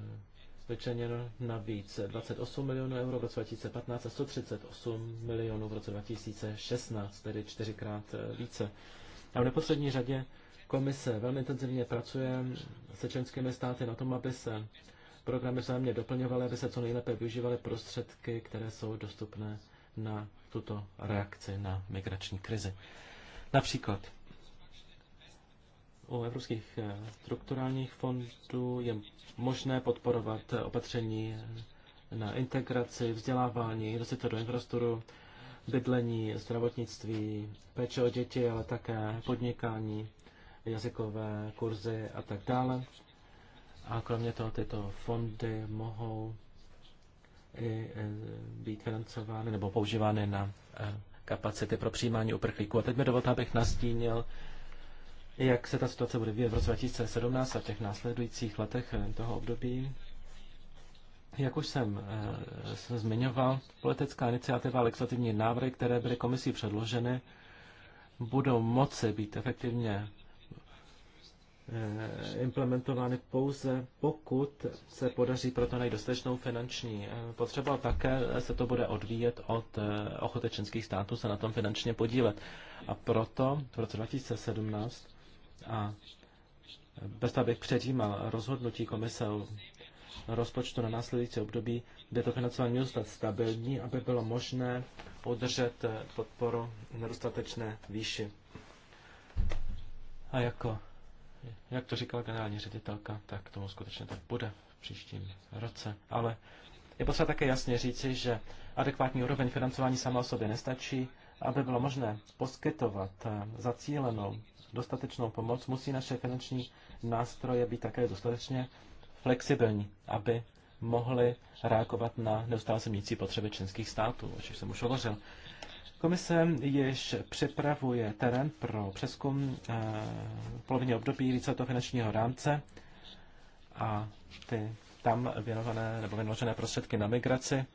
vyčleněno navíc 28 milionů euro v roce 2015 a 138 milionů v roce 2016, tedy čtyřikrát více. A v neposlední řadě Komise velmi intenzivně pracuje se členskými státy na tom, aby se programy vzájemně doplňovaly, aby se co nejlépe využívaly prostředky, které jsou dostupné na tuto reakci na migrační krizi. Například u evropských eh, strukturálních fondů je možné podporovat opatření na integraci, vzdělávání, investice do infrastruktury, bydlení, zdravotnictví, péče o děti, ale také podnikání, jazykové kurzy a tak dále. A kromě toho tyto fondy mohou i e, být financovány nebo používány na e, kapacity pro přijímání uprchlíků. A teď mi dovolte, abych nastínil, jak se ta situace bude vyvíjet v roce 2017 a v těch následujících letech e, toho období. Jak už jsem se zmiňoval, politická iniciativa a legislativní návrhy, které byly komisí předloženy, budou moci být efektivně Eh, implementovány pouze, pokud se podaří proto najít dostatečnou finanční eh, potřebu ale také se to bude odvíjet od eh, ochoty členských států se na tom finančně podílet. A proto v roce 2017 a bez toho, bych předjímal rozhodnutí komise o rozpočtu na následující období, kde to financování mělo zůstat stabilní, aby bylo možné udržet podporu v nedostatečné výši. A jako jak to říkala generální ředitelka, tak tomu skutečně tak bude v příštím roce. Ale je potřeba také jasně říci, že adekvátní úroveň financování sama o sobě nestačí. Aby bylo možné poskytovat eh, zacílenou dostatečnou pomoc, musí naše finanční nástroje být také dostatečně flexibilní, aby mohly reagovat na neustále se potřeby členských států, o čem jsem už hovořil. Komise již připravuje terén pro přeskum eh, polovině období víceletého finančního rámce a ty tam věnované nebo vynaložené prostředky na migraci.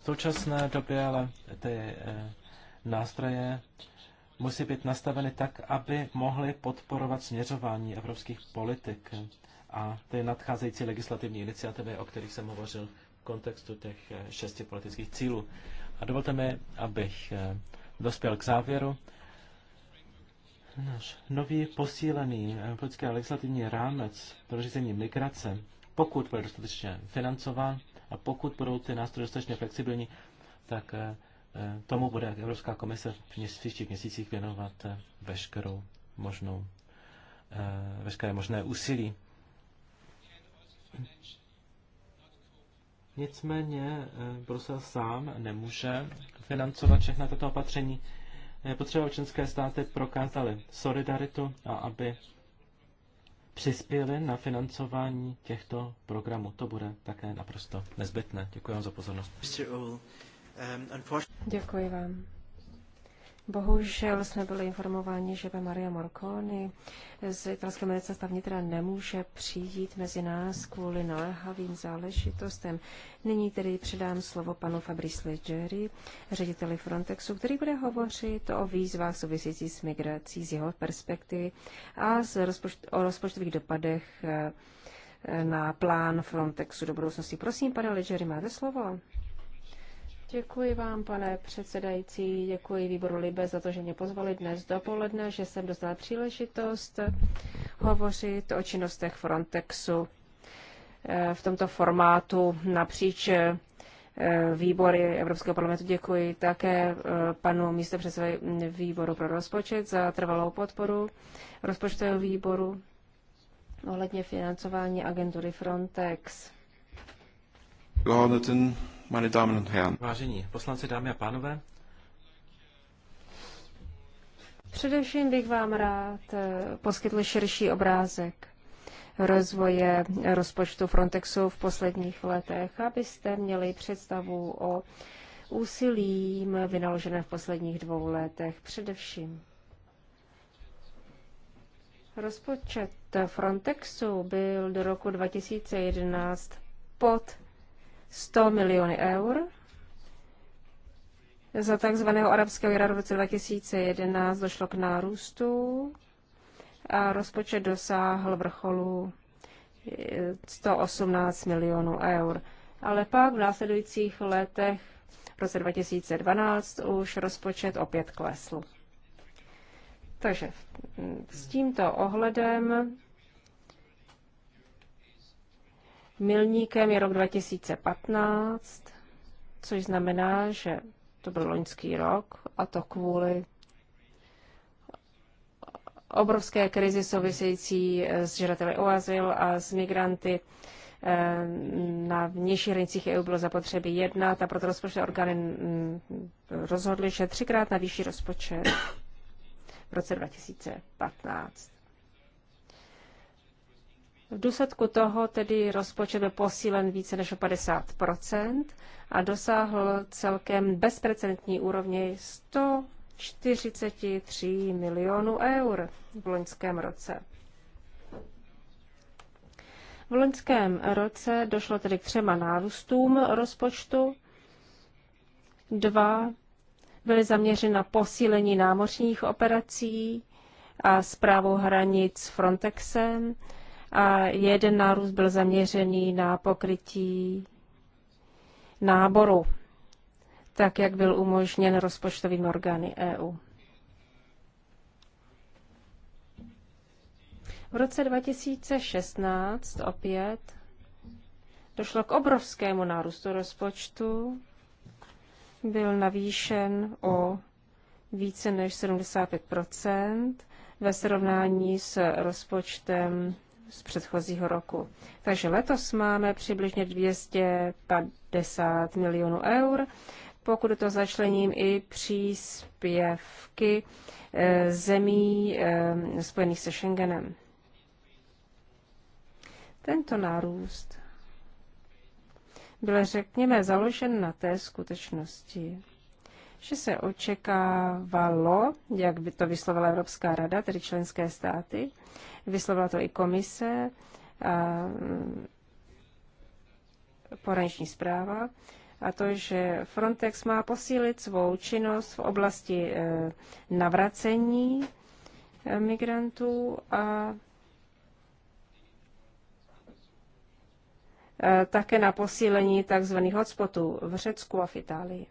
V současné době ale ty eh, nástroje musí být nastaveny tak, aby mohly podporovat směřování evropských politik a ty nadcházející legislativní iniciativy, o kterých jsem hovořil v kontextu těch eh, šesti politických cílů. A dovolte mi, abych eh, dospěl k závěru. Náš nový posílený eh, politický legislativní rámec pro řízení migrace, pokud bude dostatečně financován a pokud budou ty nástroje dostatečně flexibilní, tak eh, tomu bude Evropská komise v příštích měsících věnovat veškerou možnou, veškeré možné úsilí. Nicméně eh, Brusel sám nemůže financovat všechna tato opatření. Je potřeba, členské státy prokázaly solidaritu a aby přispěli na financování těchto programů. To bude také naprosto nezbytné. Děkuji vám za pozornost. Um, Děkuji vám. Bohužel jsme byli informováni, že Maria Morconi z italského ministerstva vnitra nemůže přijít mezi nás kvůli naléhavým záležitostem. Nyní tedy předám slovo panu Fabrice Leggeri, řediteli Frontexu, který bude hovořit o výzvách související s migrací z jeho perspektivy a rozpočt- o rozpočtových dopadech eh, na plán Frontexu do budoucnosti. Prosím, pane Leggeri, máte slovo. Děkuji vám, pane předsedající, děkuji výboru Libe za to, že mě pozvali dnes dopoledne, že jsem dostala příležitost hovořit o činnostech Frontexu eh, v tomto formátu napříč eh, výbory Evropského parlamentu. Děkuji také eh, panu místopředsedovi výboru pro rozpočet za trvalou podporu rozpočtového výboru ohledně financování agentury Frontex. Geordneten Meine Damen und Herren. Vážení poslanci, dámy a pánové. Především bych vám rád eh, poskytl širší obrázek rozvoje rozpočtu Frontexu v posledních letech, abyste měli představu o úsilím vynaložené v posledních dvou letech především. Rozpočet Frontexu byl do roku 2011 pod 100 miliony eur za tzv. arabského jara v roce 2011 došlo k nárůstu a rozpočet dosáhl vrcholu 118 eh, milionů eur. Ale pak v následujících letech v roce 2012 už rozpočet opět klesl. Takže mm, s tímto ohledem Milníkem je rok 2015, což znamená, že to byl loňský rok a to kvůli obrovské krizi související eh, s žadateli o azyl a s migranty eh, na vnější hranicích EU bylo zapotřebí jednat a proto rozpočtové orgány mm, rozhodly, že třikrát na vyšší rozpočet v roce 2015. V důsledku toho tedy rozpočet byl posílen více než o 50 a dosáhl celkem bezprecedentní úrovně 143 milionů eur v loňském roce. V loňském roce došlo tedy k třema nárůstům rozpočtu. Dva byly zaměřeny na posílení námořních operací a zprávou hranic Frontexem a jeden nárůst byl zaměřený na pokrytí náboru, tak jak byl umožněn rozpočtovým orgány EU. V roce 2016 opět došlo k obrovskému nárůstu rozpočtu. Byl navýšen o více než 75 ve srovnání s rozpočtem z předchozího roku. Takže letos máme přibližně 250 milionů eur, pokud to začlením i příspěvky eh, zemí eh, spojených se Schengenem. Tento nárůst byl, řekněme, založen na té skutečnosti, že se očekávalo, jak by to vyslovila Evropská rada, tedy členské státy, vyslovila to i komise, a mm, poranční zpráva, a to, že Frontex má posílit svou činnost v oblasti e, navracení e, migrantů a e, také na posílení tzv. hotspotů v Řecku a v Itálii.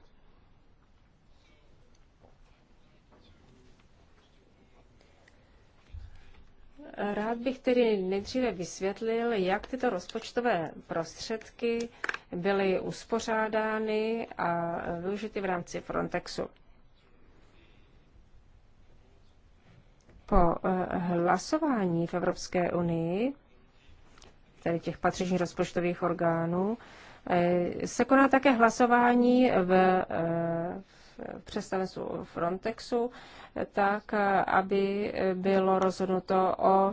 Rád bych tedy nejdříve vysvětlil, jak tyto rozpočtové prostředky byly uspořádány a využity v rámci Frontexu. Po eh, hlasování v Evropské unii, tedy těch patřičných rozpočtových orgánů, eh, se koná také hlasování v eh, představenstvu Frontexu, tak aby bylo rozhodnuto o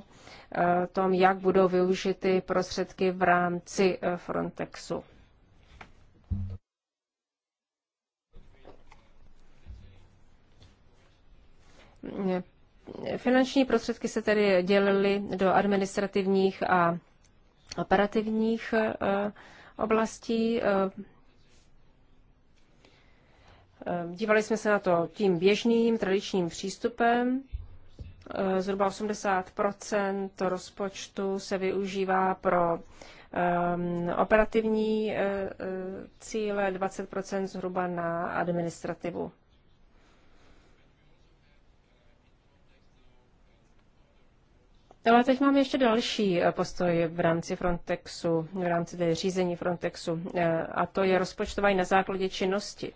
e, tom, jak budou využity prostředky v rámci e, Frontexu. Finanční prostředky se tedy dělily do administrativních a operativních e, oblastí Ehm, dívali jsme se na to tím běžným, tradičním přístupem. Ehm, zhruba 80 rozpočtu se využívá pro ehm, operativní e, e, cíle, 20 zhruba na administrativu. Ale teď mám ještě další e, postoj v rámci Frontexu, v rámci řízení Frontexu, a to je rozpočtování na základě činnosti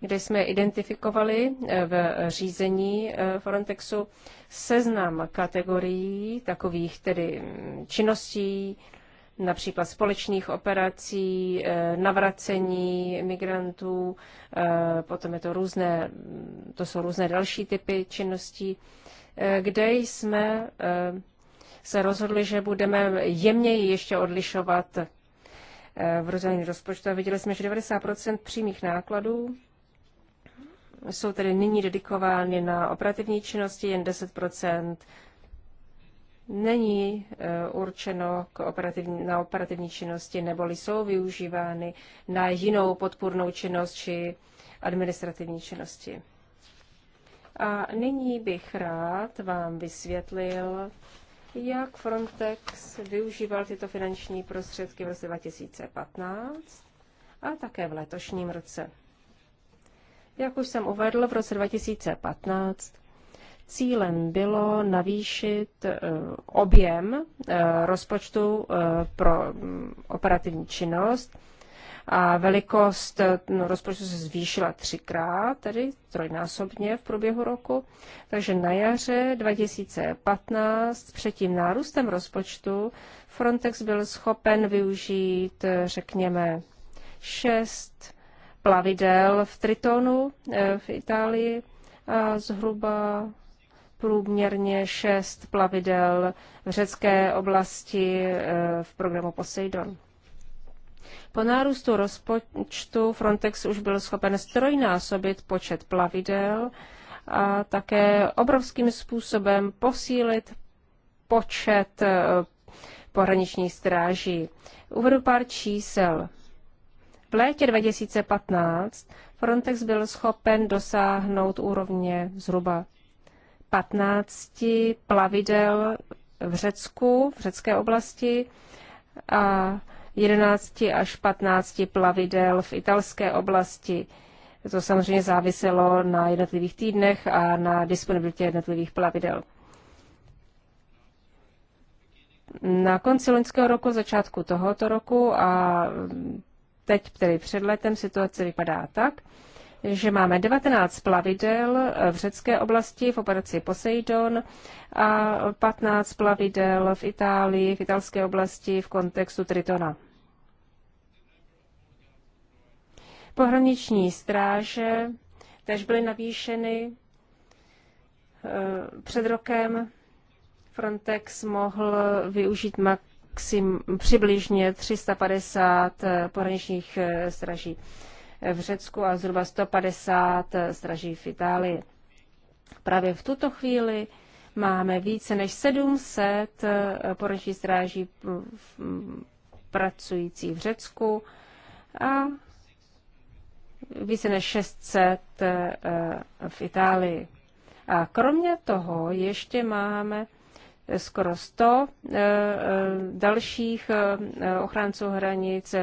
kde jsme identifikovali eh, v řízení eh, Frontexu seznam kategorií takových tedy mm, činností, například společných operací, eh, navracení migrantů, potom je to různé, mm, to jsou různé další typy činností, kde jsme se rozhodli, že budeme jemněji ještě odlišovat v rozdělení rozpočtu a viděli jsme, že 90% přímých nákladů jsou tedy nyní dedikovány na operativní činnosti, jen 10 není eh, určeno k operativní, na operativní činnosti, neboli jsou využívány na jinou podpůrnou činnost či administrativní činnosti. A nyní bych rád vám vysvětlil, jak Frontex využíval tyto finanční prostředky v roce 2015 a také v letošním roce. Jak už jsem uvedl, v roce 2015 cílem bylo navýšit eh, objem eh, rozpočtu eh, pro mm, operativní činnost a velikost no, rozpočtu se zvýšila třikrát, tedy trojnásobně v průběhu roku. Takže na jaře 2015 před tím nárůstem rozpočtu Frontex byl schopen využít, řekněme, 6 plavidel v Tritonu eh, v Itálii a zhruba průměrně šest plavidel v řecké oblasti eh, v programu Poseidon. Po nárůstu rozpočtu Frontex už byl schopen strojnásobit počet plavidel a také obrovským způsobem posílit počet eh, pohraničních stráží. Uvedu pár čísel. V létě 2015 Frontex byl schopen dosáhnout úrovně zhruba 15 plavidel v Řecku, v řecké oblasti a 11 až 15 plavidel v italské oblasti. To samozřejmě záviselo na jednotlivých týdnech a na disponibilitě jednotlivých plavidel. Na konci loňského roku, začátku tohoto roku a teď, tedy před letem, situace vypadá tak, že máme 19 plavidel v řecké oblasti v operaci Poseidon a 15 plavidel v Itálii, v italské oblasti v kontextu Tritona. Pohraniční stráže tež byly navýšeny eh, před rokem Frontex mohl využít mak- jaksi přibližně 350 eh, pohraničních eh, straží eh, v Řecku a zhruba 150 straží v Itálii. Právě v tuto chvíli máme více než 700 pohraničních stráží mm, mm, pracující v Řecku a více než 600 v Itálii. A kromě toho ještě máme skoro 100 eh, eh, dalších eh, ochránců hranic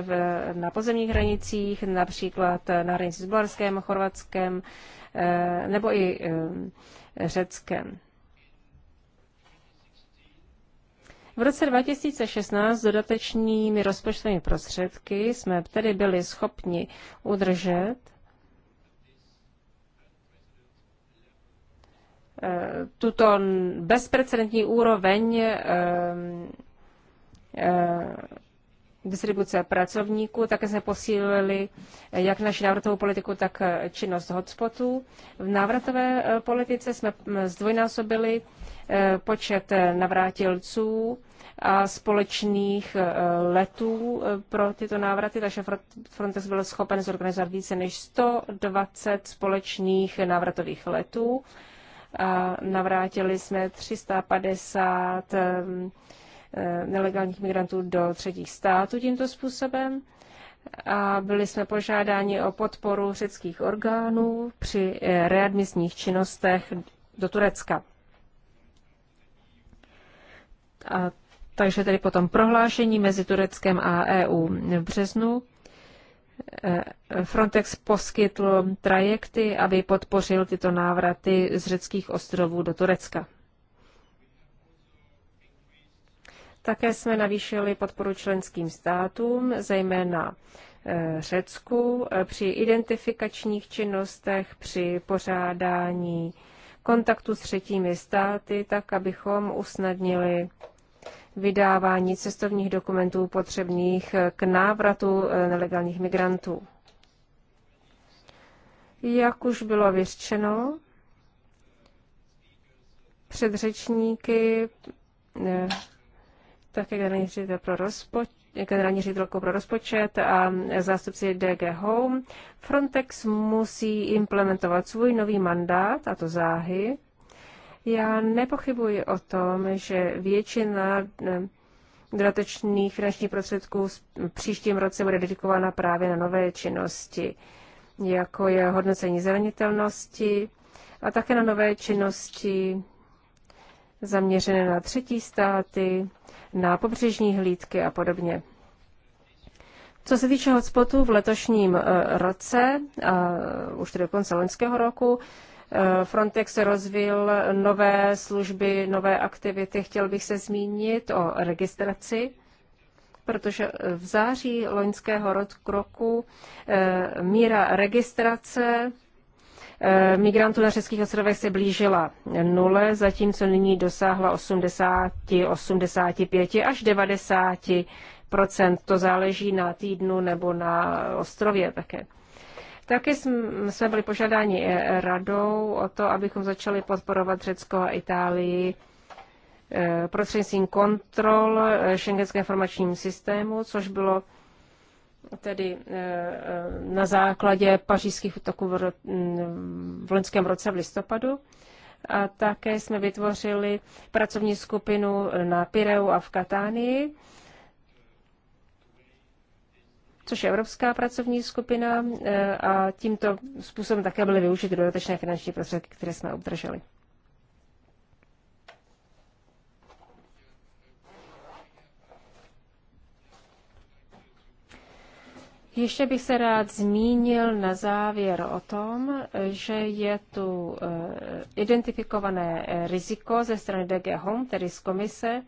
na pozemních hranicích, například na hranici s Bulharském, Chorvatskem nebo i Řeckem. V roce 2016 dodatečnými rozpočtovými prostředky jsme tedy byli schopni udržet Eh, tuto bezprecedentní úroveň eh, eh, distribuce pracovníků, také jsme posílili jak naši návratovou politiku, tak činnost hotspotů. V návratové politice jsme mm, zdvojnásobili počet navrátilců a společných letů pro tyto návraty, takže Frontex byl schopen zorganizovat více než 120 společných návratových letů a navrátili jsme 350 nelegálních migrantů do třetích států tímto způsobem a byli jsme požádáni o podporu řeckých orgánů při eh, readmisních činnostech do Turecka. A takže tedy potom prohlášení mezi Tureckem a EU v březnu Eh, Frontex poskytl trajekty, aby podpořil tyto návraty z řeckých ostrovů do Turecka. Také jsme navýšili podporu členským státům, zejména eh, Řecku, eh, při identifikačních činnostech, při pořádání kontaktu s třetími státy, tak abychom usnadnili vydávání cestovních dokumentů potřebných k návratu eh, nelegálních migrantů. Jak už bylo vyřčeno, předřečníky, eh, také generální ředitel pro rozpočet, generální ředitelkou pro rozpočet a zástupci DG Home. Frontex musí implementovat svůj nový mandát, a to záhy, já nepochybuji o tom, že většina eh, dodatečných finančních prostředků v příštím roce bude dedikována právě na nové činnosti, jako je hodnocení zranitelnosti a také na nové činnosti zaměřené na třetí státy, na pobřežní hlídky a podobně. Co se týče hotspotů v letošním eh, roce, už tedy do konce loňského roku, Eh, Frontex rozvíjel nové služby, nové aktivity. Chtěl bych se zmínit o registraci protože v září loňského roku eh, míra registrace eh, migrantů na českých ostrovech se blížila nule, zatímco nyní dosáhla 80, 85 až 90 To záleží na týdnu nebo na ostrově také. Taky jsme byli požádáni eh, radou o to, abychom začali podporovat Řecko a Itálii eh, prostřednictvím kontrol šengenského eh, informačním systému, což bylo tedy na základě pařížských útoků v, mm, v loňském roce v listopadu. A také jsme vytvořili pracovní skupinu na Pireu a v Katánii, což je Evropská pracovní skupina eh, a tímto způsobem také byly využity dodatečné finanční prostředky, které jsme obdrželi. Ještě bych se rád zmínil na závěr o tom, že je tu eh, identifikované riziko ze strany DG Home, tedy z komise,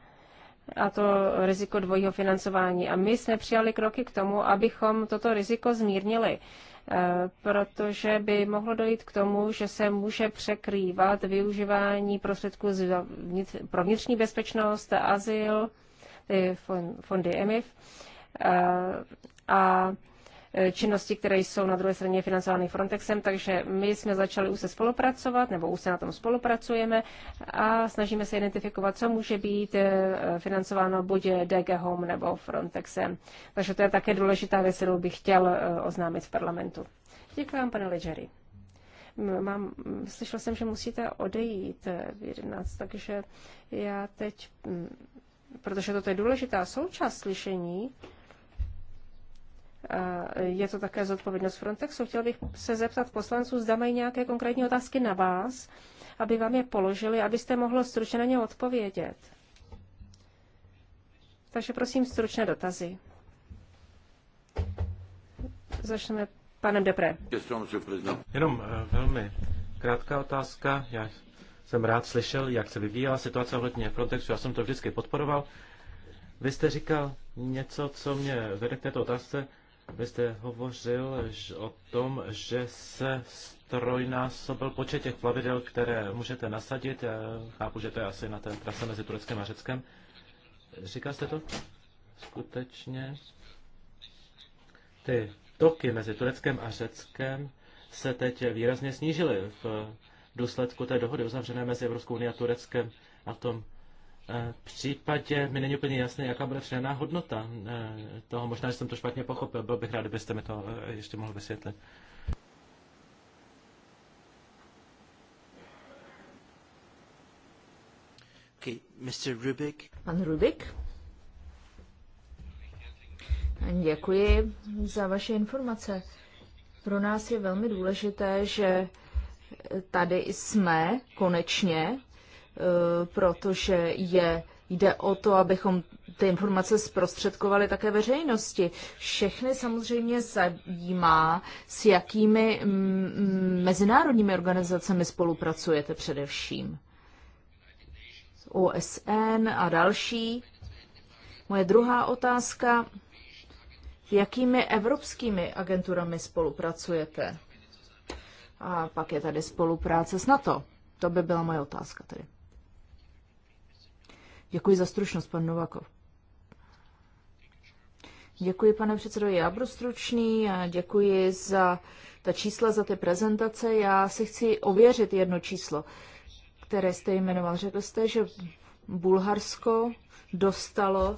a to riziko dvojího financování. A my jsme přijali kroky k tomu, abychom toto riziko zmírnili, eh, protože by mohlo dojít k tomu, že se může překrývat využívání prostředků pro vnitřní bezpečnost, azyl, fondy EMIF eh, a Eh, činnosti, které jsou na druhé straně financovány Frontexem, takže my jsme začali už se spolupracovat, nebo už se na tom spolupracujeme a snažíme se identifikovat, co může být eh, financováno buď DG Home nebo Frontexem. Takže to je také důležitá věc, kterou bych chtěl eh, oznámit v parlamentu. Děkuji vám, pane Ledgeri. Mám, slyšel jsem, že musíte odejít v 11, takže já teď, protože toto je důležitá součást slyšení, je to také zodpovědnost Frontexu. Chtěl bych se zeptat poslanců, zda mají nějaké konkrétní otázky na vás, aby vám je položili, abyste mohlo stručně na ně odpovědět. Takže prosím stručné dotazy. Začneme panem Depre. Jenom eh, velmi krátká otázka. Já jsem rád slyšel, jak se vyvíjela situace ohledně Frontexu. Já jsem to vždycky podporoval. Vy jste říkal něco, co mě vede k této otázce. Vy jste hovořil o tom, že se strojnásobil počet těch plavidel, které můžete nasadit. Já chápu, že to je asi na té trase mezi Tureckem a Řeckem. Říkal jste to? Skutečně? Ty toky mezi Tureckem a Řeckem se teď výrazně snížily v důsledku té dohody uzavřené mezi Evropskou unii a Tureckem a v tom E, případě mi není úplně jasné, jaká bude přidaná hodnota e, toho. Možná, že jsem to špatně pochopil. Byl bych rád, kdybyste mi to e, ještě mohl vysvětlit. Okay, Mr. Rubik. Pan Rubik. Děkuji za vaše informace. Pro nás je velmi důležité, že tady jsme konečně Eh, protože je Jde o to, abychom ty informace zprostředkovali také veřejnosti. Všechny samozřejmě zajímá, s jakými mm, mm, mezinárodními organizacemi spolupracujete především. OSN a další. Moje druhá otázka. S jakými evropskými agenturami spolupracujete? A pak je tady spolupráce s NATO. To by byla moje otázka tedy. Děkuji za stručnost, pan Novakov. Děkuji, pane předsedo. Já budu stručný a děkuji za ta čísla, za ty prezentace. Já si chci ověřit jedno číslo, které jste jmenoval. Řekl jste, že Bulharsko dostalo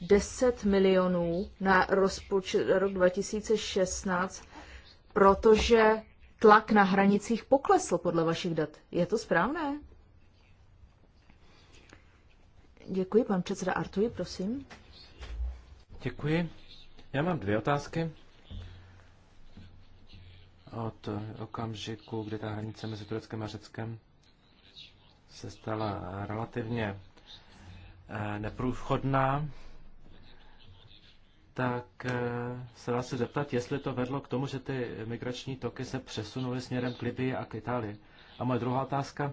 10 milionů na rozpočet rok 2016, protože tlak na hranicích poklesl podle vašich dat. Je to správné? Děkuji, pan předseda Artuji, prosím. Děkuji. Já mám dvě otázky. Od okamžiku, kdy ta hranice mezi Tureckem a Řeckem se stala relativně eh, neprůchodná, tak eh, se vás se zeptat, jestli to vedlo k tomu, že ty migrační toky se přesunuly směrem k Libii a k Itálii. A moje druhá otázka,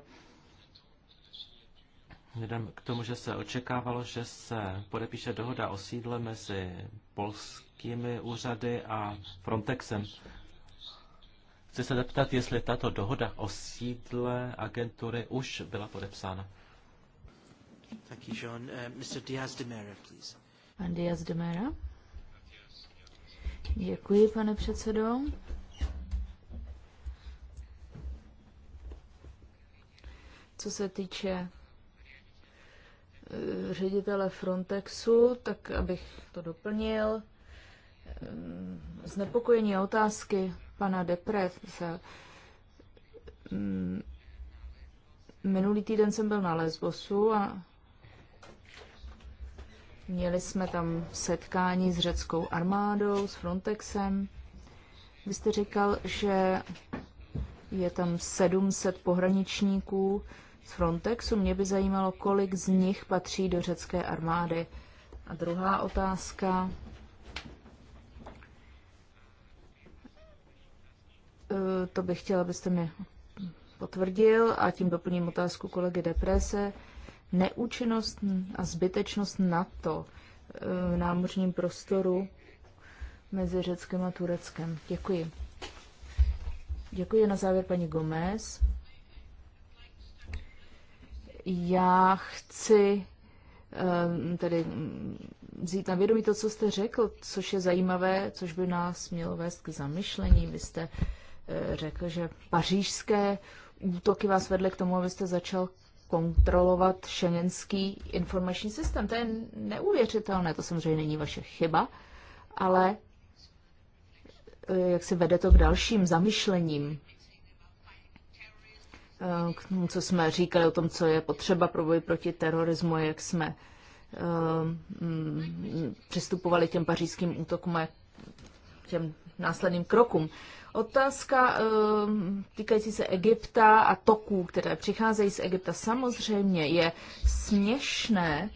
Vzhledem k tomu, že se očekávalo, že se podepíše dohoda o sídle mezi polskými úřady a Frontexem, chci se zeptat, jestli tato dohoda o sídle agentury už byla podepsána. Thank you, John. Uh, Mr. Diaz de Mera, please. Pan Diaz de Mera. Děkuji, pane předsedo. Co se týče Eh, ředitele Frontexu, tak abych to doplnil. Eh, znepokojení a otázky pana Depre se mm, Minulý týden jsem byl na Lesbosu a měli jsme tam setkání s řeckou armádou, s Frontexem. Vy jste říkal, že je tam 700 pohraničníků, z Frontexu. Mě by zajímalo, kolik z nich patří do řecké armády. A druhá otázka. E, to bych chtěla, abyste mi potvrdil a tím doplním otázku kolegy Deprese. Neúčinnost a zbytečnost NATO e, v námořním prostoru mezi Řeckem a Tureckem. Děkuji. Děkuji na závěr paní Gomez. Já chci ehm, tedy mm, vzít na vědomí to, co jste řekl, což je zajímavé, což by nás mělo vést k zamyšlení. Vy jste eh, řekl, že pařížské útoky vás vedly k tomu, abyste začal kontrolovat šengenský informační systém. To je neuvěřitelné, to samozřejmě není vaše chyba, ale eh, jak si vede to k dalším zamyšlením k tomu, co jsme říkali o tom, co je potřeba pro boj proti terorismu, jak jsme ehm, mm, přistupovali těm pařížským útokům a těm následným krokům. Otázka ehm, týkající se Egypta a toků, které přicházejí z Egypta, samozřejmě je směšné,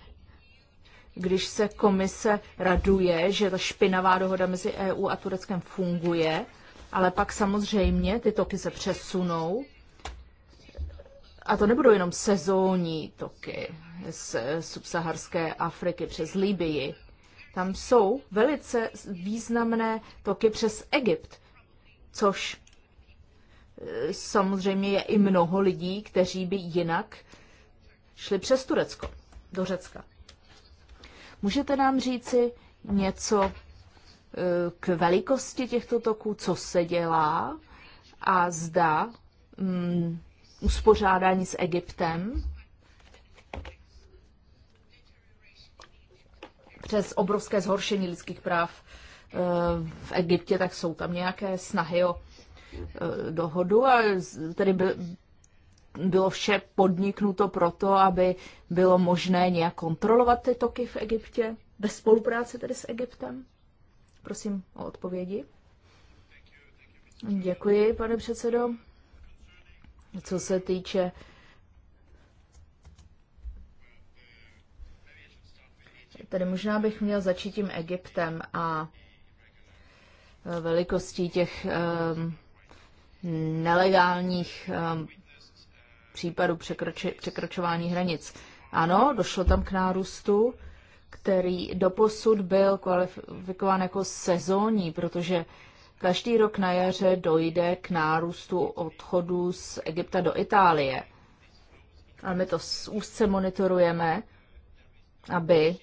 když se komise raduje, že ta špinavá dohoda mezi EU a Tureckem funguje, ale pak samozřejmě ty toky se přesunou a to nebudou jenom sezónní toky z eh, subsaharské Afriky přes Libii. Tam jsou velice významné toky přes Egypt, což eh, samozřejmě je i mnoho lidí, kteří by jinak šli přes Turecko do Řecka. Můžete nám říci něco eh, k velikosti těchto toků, co se dělá a zda mm, uspořádání s Egyptem přes obrovské zhoršení lidských práv eh, v Egyptě, tak jsou tam nějaké snahy o eh, dohodu a tedy by, bylo vše podniknuto proto, aby bylo možné nějak kontrolovat ty toky v Egyptě, ve spolupráci tedy s Egyptem? Prosím o odpovědi. Děkuji, pane předsedo. Co se týče Tady možná bych měl začít tím Egyptem a e, velikostí těch um, nelegálních um, případů překroči, překročování hranic. Ano, došlo tam k nárůstu, který doposud byl kvalifikován jako sezónní, protože uh, Každý rok na jaře dojde k nárůstu odchodu z Egypta do Itálie. A my to úzce monitorujeme, aby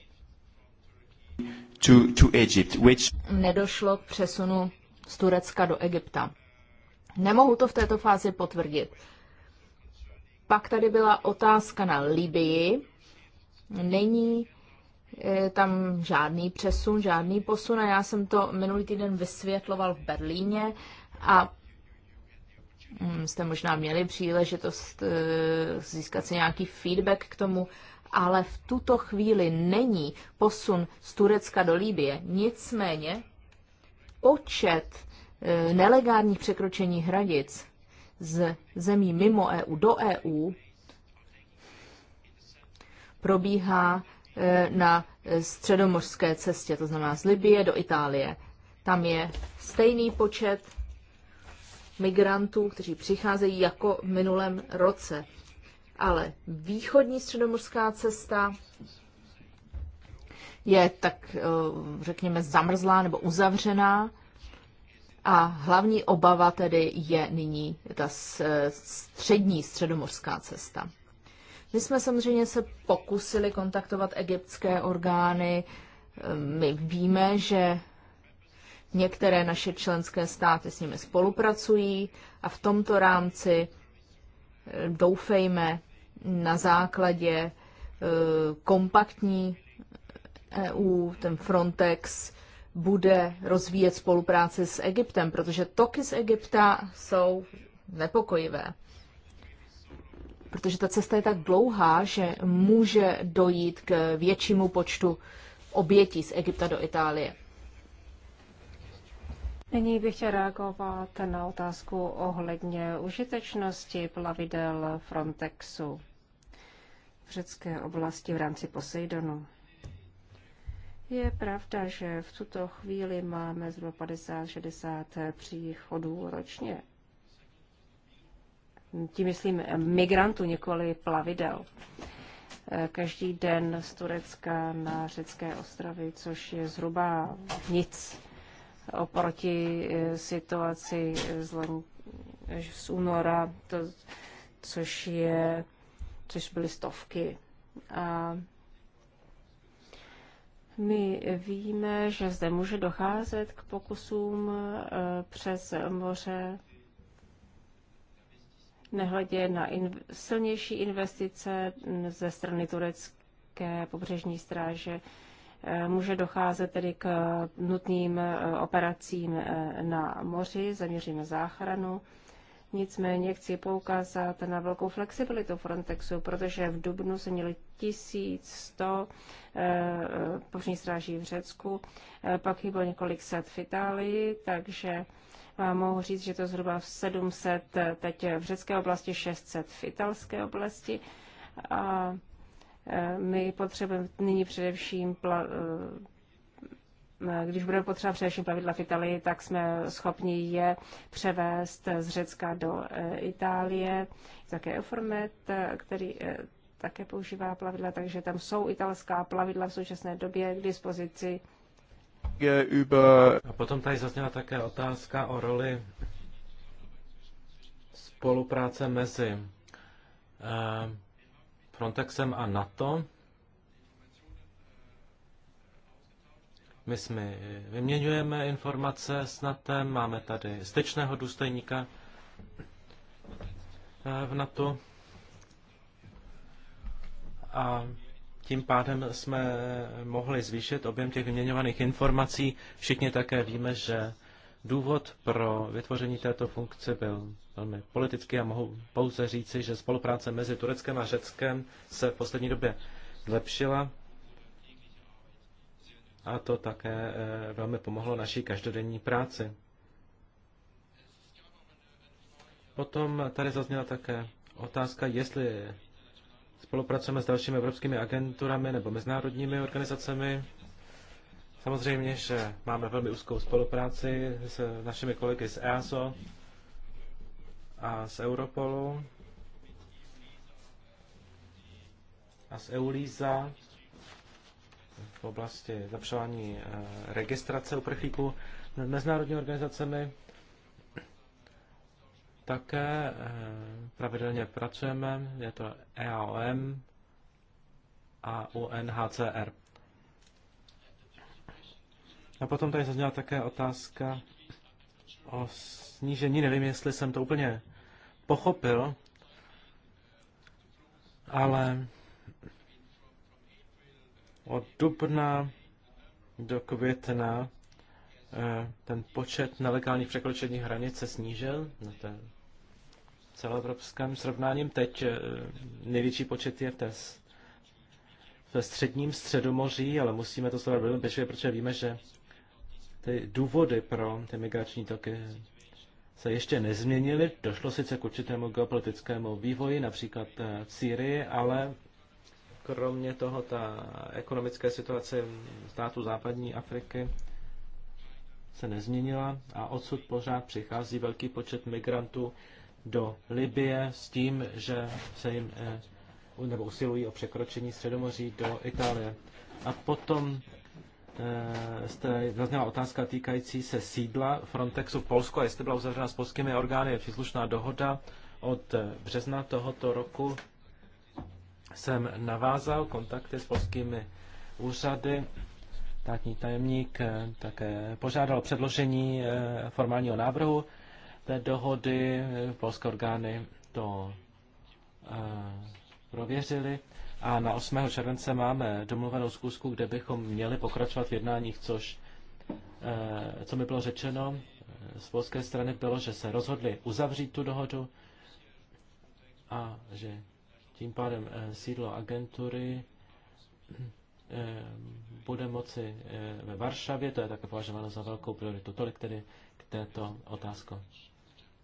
to, to Egypt, which... nedošlo k přesunu z Turecka do Egypta. Nemohu to v této fázi potvrdit. Pak tady byla otázka na Libii. Není je tam žádný přesun, žádný posun a já jsem to minulý týden vysvětloval v Berlíně a mm, jste možná měli příležitost eh, získat si nějaký feedback k tomu, ale v tuto chvíli není posun z Turecka do Líbie. Nicméně počet eh, nelegálních překročení hranic z zemí mimo EU do EU probíhá Eh, na středomořské cestě, to znamená z Libie do Itálie. Tam je stejný počet migrantů, kteří přicházejí jako v minulém roce. Ale východní středomořská cesta je tak, eh, řekněme, zamrzlá nebo uzavřená. A hlavní obava tedy je nyní ta eh, střední středomořská cesta. My jsme samozřejmě se pokusili kontaktovat egyptské orgány. Ehm, my víme, že některé naše členské státy s nimi spolupracují a v tomto rámci eh, doufejme na základě eh, kompaktní EU, ten Frontex, bude rozvíjet spolupráci s Egyptem, protože toky z Egypta jsou nepokojivé protože ta cesta je tak dlouhá, že může dojít k většímu počtu obětí z Egypta do Itálie. Nyní bych chtěla reagovat na otázku ohledně užitečnosti plavidel Frontexu v řecké oblasti v rámci Poseidonu. Je pravda, že v tuto chvíli máme zhruba 50-60 příchodů ročně tím myslím migrantů, nikoli plavidel, eh, každý den z Turecka na řecké ostrovy, což je zhruba nic oproti eh, situaci z, z února, to, což, je, což byly stovky. A my víme, že zde může docházet k pokusům eh, přes moře nehledě na in- silnější investice mm, ze strany turecké pobřežní stráže eh, může docházet tedy k eh, nutným eh, operacím na moři, zaměříme záchranu. Nicméně chci poukázat na velkou flexibilitu Frontexu, protože v Dubnu se měli 1100 pobřežní stráží v Řecku, pak bylo několik set v Itálii, takže mohu říct, že to zhruba 700 teď v řecké oblasti, 600 v italské oblasti. A e, my potřebujeme nyní především pla- e, e, když budeme potřeba především plavidla v Italii, tak jsme schopni je převést z Řecka do Itálie. Také Euformet, který také používá plavidla, takže tam jsou italská plavidla v současné době k dispozici je über... A potom tady zazněla také otázka o roli spolupráce mezi eh, Frontexem a NATO. My jsme eh, vyměňujeme informace s NATO, máme tady styčného důstojníka eh, v NATO. A tím pádem jsme mohli zvýšit objem těch vyměňovaných informací. Všichni také víme, že důvod pro vytvoření této funkce byl velmi politický a mohu pouze říci, že spolupráce mezi Tureckem a Řeckem se v poslední době zlepšila a to také eh, velmi pomohlo naší každodenní práci. Potom tady zazněla také otázka, jestli Spolupracujeme s dalšími evropskými agenturami nebo mezinárodními organizacemi. Samozřejmě, že máme velmi úzkou spolupráci s našimi kolegy z EASO a z Europolu a z EULISA v oblasti zapřování eh, registrace uprchlíků mezinárodními organizacemi také eh, pravidelně pracujeme, je to EAOM a UNHCR. A potom tady zazněla také otázka o snížení, nevím, jestli jsem to úplně pochopil, ale od dubna do května eh, ten počet nelegálních překročení hranice snížil, no to je celoevropském srovnáním teď eh, největší počet je v té ve středním středomoří, ale musíme to sledovat velmi pečlivě, protože víme, že ty důvody pro ty migrační toky se ještě nezměnily. Došlo sice k určitému geopolitickému vývoji, například eh, v Sýrii, ale kromě toho ta ekonomická situace států západní Afriky se nezměnila a odsud pořád přichází velký počet migrantů do Libie s tím, že se jim eh, nebo usilují o překročení Středomoří do Itálie. A potom eh, jste, zazněla otázka týkající se sídla Frontexu v Polsku a jestli byla uzavřena s polskými orgány, je příslušná dohoda od eh, března tohoto roku jsem navázal kontakty s polskými úřady. Státní tajemník také požádal předložení formálního návrhu té dohody. Eh, polské orgány to eh, prověřili. A na 8. července máme domluvenou zkusku, kde bychom měli pokračovat v jednáních, což eh, co mi bylo řečeno z polské strany, bylo, že se rozhodli uzavřít tu dohodu a že tím pádem sídlo agentury bude moci ve Varšavě, to je také považováno za velkou prioritu. Tolik tedy k této otázku.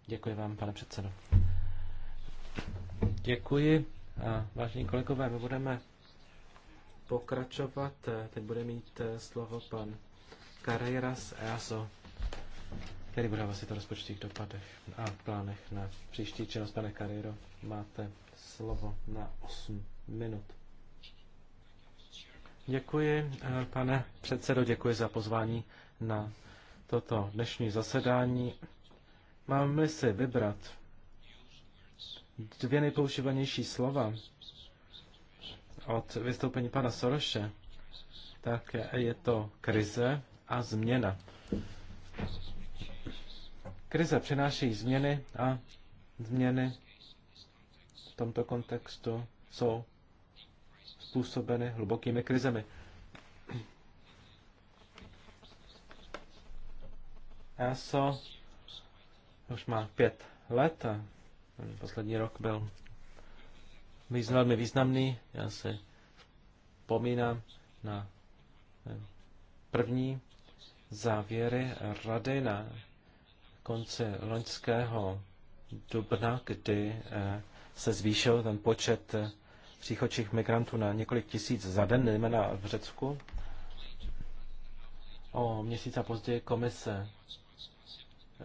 Děkuji vám, pane předsedo. Děkuji. A vážení kolegové, my budeme pokračovat. Teď bude mít eh, slovo pan Carreras e EASO, který bude vlastně to rozpočtových dopadech a plánech na příští činnost. Pane Carreiro, máte slovo na 8 minut. Děkuji, eh, pane předsedo, děkuji za pozvání na toto dnešní zasedání. Máme si vybrat dvě nejpoužívanější slova od vystoupení pana Soroše, tak je to krize a změna. Krize přináší změny a změny v tomto kontextu jsou způsobeny hlubokými krizemi. ESO už má pět let a poslední rok byl velmi významný. Já se vzpomínám na eh, první závěry rady na konci loňského dubna, kdy eh, se zvýšil ten počet eh, příchodčích migrantů na několik tisíc za den, nejména v Řecku. O měsíc a později komise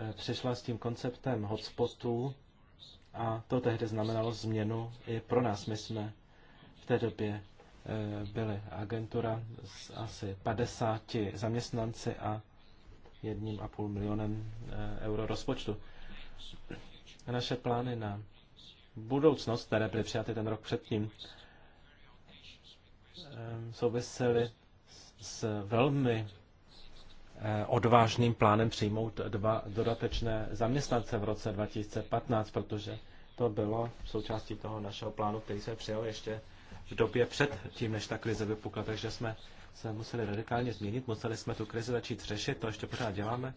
Eh, přišla s tím konceptem hotspotů a to tehdy znamenalo změnu i pro nás. My jsme v té době eh, byli agentura s asi 50 zaměstnanci a jedním a půl milionem eh, euro rozpočtu. Naše plány na budoucnost, které byly přijaty ten rok předtím, souvisely s velmi Eh, odvážným plánem přijmout dva dodatečné zaměstnance v roce 2015, protože to bylo součástí toho našeho plánu, který se přijal ještě v době před tím, než ta krize vypukla, takže jsme se museli radikálně změnit, museli jsme tu krizi začít řešit, to ještě pořád děláme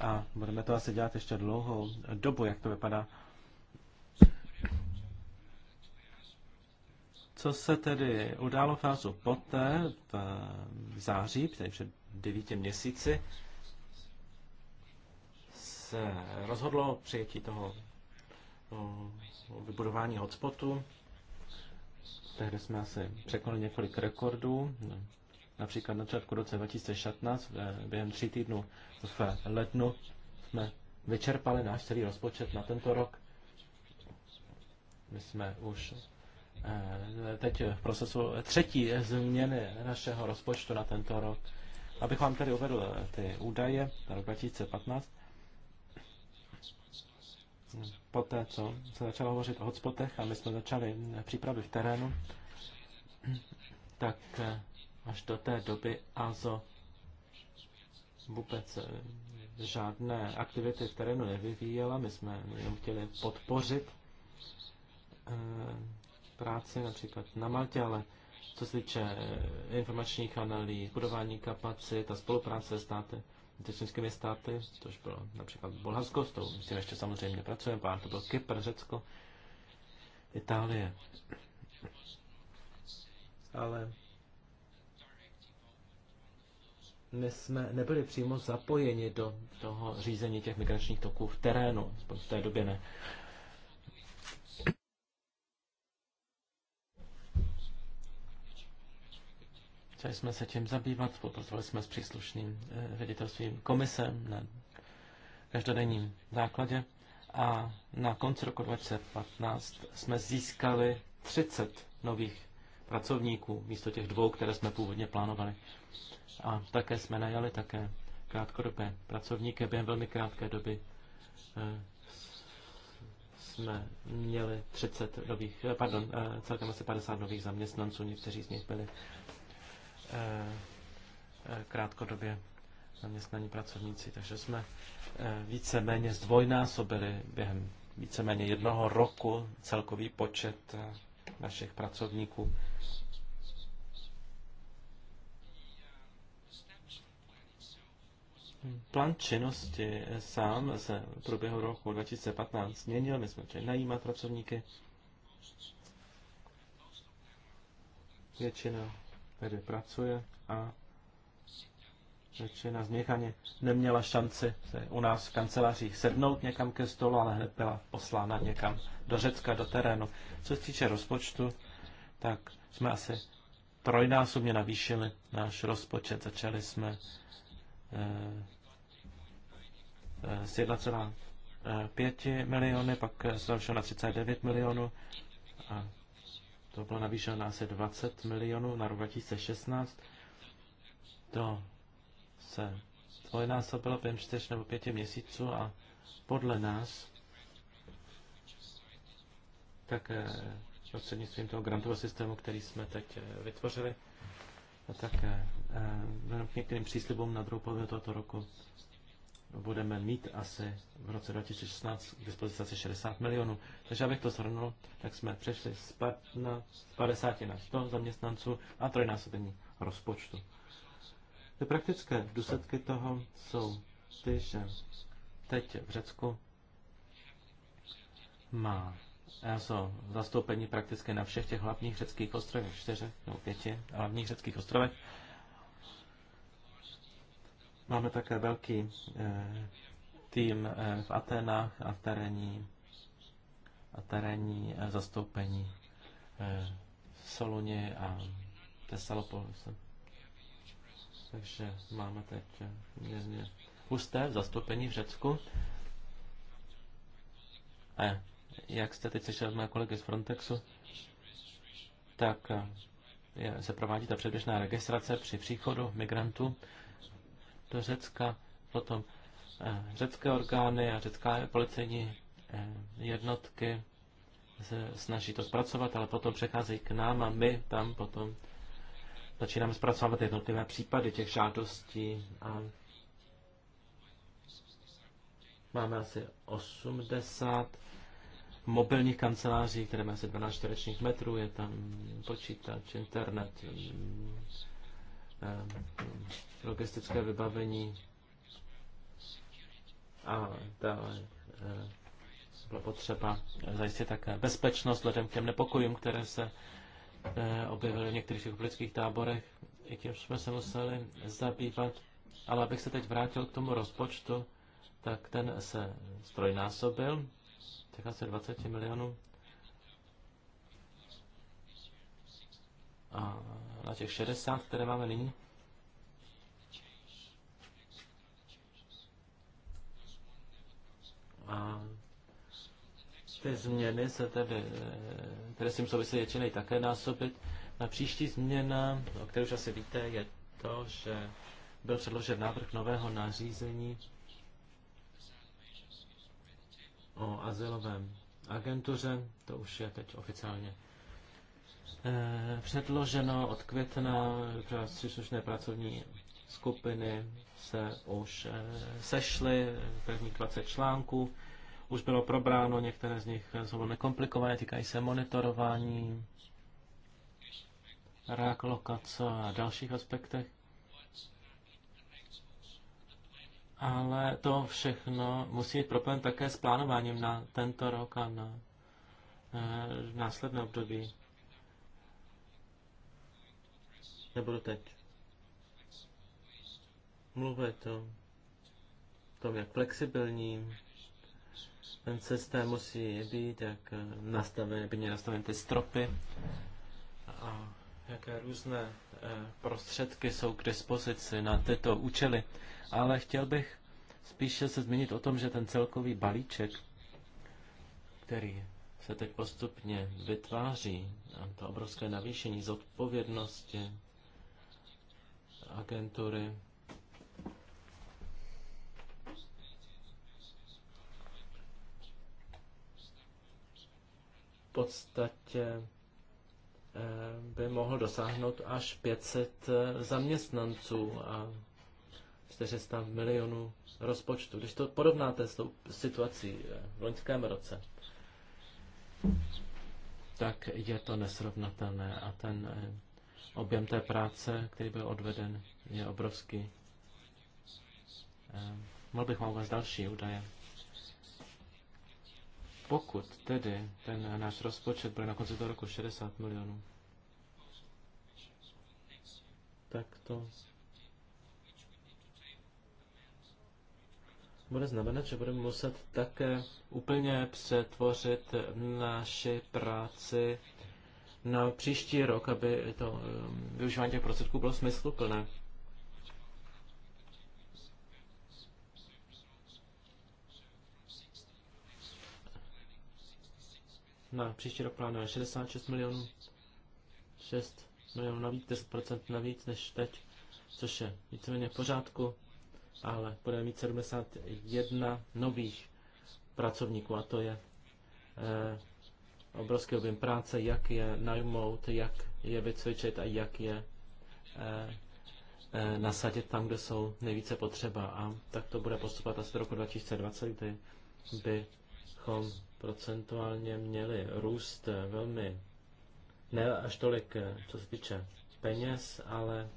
a budeme to asi dělat ještě dlouhou dobu, jak to vypadá. Co se tedy událo fázu poté v září, tedy před devíti měsíci se rozhodlo přijetí toho o vybudování hotspotu. Tehdy jsme asi překonali několik rekordů. No, například na začátku roce 2016, během tří týdnů v lednu, jsme vyčerpali náš celý rozpočet na tento rok. My jsme už eh, teď v procesu třetí změny našeho rozpočtu na tento rok. Abych vám tady uvedl eh, ty údaje na rok 2015, poté, co se začalo hovořit o hotspotech a my jsme začali eh, přípravy v terénu, tak eh, až do té doby AZO vůbec žádné aktivity v terénu nevyvíjela. My jsme jenom chtěli podpořit práci například na Maltě, ale co se týče informačních analýz, budování kapacit a spolupráce státy, členskými státy, což bylo například Bulharsko, s tou s tím ještě samozřejmě pracujeme, pak to byl Kypr, Řecko, Itálie. Ale my jsme nebyli přímo zapojeni do toho řízení těch migračních toků v terénu, v té době ne. Uh, Začali jsme se tím zabývat, spolupracovali jsme s příslušným eh, ředitelstvím komise na každodenním základě a na konci roku 2015 jsme získali 30 nových pracovníků místo těch dvou, které jsme původně plánovali. A také jsme najali také krátkodobé pracovníky. Během velmi krátké doby eh, jsme měli 30 nových, eh, pardon, celkem asi 50 nových zaměstnanců, někteří z nich byli Eh, eh, krátkodobě zaměstnaní pracovníci, takže jsme eh, víceméně zdvojnásobili během víceméně jednoho roku celkový počet našich pracovníků. Plán činnosti sám se v průběhu roku 2015 změnil. My jsme chtěli najímat pracovníky. Většina tedy pracuje a většina z nich ani neměla šanci se u nás v kancelářích sednout někam ke stolu, ale hned byla poslána někam do Řecka, do terénu. Co se týče rozpočtu, tak jsme asi trojnásobně navýšili náš rozpočet. Začali jsme eh, z eh, 1,5 eh, miliony, pak jsme na 39 milionů a to bylo navýšeno na asi 20 milionů na rok 2016. To se dvojnásobilo během 4 nebo 5 měsíců a podle nás tak prostřednictvím toho grantového systému, který jsme teď eh, vytvořili, a eh, eh, k některým příslibům na druhou polovinu tohoto roku budeme mít asi v roce 2016 k dispozici asi 60 milionů. Takže abych to shrnul, tak jsme přešli z 50 na 100 zaměstnanců a trojnásobení rozpočtu. Ty praktické důsledky toho jsou ty, že teď v Řecku má ESO zastoupení prakticky na všech těch hlavních řeckých ostrovech, čtyřech nebo pěti hlavních řeckých ostrovech. Máme také velký eh, tým eh, v Atenách a v terénní, a terénní eh, zastoupení v Soluně a Tesalopolise. Takže máme teď poměrně husté zastoupení v Řecku. A jak jste teď slyšel od mé kolegy z Frontexu, tak se provádí ta předběžná registrace při příchodu migrantů do Řecka, potom eh, řecké orgány a řecká policejní eh, jednotky se snaží to zpracovat, ale potom přecházejí k nám a my tam potom začínáme zpracovat jednotlivé případy těch žádostí a máme asi 80 mobilních kanceláří, které máme asi 12 čtverečních metrů, je tam počítač, internet, Eh, logistické vybavení a dále eh, bylo potřeba zajistit také bezpečnost vzhledem k těm nepokojům, které se eh, objevily v některých těch uplických táborech. I tím jsme se museli zabývat. Ale abych se teď vrátil k tomu rozpočtu, tak ten se strojnásobil, těch asi 20 milionů. A na těch 60, které máme nyní. A ty změny se tedy, eh, které s tím souvisí, je činej také násobit. Na příští změna, o které už asi víte, je to, že byl předložen návrh nového nařízení o azylovém agentuře. To už je teď oficiálně Eh, předloženo od května přes příslušné pracovní skupiny se už eh, sešly prvních 20 článků. Už bylo probráno, některé z nich jsou velmi komplikované, týkají se monitorování, lokace a dalších aspektech. Ale to všechno musí být problém také s plánováním na tento rok a na eh, následné období. Nebudu teď mluvit o tom, jak flexibilní ten systém musí být, jak nastavené, by měly nastaveny ty stropy a jaké různé eh, prostředky jsou k dispozici na tyto účely. Ale chtěl bych spíše se zmínit o tom, že ten celkový balíček, který se teď postupně vytváří, a to obrovské navýšení zodpovědnosti agentury. V podstatě eh, by mohl dosáhnout až 500 eh, zaměstnanců a 400 milionů rozpočtu. Když to porovnáte s tou situací eh, v loňském roce, tak je to nesrovnatelné a ten objem té práce, který byl odveden, je obrovský. Ehm, mohl bych vám uvést další údaje. Pokud tedy ten náš rozpočet bude na konci toho roku 60 milionů, tak to bude znamenat, že budeme muset také úplně přetvořit naši práci na příští rok, aby to eh, využívání těch prostředků bylo smysluplné. Na příští rok plánuje 66 milionů, 6 milionů navíc, 10% navíc než teď, což je víceméně v pořádku, ale budeme mít 71 nových pracovníků a to je eh, obrovský objem práce, jak je najmout, jak je vycvičit a jak je eh, eh, nasadit tam, kde jsou nejvíce potřeba. A tak to bude postupovat asi do roku 2020, kdy bychom procentuálně měli růst eh, velmi, ne až tolik, eh, co se týče peněz, ale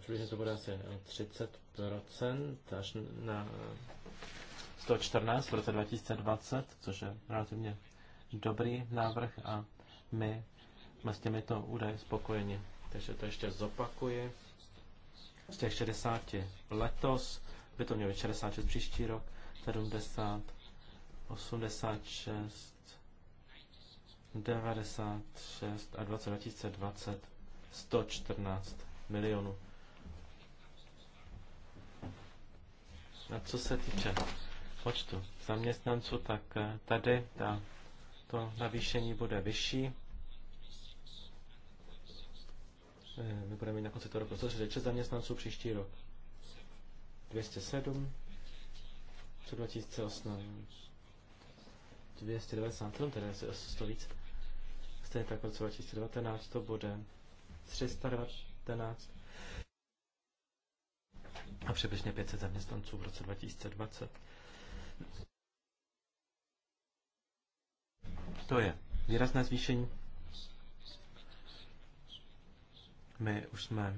přibližně to bude asi 30% až na 114 v roce 2020, což je relativně dobrý návrh a my jsme s těmito údaje spokojeni. Takže to ještě zopakuji. Z těch 60 letos, by to mělo být 66 příští rok, 70, 86, 96 a 20, 2020 114 milionů. A co se týče počtu zaměstnanců, tak eh, tady ta, to navýšení bude vyšší. Eh, my budeme mít na konci toho roku 136 zaměstnanců, příští rok 207, před 2008 297, tedy asi 100 víc. Stejně tak v roce 2019 to bude 319 a přibližně 500 zaměstnanců v roce 2020. To je výrazné zvýšení. My už jsme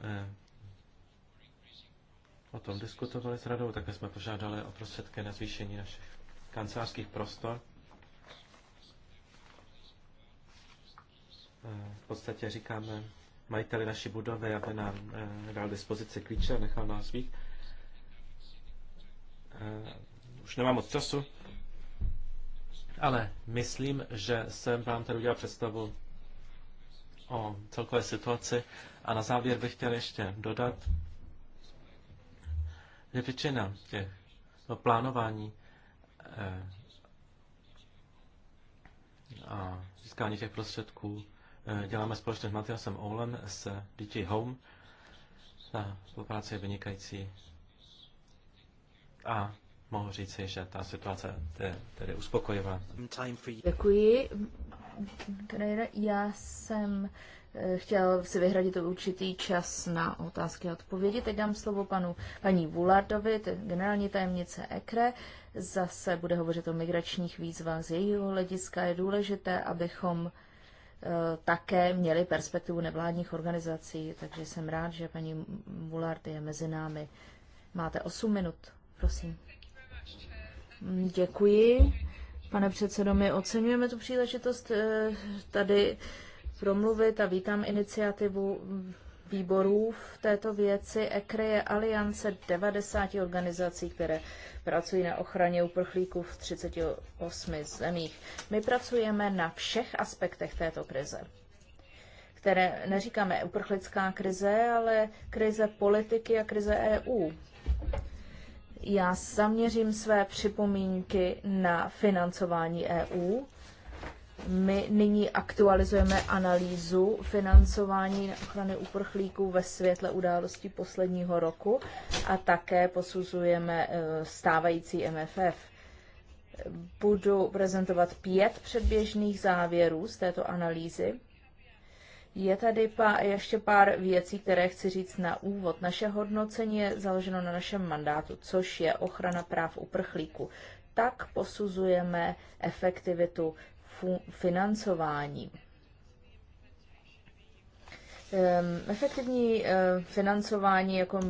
eh, o tom diskutovali s radou, také jsme požádali o prostředky na zvýšení našich kancelářských prostor. Eh, v podstatě říkáme majiteli naší budovy, aby nám eh, dal dispozici klíče a nechal nás svých. Eh, už nemám moc času, ale myslím, že jsem vám tady udělal představu o celkové situaci a na závěr bych chtěl ještě dodat, že většina těch no, plánování eh, a získání těch prostředků eh, děláme společně s Matiasem Oulem z DT Home. Ta spolupráce je vynikající a mohu říci, že ta situace je tedy uspokojivá. Děkuji. Já jsem eh, chtěl si vyhradit určitý čas na otázky a odpovědi. Teď dám slovo panu, paní Vulardovi, generální tajemnice EKRE. Zase bude hovořit o migračních výzvách z jejího hlediska. Je důležité, abychom eh, také měli perspektivu nevládních organizací, takže jsem rád, že paní Vulard je mezi námi. Máte 8 minut. Prosím. Děkuji. Pane předsedo, my oceňujeme tu příležitost eh, tady promluvit a vítám iniciativu výborů v této věci. ECRE e je aliance 90 organizací, které pracují na ochraně uprchlíků v 38 zemích. My pracujeme na všech aspektech této krize které neříkáme uprchlická krize, ale krize politiky a krize EU. Já zaměřím své připomínky na financování EU. My nyní aktualizujeme analýzu financování ochrany uprchlíků ve světle událostí posledního roku a také posuzujeme eh, stávající MFF. Budu prezentovat pět předběžných závěrů z této analýzy je tady pa, ještě pár věcí, které chci říct na úvod. Naše hodnocení je založeno na našem mandátu, což je ochrana práv uprchlíků. Tak posuzujeme efektivitu financování. Ehm, efektivní ehm, financování jako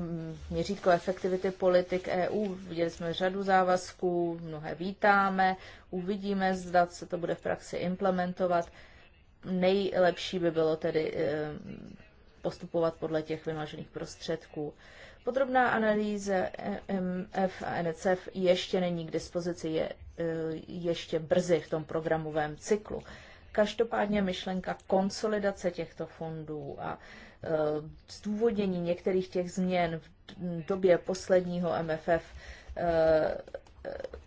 měřítko efektivity politik EU, viděli jsme řadu závazků, mnohé vítáme, uvidíme, zda se to bude v praxi implementovat nejlepší by bylo tedy eh, postupovat podle těch vymažených prostředků. Podrobná analýza e MF a NCF ještě není k dispozici, je eh, ještě brzy v tom programovém cyklu. Každopádně myšlenka konsolidace těchto fondů a eh, zdůvodnění některých těch změn v době posledního MFF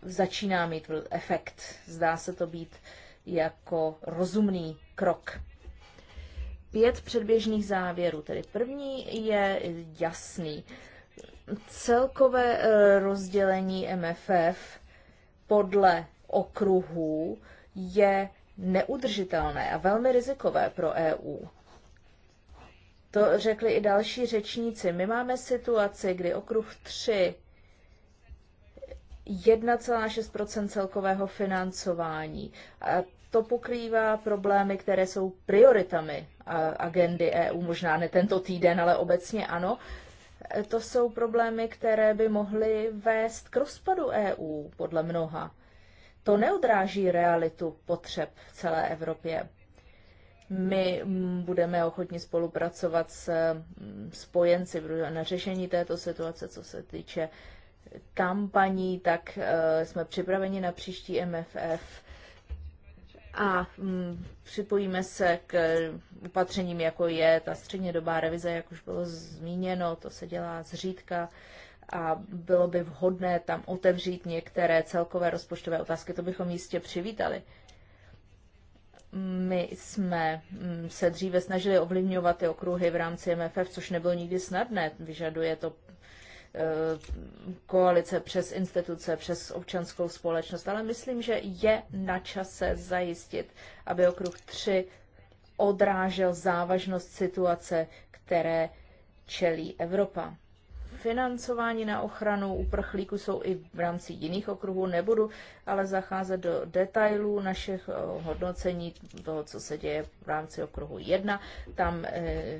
začíná mít efekt. Zdá se to být jako rozumný krok. Pět předběžných závěrů. Tedy první je jasný. Celkové eh, rozdělení MFF podle okruhů je neudržitelné a velmi rizikové pro EU. To řekli i další řečníci. My máme situaci, kdy okruh 3 1,6 celkového financování. A to pokrývá problémy, které jsou prioritami agendy EU, možná ne tento týden, ale obecně ano. To jsou problémy, které by mohly vést k rozpadu EU, podle mnoha. To neodráží realitu potřeb v celé Evropě. My budeme ochotni spolupracovat s spojenci na řešení této situace, co se týče kampaní, tak e, jsme připraveni na příští MFF a mm, připojíme se k opatřením, jako je ta střednědobá revize, jak už bylo zmíněno, to se dělá zřídka a bylo by vhodné tam otevřít některé celkové rozpočtové otázky, to bychom jistě přivítali. My jsme mm, se dříve snažili ovlivňovat ty okruhy v rámci MFF, což nebylo nikdy snadné. Vyžaduje to Eh, koalice, přes instituce, přes občanskou společnost, ale myslím, že je na čase zajistit, aby okruh 3 odrážel závažnost situace, které čelí Evropa. Financování na ochranu uprchlíků jsou i v rámci jiných okruhů. Nebudu ale zacházet do detailů našich eh, hodnocení toho, co se děje v rámci okruhu 1. Tam eh,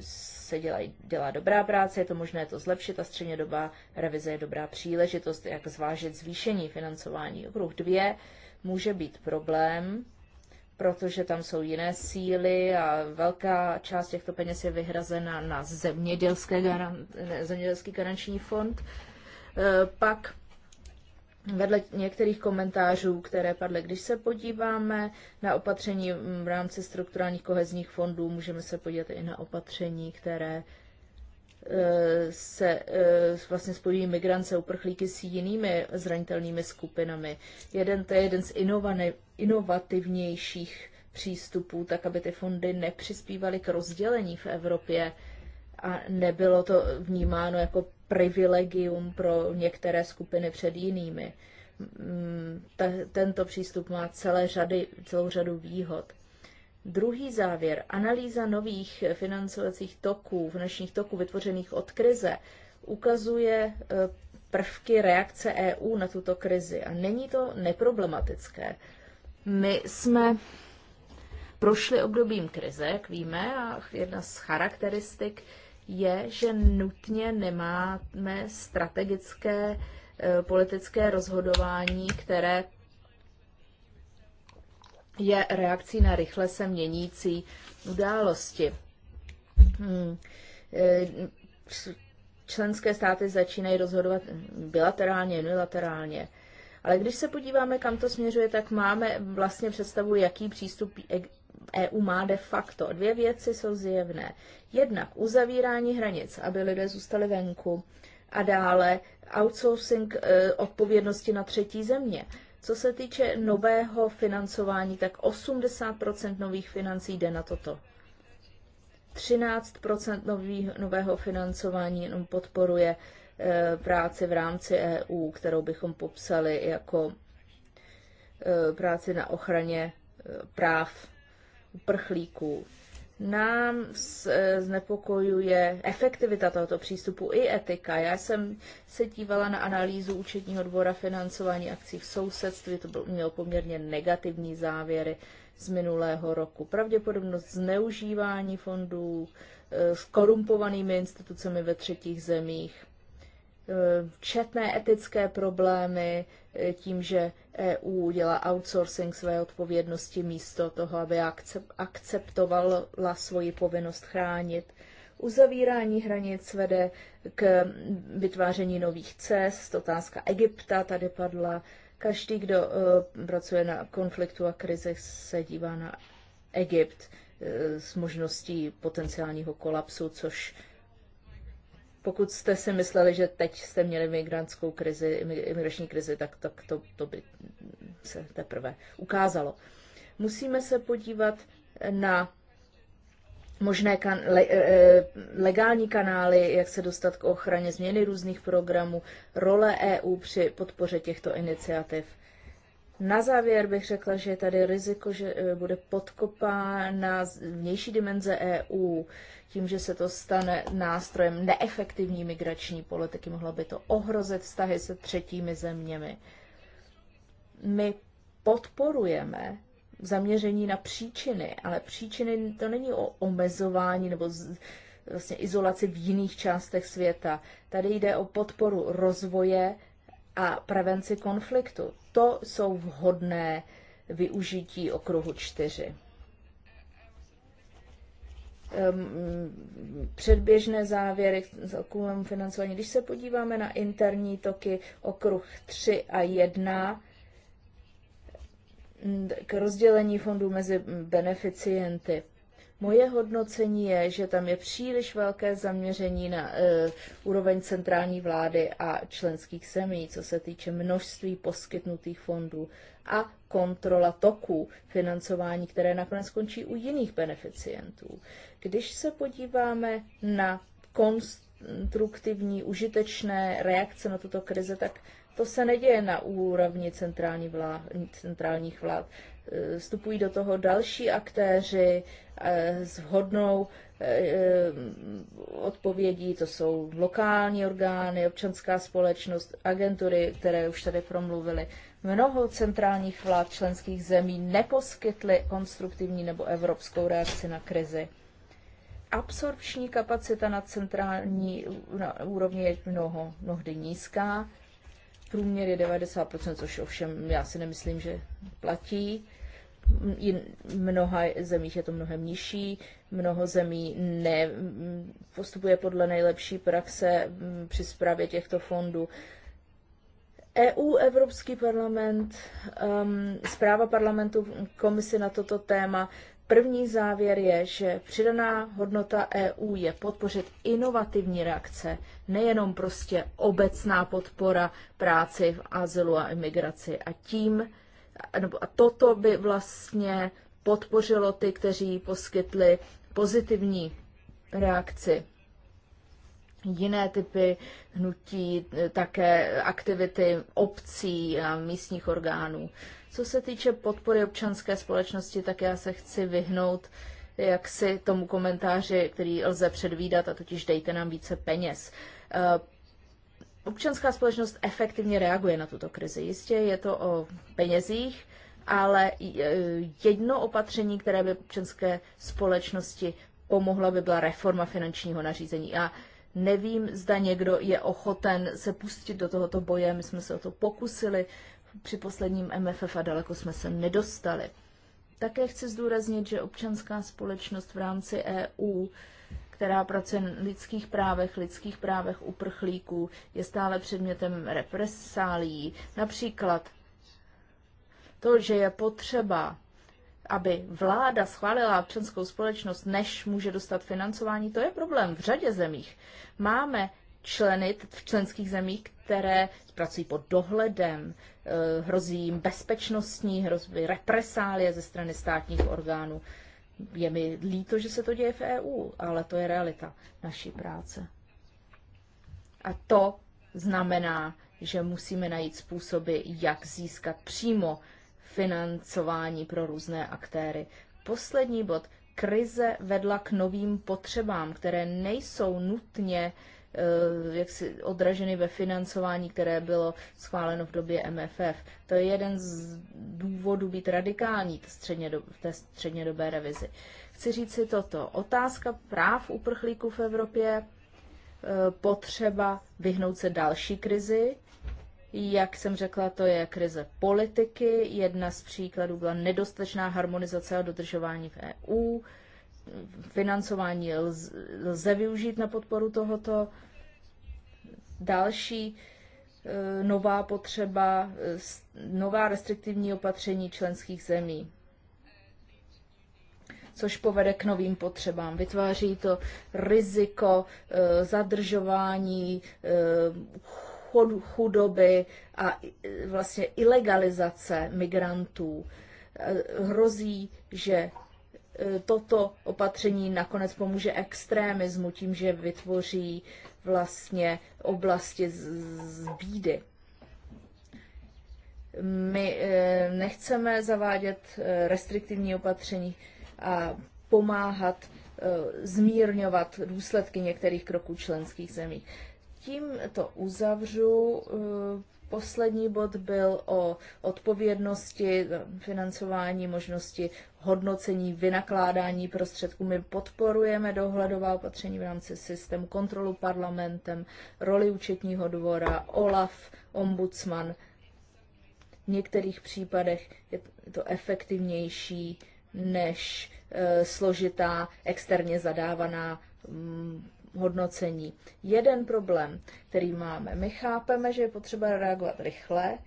se dělá, dělá dobrá práce, je to možné to zlepšit a střednědobá revize je dobrá příležitost, jak zvážit zvýšení financování. Okruh 2 může být problém, protože tam jsou jiné síly a velká část těchto peněz je vyhrazena na zemědělské garan, zemědělský garanční fond. E, pak vedle některých komentářů, které padly, když se podíváme na opatření v rámci strukturálních kohezních fondů, můžeme se podívat i na opatření, které se eh, vlastně spojují migrance, uprchlíky s jinými zranitelnými skupinami. Jeden, to je jeden z inovativnějších přístupů, tak aby ty fondy nepřispívaly k rozdělení v Evropě a nebylo to vnímáno jako privilegium pro některé skupiny před jinými. Mm, tento přístup má celé řady, celou řadu výhod. Druhý závěr, analýza nových financovacích toků, finančních toků vytvořených od krize, ukazuje e, prvky reakce EU na tuto krizi. A není to neproblematické. My jsme prošli obdobím krize, jak víme, a jedna z charakteristik je, že nutně nemáme strategické e, politické rozhodování, které je reakcí na rychle se měnící události. Hmm. E, členské státy začínají rozhodovat bilaterálně, unilaterálně. Ale když se podíváme, kam to směřuje, tak máme vlastně představu, jaký přístup EU e má de facto. Dvě věci jsou zjevné. Jednak uzavírání hranic, aby lidé zůstali venku, a dále outsourcing e, odpovědnosti na třetí země. Co se týče nového financování, tak 80 nových financí jde na toto. 13 nový, nového financování jenom podporuje e, práci v rámci EU, kterou bychom popsali jako e, práci na ochraně e, práv prchlíků. Nám eh, znepokojuje efektivita tohoto přístupu i etika. Já jsem se dívala na analýzu účetního dvora financování akcí v sousedství, to byl, měl poměrně negativní závěry z minulého roku. Pravděpodobnost zneužívání fondů eh, s korumpovanými institucemi ve třetích zemích Eh, četné etické problémy eh, tím, že EU dělá outsourcing své odpovědnosti místo toho, aby akceptovala svoji povinnost chránit. Uzavírání hranic vede k vytváření nových cest. Otázka Egypta tady padla. Každý, kdo eh, pracuje na konfliktu a krizi, se dívá na Egypt s možností potenciálního kolapsu, což pokud jste si mysleli, že teď jste měli migrantskou krizi, imigrační krizi, tak, tak to, to by se teprve ukázalo. Musíme se podívat na možné kan- le- e, e, legální kanály, jak se dostat k ochraně změny různých programů, role EU při podpoře těchto iniciativ – na závěr bych řekla, že je tady riziko, že e, bude podkopána vnější dimenze EU tím, že se to stane nástrojem neefektivní migrační politiky. Mohlo by to ohrozit vztahy se třetími zeměmi. My podporujeme zaměření na příčiny, ale příčiny to není o omezování nebo z, vlastně izolaci v jiných částech světa. Tady jde o podporu rozvoje a prevenci konfliktu. To jsou vhodné využití okruhu čtyři. Předběžné závěry s okruhem financování. Když se podíváme na interní toky okruh 3 a 1, k rozdělení fondů mezi beneficienty. Moje hodnocení je, že tam je příliš velké zaměření na uh, úroveň centrální vlády a členských zemí, co se týče množství poskytnutých fondů a kontrola toku financování, které nakonec skončí u jiných beneficientů. Když se podíváme na konstruktivní, užitečné reakce na tuto krizi, tak to se neděje na úrovni centrální vlá, centrálních vlád. Eh, vstupují do toho další aktéři eh, s vhodnou eh, odpovědí, to jsou lokální orgány, občanská společnost, agentury, které už tady promluvily. Mnoho centrálních vlád členských zemí neposkytly konstruktivní nebo evropskou reakci na krizi. Absorpční kapacita na centrální na úrovni je mnoho, mnohdy nízká. Průměr je 90%, což ovšem já si nemyslím, že platí v mnoha zemích je to mnohem nižší, mnoho zemí ne, postupuje podle nejlepší praxe mm, při zprávě těchto fondů. EU, Evropský parlament, um, zpráva parlamentu komisi na toto téma. První závěr je, že přidaná hodnota EU je podpořit inovativní reakce, nejenom prostě obecná podpora práci v azylu a imigraci. A tím a toto by vlastně podpořilo ty, kteří poskytli pozitivní reakci. Jiné typy hnutí, e, také aktivity obcí a místních orgánů. Co se týče podpory občanské společnosti, tak já se chci vyhnout jaksi tomu komentáři, který lze předvídat, a totiž dejte nám více peněz. E, občanská společnost efektivně reaguje na tuto krizi. Jistě je to o penězích, ale e, jedno opatření, které by občanské společnosti pomohlo, by byla reforma finančního nařízení. A nevím, zda někdo je ochoten se pustit do tohoto boje. My jsme se o to pokusili při posledním MFF a daleko jsme se nedostali. Také chci zdůraznit, že občanská společnost v rámci EU která pracuje na lidských právech, lidských právech uprchlíků, je stále předmětem represálí. Například to, že je potřeba, aby vláda schválila občanskou společnost, než může dostat financování, to je problém v řadě zemích. Máme členy v členských zemích, které pracují pod dohledem, eh, hrozí jim bezpečnostní hrozby, represálie ze strany státních orgánů. Je mi líto, že se to děje v EU, ale to je realita naší práce. A to znamená, že musíme najít způsoby, jak získat přímo financování pro různé aktéry. Poslední bod. Krize vedla k novým potřebám, které nejsou nutně uh, Eh, jaksi odraženy ve financování, které bylo schváleno v době MFF. To je jeden z důvodů být radikální v té střednědobé revizi. Chci říct si toto. Otázka práv uprchlíků v Evropě, eh, potřeba vyhnout se další krizi, jak jsem řekla, to je krize politiky. Jedna z příkladů byla nedostatečná harmonizace a dodržování v EU financování lze využít na podporu tohoto. Další e, nová potřeba, e, nová restriktivní opatření členských zemí, což povede k novým potřebám. Vytváří to riziko e, zadržování, chudoby a vlastně ilegalizace migrantů. Hrozí, že E, toto opatření nakonec pomůže extrémismu tím, že vytvoří vlastně oblasti z, z bídy. My e, nechceme zavádět e, restriktivní opatření a pomáhat zmírňovat důsledky některých kroků členských zemí. Tím to uzavřu. Poslední bod byl o odpovědnosti, financování, možnosti hodnocení, vynakládání prostředků. My podporujeme dohledová opatření v rámci systému, kontrolu parlamentem, roli účetního dvora, OLAF, ombudsman. V některých případech je to efektivnější než eh, složitá externě zadávaná mm, hodnocení. Jeden problém, který máme. My chápeme, že je potřeba reagovat rychle,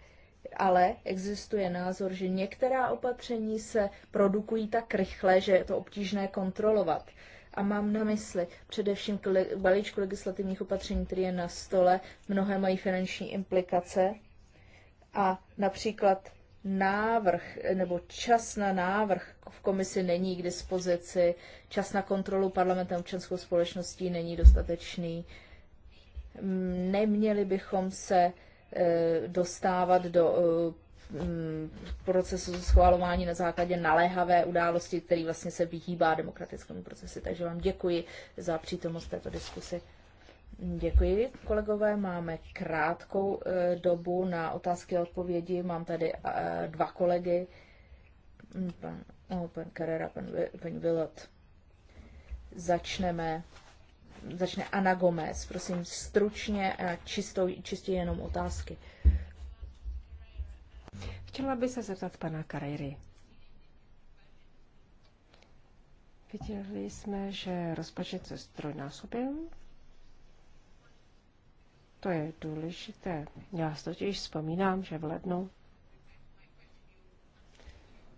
ale existuje názor, že některá opatření se produkují tak rychle, že je to obtížné kontrolovat. A mám na mysli především balíčku legislativních opatření, který je na stole, mnohé mají finanční implikace a například návrh nebo čas na návrh v komisi není k dispozici, čas na kontrolu parlamentem občanskou společností není dostatečný. Neměli bychom se e, dostávat do e, procesu schvalování na základě naléhavé události, který vlastně se vyhýbá demokratickému procesu. Takže vám děkuji za přítomnost této diskusi. Děkuji, kolegové. Máme krátkou eh, dobu na otázky a odpovědi. Mám tady eh, dva kolegy, pan, oh, pan Carrera, pan, pan Willot. Začneme. Začne Ana Gomez. Prosím, stručně a čistou, čistě jenom otázky. Chtěla bych se zeptat pana Carrery. Viděli jsme, že rozpočet se strojnásobil to je důležité. Já si totiž vzpomínám, že v lednu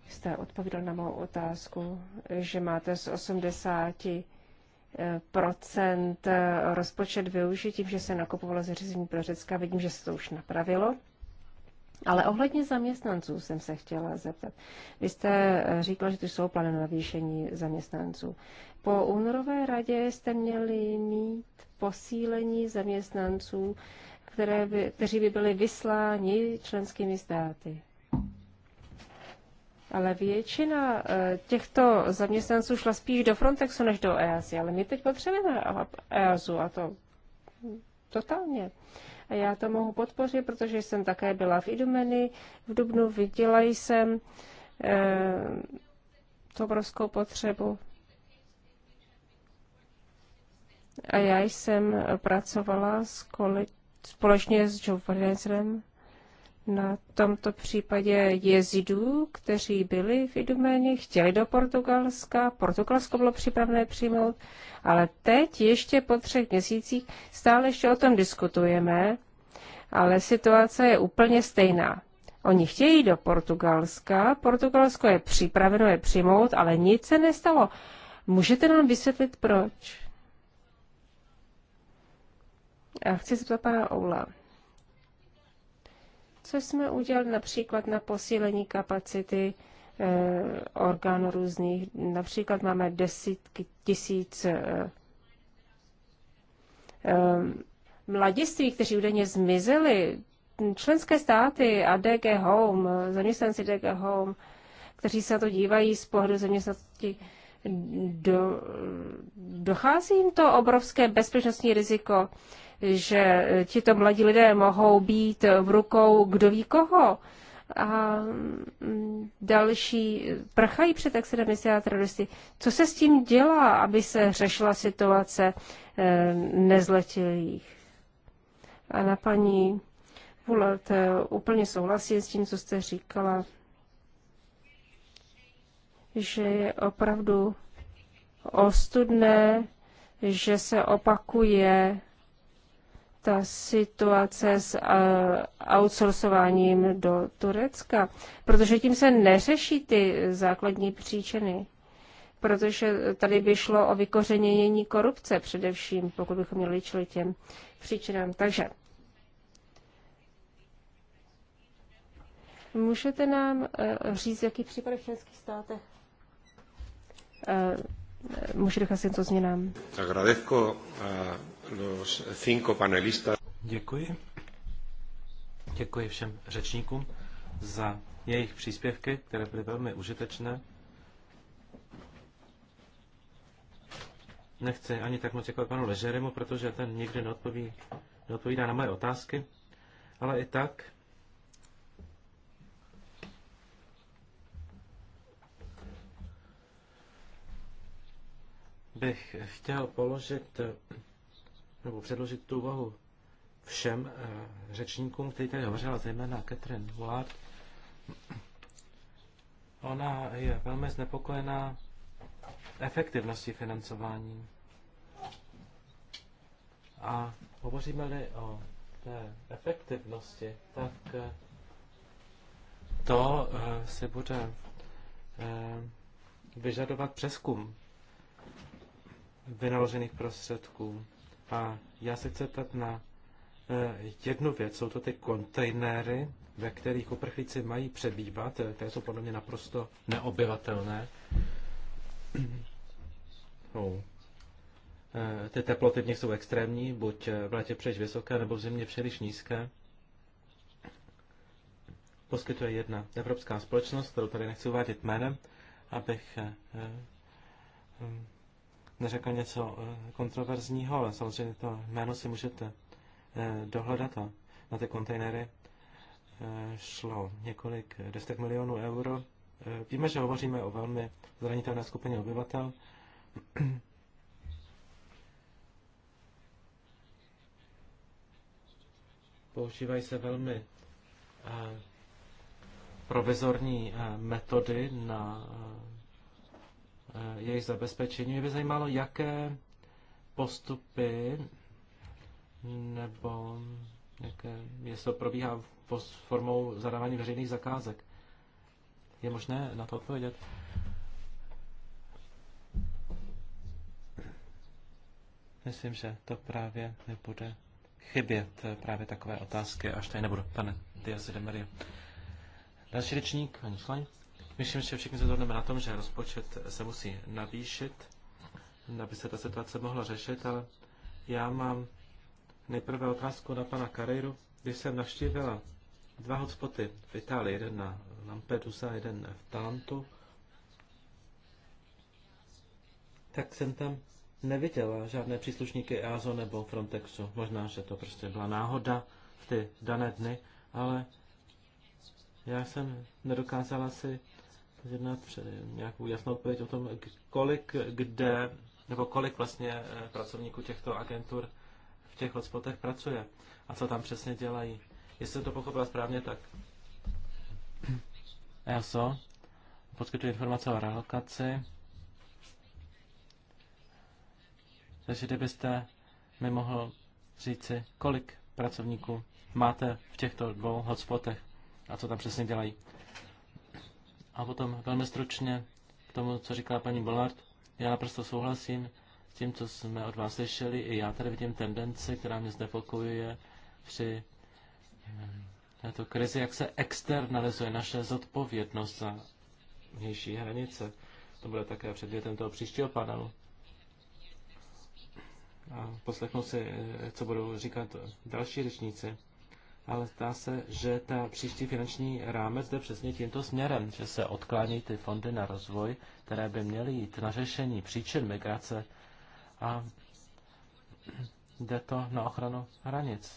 jste odpověděl na mou otázku, že máte z 80 eh, procent eh, rozpočet využití, že se nakupovalo zařízení pro Řecka. Vidím, že se to už napravilo. Ale ohledně zaměstnanců jsem se chtěla zeptat. Vy jste eh, říkala, že tu jsou plány na navýšení zaměstnanců. Po únorové radě jste měli mít posílení zaměstnanců, které by, kteří by byli vysláni členskými státy. Ale většina eh, těchto zaměstnanců šla spíš do Frontexu než do EASI, ale my teď potřebujeme EASu a to totálně. Já to mohu podpořit, protože jsem také byla v Idumeny v Dubnu, viděla jsem eh, tu obrovskou potřebu. A já jsem pracovala s kole- společně s Joe Vardencerem na tomto případě jezidů, kteří byli v Iduméně, chtěli do Portugalska, Portugalsko bylo připravené přijmout, ale teď ještě po třech měsících stále ještě o tom diskutujeme, ale situace je úplně stejná. Oni chtějí do Portugalska, Portugalsko je připraveno je přijmout, ale nic se nestalo. Můžete nám vysvětlit proč? A chci se zeptat pana Oula. Co jsme udělali například na posílení kapacity eh, orgánů různých? Například máme desítky tisíc eh, eh, mladiství, kteří údajně zmizeli. Členské státy a DG Home, zaměstnanci DG Home, kteří se na to dívají z pohledu zaměstnanosti, do, dochází jim to obrovské bezpečnostní riziko, že tito mladí lidé mohou být v rukou kdo ví koho. A mm, další prchají před extremisty a teroristy. Co se s tím dělá, aby se řešila situace eh, nezletilých? A na paní Vulet eh, úplně souhlasím s tím, co jste říkala že je opravdu ostudné, že se opakuje ta situace s eh, outsourcováním do Turecka, protože tím se neřeší ty základní příčiny. Protože tady by šlo o vykořenění korupce především, pokud bychom měli čili těm příčinám. Takže můžete nám eh, říct, jaký případ v členských státech Eh, může docházet k těmto změnám. Děkuji. Děkuji všem řečníkům za jejich příspěvky, které byly velmi užitečné. Nechci ani tak moc děkovat panu Ležerimu, protože ten nikdy neodpoví, neodpovídá na moje otázky, ale i tak bych chtěl položit nebo předložit tu úvahu všem eh, řečníkům, který tady hovořila, zejména Catherine Ward. Ona je velmi znepokojená efektivností financování. A hovoříme-li o té efektivnosti, tak eh, to eh, se bude vyžadovat přeskum vynaložených prostředků. A já se chci ptat na eh, jednu věc. Jsou to ty kontejnery, ve kterých uprchlíci mají přebývat, které eh, jsou podle mě naprosto neobyvatelné. [clears throat] Eh, ty teploty v nich jsou extrémní, buď v létě příliš vysoké, nebo v zimě příliš nízké. Poskytuje jedna evropská společnost, kterou tady nechci uvádět jménem, abych neřekl něco eh, kontroverzního, ale samozřejmě to jméno si můžete eh, dohledat a na ty kontejnery eh, šlo několik desetek milionů euro. Víme, že hovoříme o velmi zranitelné skupině obyvatel. [clears throat] Používají se velmi provizorní metody na Eh, jejich zabezpečení. Mě by zajímalo, jaké postupy nebo jaké město probíhá s formou zadávání veřejných zakázek. Je možné na to odpovědět? Myslím, že to právě nebude chybět eh, právě takové otázky, až tady nebudu, pane Diaz Další řečník, paní Šlaň. Myslím, že všichni se dohodneme na tom, že rozpočet se musí navýšit, aby se ta situace mohla řešit, ale já mám nejprve otázku na pana Kareiru. Když jsem navštívila dva hotspoty v Itálii, jeden na Lampedusa, jeden v Talantu, tak jsem tam neviděla žádné příslušníky EASO nebo Frontexu. Možná, že to prostě byla náhoda v ty dané dny, ale já jsem nedokázala si zjednat nějakou jasnou odpověď o tom, kolik kde, nebo kolik vlastně eh, pracovníků těchto agentur v těch hotspotech pracuje a co tam přesně dělají. Jestli jsem to pochopila správně, tak ESO poskytuje informace o relokaci. Takže kdybyste mi mohl říci, kolik pracovníků máte v těchto dvou hotspotech a co tam přesně dělají. A potom velmi stručně k tomu, co říká paní Bollard. Já naprosto souhlasím s tím, co jsme od vás slyšeli. I já tady vidím tendenci, která mě znepokojuje při této krizi, jak se externalizuje naše zodpovědnost za vnější hranice. To bude také předmětem toho příštího panelu. A poslechnu si, co budou říkat další řečníci ale zdá se, že ta příští finanční rámec jde přesně tímto směrem, že se odklání ty fondy na rozvoj, které by měly jít na řešení příčin migrace a jde to na ochranu hranic.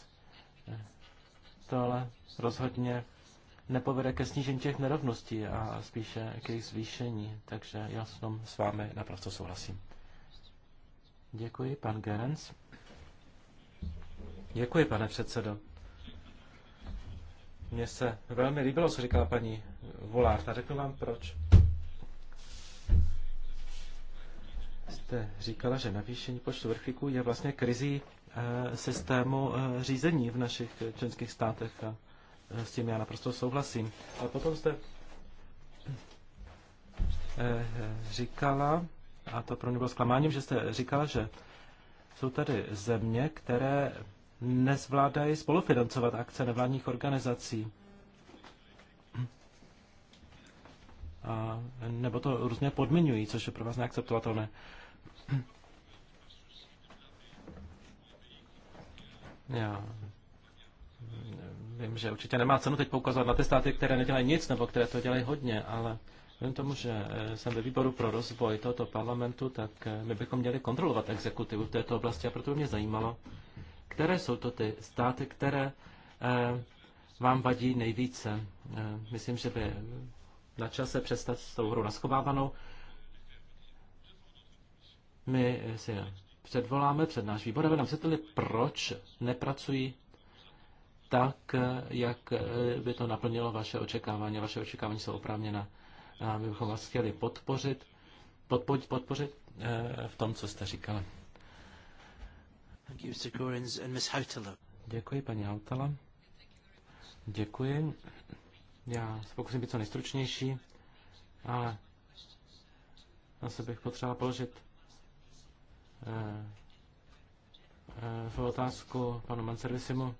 To ale rozhodně nepovede ke snížení těch nerovností a spíše k jejich zvýšení, takže já s, tom s vámi naprosto souhlasím. Děkuji, pan Gerens. Děkuji, pane předsedo. Mně se velmi líbilo, co říkala paní A Řeknu vám proč. Jste říkala, že navýšení počtu vrchlíků je vlastně krizí eh, systému eh, řízení v našich členských státech. A eh, s tím já naprosto souhlasím. Ale potom jste říkala, a to pro mě bylo zklamáním, že jste říkala, že jsou tady země, které nezvládají spolufinancovat akce nevládních organizací. A, nebo to různě podmiňují, což je pro vás neakceptovatelné. Já vím, že určitě nemá cenu teď poukazovat na ty státy, které nedělají nic nebo které to dělají hodně, ale vím tomu, že eh, jsem ve výboru pro rozvoj tohoto parlamentu, tak eh, my bychom měli kontrolovat exekutivu v této oblasti a proto by mě zajímalo, které jsou to ty státy, které eh, vám vadí nejvíce? Eh, myslím, že by na čase přestat s tou hrou naschovávanou. My si předvoláme před náš výbor, aby nám vysvětlili, proč nepracují tak, jak eh, by to naplnilo vaše očekávání. Vaše očekávání jsou oprávněna. A my bychom vás chtěli podpořit, podpo, podpořit v tom, co jste říkali. Děkuji, paní Hautala. Děkuji. Já se pokusím být co nejstručnější, ale asi bych potřeboval položit eh, eh, otázku panu Manservisimu,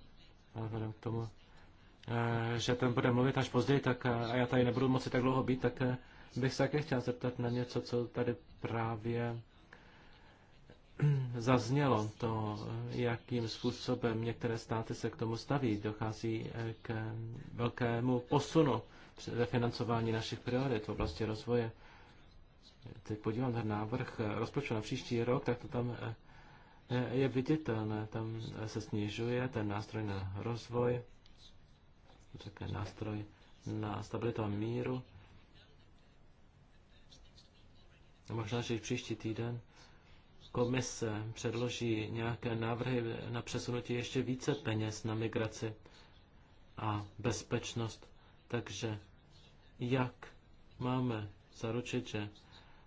ale eh, vzhledem k tomu, eh, že ten bude mluvit až později, tak eh, a já tady nebudu moci tak dlouho být, tak eh, bych se také chtěl zeptat na něco, co tady právě [clears throat] zaznělo to, jakým způsobem některé státy se k tomu staví. Dochází eh, k velkému posunu ve financování našich priorit v oblasti rozvoje. Teď podívám na návrh rozpočtu na příští rok, tak to tam eh, je viditelné. Tam se snižuje ten nástroj na rozvoj, také nástroj na stabilitu a míru. A možná, že příští týden komise předloží nějaké návrhy na přesunutí ještě více peněz na migraci a bezpečnost. Takže jak máme zaručit, že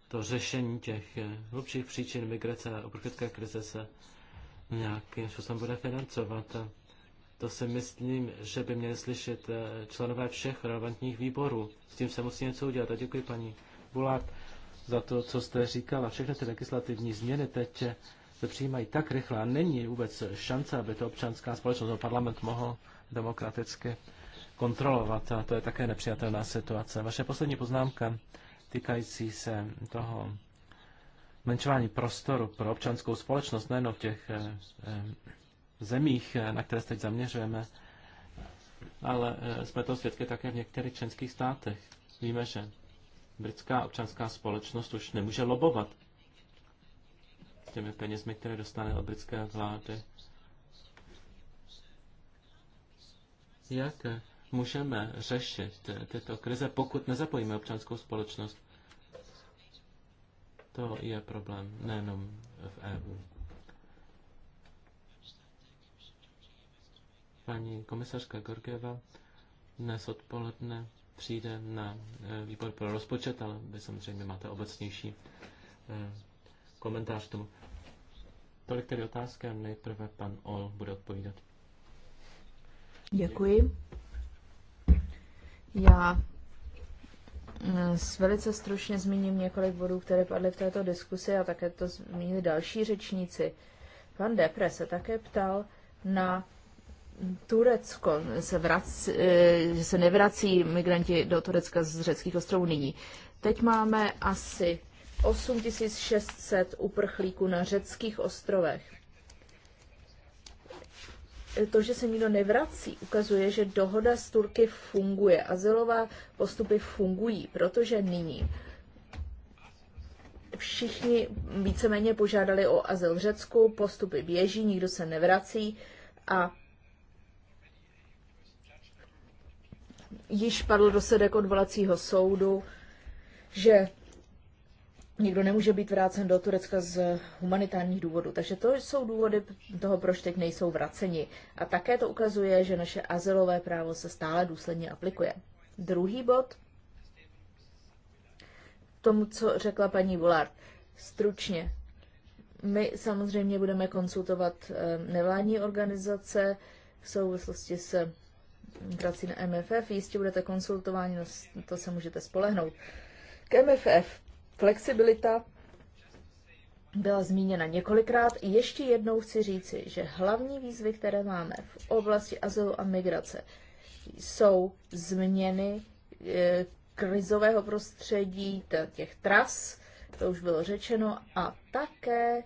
to řešení těch hlubších příčin migrace a uprchlické krize se nějakým způsobem bude financovat. To si myslím, že by měli slyšet eh, členové všech relevantních výborů. S tím se musí něco udělat. A děkuji paní Bulat za to, co jste říkala. Všechny ty legislativní změny teď se přijímají tak rychle a není vůbec šance, aby to občanská společnost, a parlament mohl demokraticky kontrolovat. A to je také nepřijatelná situace. Vaše poslední poznámka týkající se toho menšování prostoru pro občanskou společnost, nejen v těch eh, zemích, eh, na které se teď zaměřujeme, ale eh, jsme to svědky také v některých členských státech. Víme, že britská občanská společnost už nemůže lobovat těmi penězmi, které dostane od britské vlády. Jak můžeme řešit tyto krize, pokud nezapojíme občanskou společnost? To je problém nejenom v EU. Paní komisařka Gorgeva dnes odpoledne přijde na eh, výbor pro rozpočet, ale vy samozřejmě máte obecnější eh, komentář k tomu. Tolik tedy a nejprve pan Ol bude odpovídat. Děkuji. Já eh, S velice stručně zmíním několik bodů, které padly v této diskusi a také to zmínili další řečníci. Pan Depre se také ptal na Turecko se, vrací, eh, se nevrací migranti do Turecka z řeckých ostrovů nyní. Teď máme asi 8600 uprchlíků na řeckých ostrovech. To, že se nikdo nevrací, ukazuje, že dohoda s Turky funguje. Azylová postupy fungují, protože nyní všichni víceméně požádali o azyl v Řecku, postupy běží, nikdo se nevrací a již padl dosedek odvolacího soudu, že nikdo nemůže být vrácen do Turecka z humanitárních důvodů. Takže to jsou důvody toho, proč teď nejsou vraceni. A také to ukazuje, že naše azylové právo se stále důsledně aplikuje. Druhý bod, tomu, co řekla paní Volard, stručně. My samozřejmě budeme konsultovat eh, nevládní organizace v souvislosti se prací na MFF. Jistě budete konsultováni, no to se můžete spolehnout. K MFF. Flexibilita byla zmíněna několikrát. Ještě jednou chci říci, že hlavní výzvy, které máme v oblasti azylu a migrace, jsou změny e, krizového prostředí těch tras, to už bylo řečeno, a také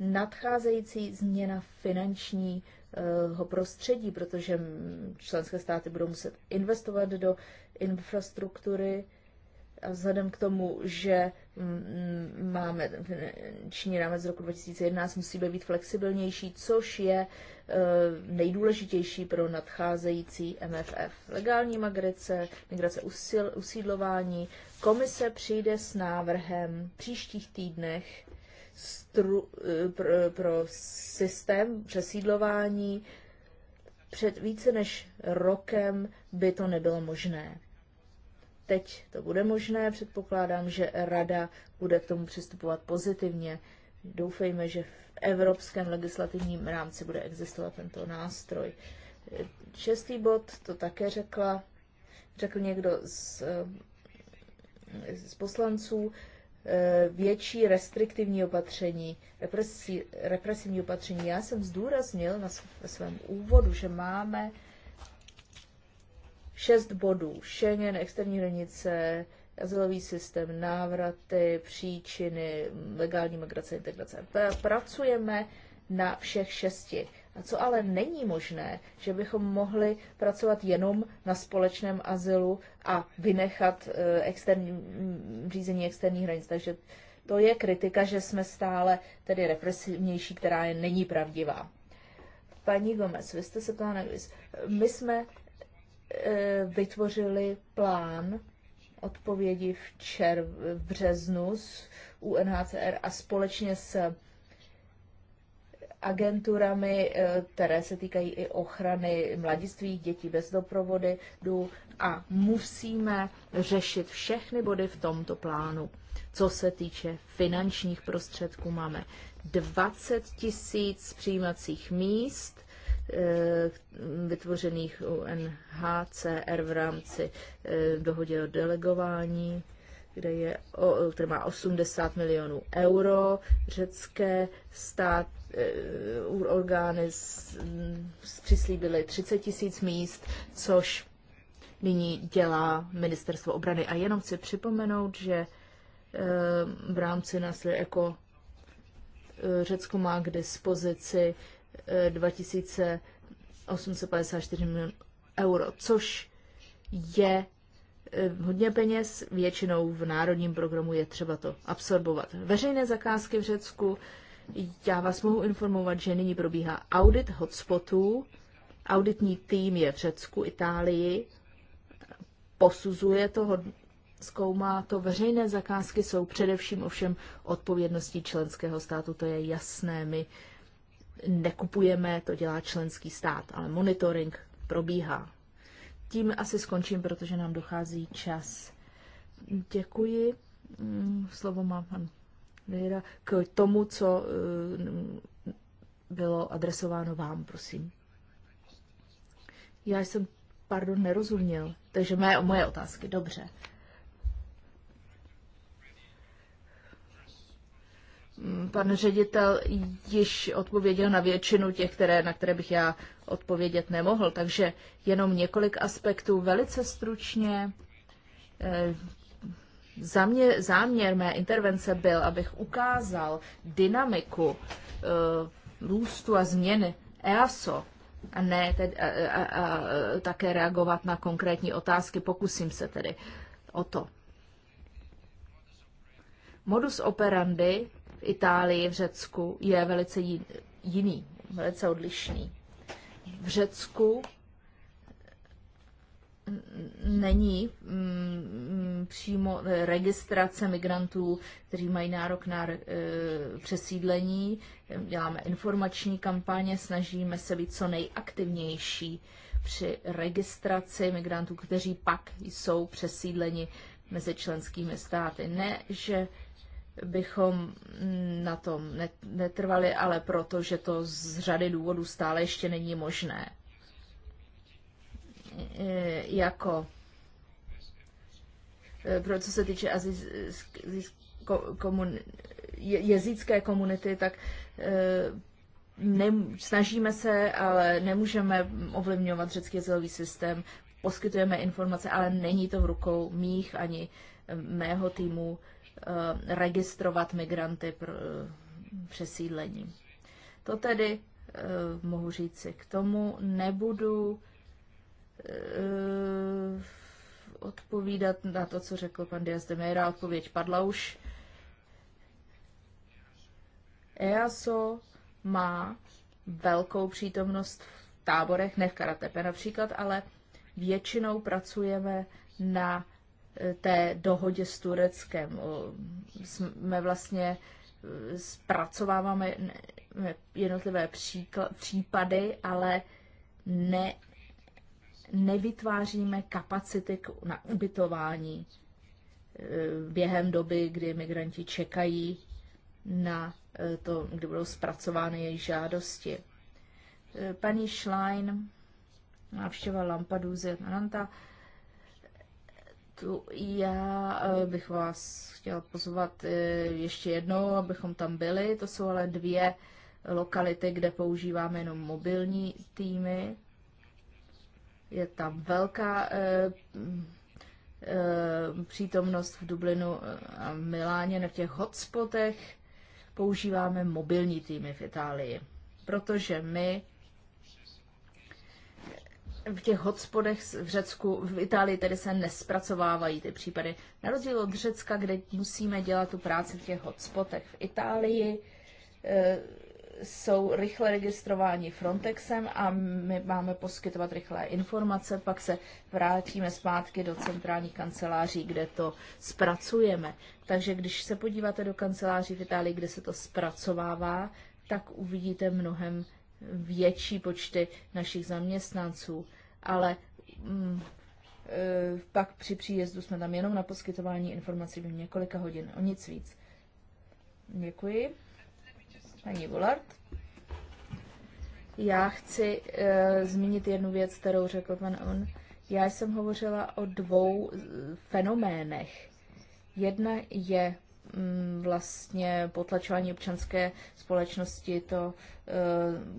nadcházející změna finanční Eh, ho prostředí, protože členské státy budou muset investovat do infrastruktury a vzhledem k tomu, že máme finanční rámec z roku 2011, musíme být flexibilnější, což je eh, nejdůležitější pro nadcházející MFF. Legální migrace, migrace usídlování. Komise přijde s návrhem v příštích týdnech stru, eh, pro, pro systém přesídlování. Před více než rokem by to nebylo možné. Teď to bude možné, předpokládám, že Rada bude k tomu přistupovat pozitivně. Doufejme, že v evropském legislativním rámci bude existovat tento nástroj. Šestý bod, to také řekla, řekl někdo z, eh, z poslanců, Eh, větší restriktivní opatření, represi, represivní opatření. Já jsem zdůraznil na svém úvodu, že máme šest bodů. Schengen, externí hranice, azylový systém, návraty, příčiny, legální migrace, integrace. Pracujeme na všech šesti. Co ale není možné, že bychom mohli pracovat jenom na společném azylu a vynechat eh, externí, mm, řízení externích hranic. Takže to je kritika, že jsme stále tedy represivnější, která je není pravdivá. Paní Gomez, vy jste se ptala na My jsme e, vytvořili plán odpovědi v, červ, v březnu s UNHCR a společně s agenturami, eh, které se týkají i ochrany mladiství, dětí bez doprovodu a musíme řešit všechny body v tomto plánu. Co se týče finančních prostředků, máme 20 tisíc přijímacích míst, eh, vytvořených UNHCR v rámci eh, dohodě o delegování, kde je, který má 80 milionů euro. Řecké stát Eh, orgány přislíbily 30 tisíc míst, což nyní dělá Ministerstvo obrany. A jenom chci připomenout, že eh, v rámci nástroje jako eh, Řecko má k dispozici 2854 milionů euro, což je hodně peněz, většinou v národním programu je třeba to absorbovat. Veřejné zakázky v Řecku já vás mohu informovat, že nyní probíhá audit hotspotů. Auditní tým je v Řecku, Itálii. Posuzuje to, zkoumá to. Veřejné zakázky jsou především ovšem odpovědností členského státu, to je jasné. My nekupujeme, to dělá členský stát, ale monitoring probíhá. Tím asi skončím, protože nám dochází čas. Děkuji. Mm, slovo má pan Nejda k tomu, co eh, bylo adresováno vám, prosím. Já jsem, pardon, nerozuměl. Takže mé, moje otázky, dobře. Mm, pan ředitel již odpověděl na většinu těch, které, na které bych já odpovědět nemohl, takže jenom několik aspektů velice stručně. Eh, Zaměr, záměr mé intervence byl, abych ukázal dynamiku e, růstu a změny EASO a ne tedy, a, a, a, také reagovat na konkrétní otázky. Pokusím se tedy o to. Modus operandi v Itálii, v Řecku je velice jiný, velice odlišný. V Řecku není mm, přímo eh, registrace migrantů, kteří mají nárok na eh, přesídlení. Děláme informační kampaně, snažíme se být co nejaktivnější při registraci migrantů, kteří pak jsou přesídleni mezi členskými státy. Ne, že bychom mm, na tom netrvali, ale proto, že to z řady důvodů stále ještě není možné. Eh, jako eh, pro co se týče jezické komunity, tak eh, ne, snažíme se, ale nemůžeme ovlivňovat řecký jazykový systém. Poskytujeme informace, ale není to v rukou mých ani mého týmu registrovat migranty pro přesídlení. To tedy mohu říci k tomu. Nebudu Eh, odpovídat na to, co řekl pan Diaz de Mera. Odpověď padla už. EASO má velkou přítomnost v táborech, ne v karatepe například, ale většinou pracujeme na eh, té dohodě s Tureckem. Jsme vlastně eh, zpracováváme jednotlivé příklad, případy, ale ne nevytváříme kapacity na ubytování e, během doby, kdy migranti čekají na e, to, kdy budou zpracovány jejich žádosti. E, paní Schlein, návštěva Lampaduzy Ananta, tu já bych vás chtěla pozvat ještě jednou, abychom tam byli. To jsou ale dvě lokality, kde používáme jenom mobilní týmy, je tam velká eh, eh, přítomnost v Dublinu a Miláně na těch hotspotech. Používáme mobilní týmy v Itálii, protože my v těch hotspodech v Řecku, v Itálii tedy se nespracovávají ty případy. Na rozdíl od Řecka, kde musíme dělat tu práci v těch hotspotech. V Itálii eh, jsou rychle registrováni Frontexem a my máme poskytovat rychlé informace, pak se vrátíme zpátky do centrální kanceláří, kde to zpracujeme. Takže když se podíváte do kanceláří v Itálii, kde se to zpracovává, tak uvidíte mnohem větší počty našich zaměstnanců, ale mm, e, pak při příjezdu jsme tam jenom na poskytování informací v několika hodin, o nic víc. Děkuji. Paní Volard. Já chci uh, zmínit jednu věc, kterou řekl pan On. Já jsem hovořila o dvou eh, fenoménech. Jedna je mm, vlastně potlačování občanské společnosti, to,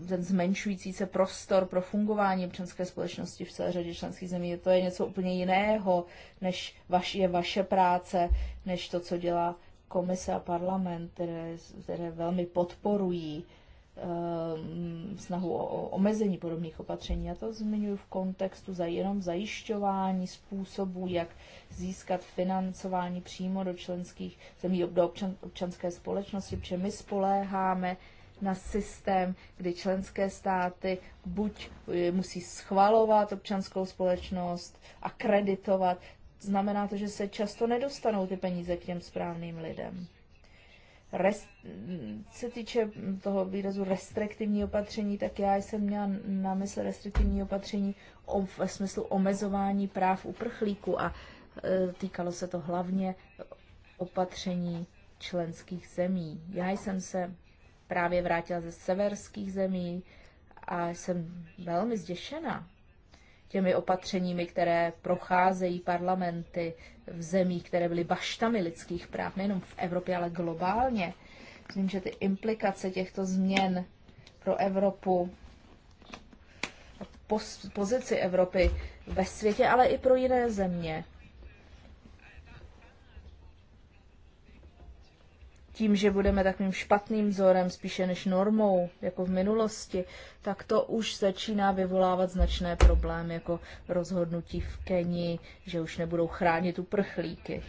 uh, ten zmenšující se prostor pro fungování občanské společnosti v celé řadě členských zemí. To je něco úplně jiného, než vaš, je vaše práce, než to, co dělá komise a parlament, které, které velmi podporují ehm, snahu o, omezení podobných opatření. A to zmiňuji v kontextu za jenom zajišťování způsobů, jak získat financování přímo do členských zemí, do občan, občanské společnosti, protože my spoléháme na systém, kdy členské státy buď eh, musí schvalovat občanskou společnost, a kreditovat znamená to, že se často nedostanou ty peníze k těm správným lidem. Rest, se týče toho výrazu restriktivní opatření, tak já jsem měla na mysli restriktivní opatření o, ve smyslu omezování práv uprchlíků a e, týkalo se to hlavně opatření členských zemí. Já jsem se právě vrátila ze severských zemí a jsem velmi zděšena těmi opatřeními, které procházejí parlamenty v zemích, které byly baštami lidských práv, nejenom v Evropě, ale globálně. Myslím, že ty implikace těchto změn pro Evropu, pozici Evropy ve světě, ale i pro jiné země, tím, že budeme takovým špatným vzorem spíše než normou, jako v minulosti, tak to už začíná vyvolávat značné problémy, jako rozhodnutí v Keni, že už nebudou chránit uprchlíky.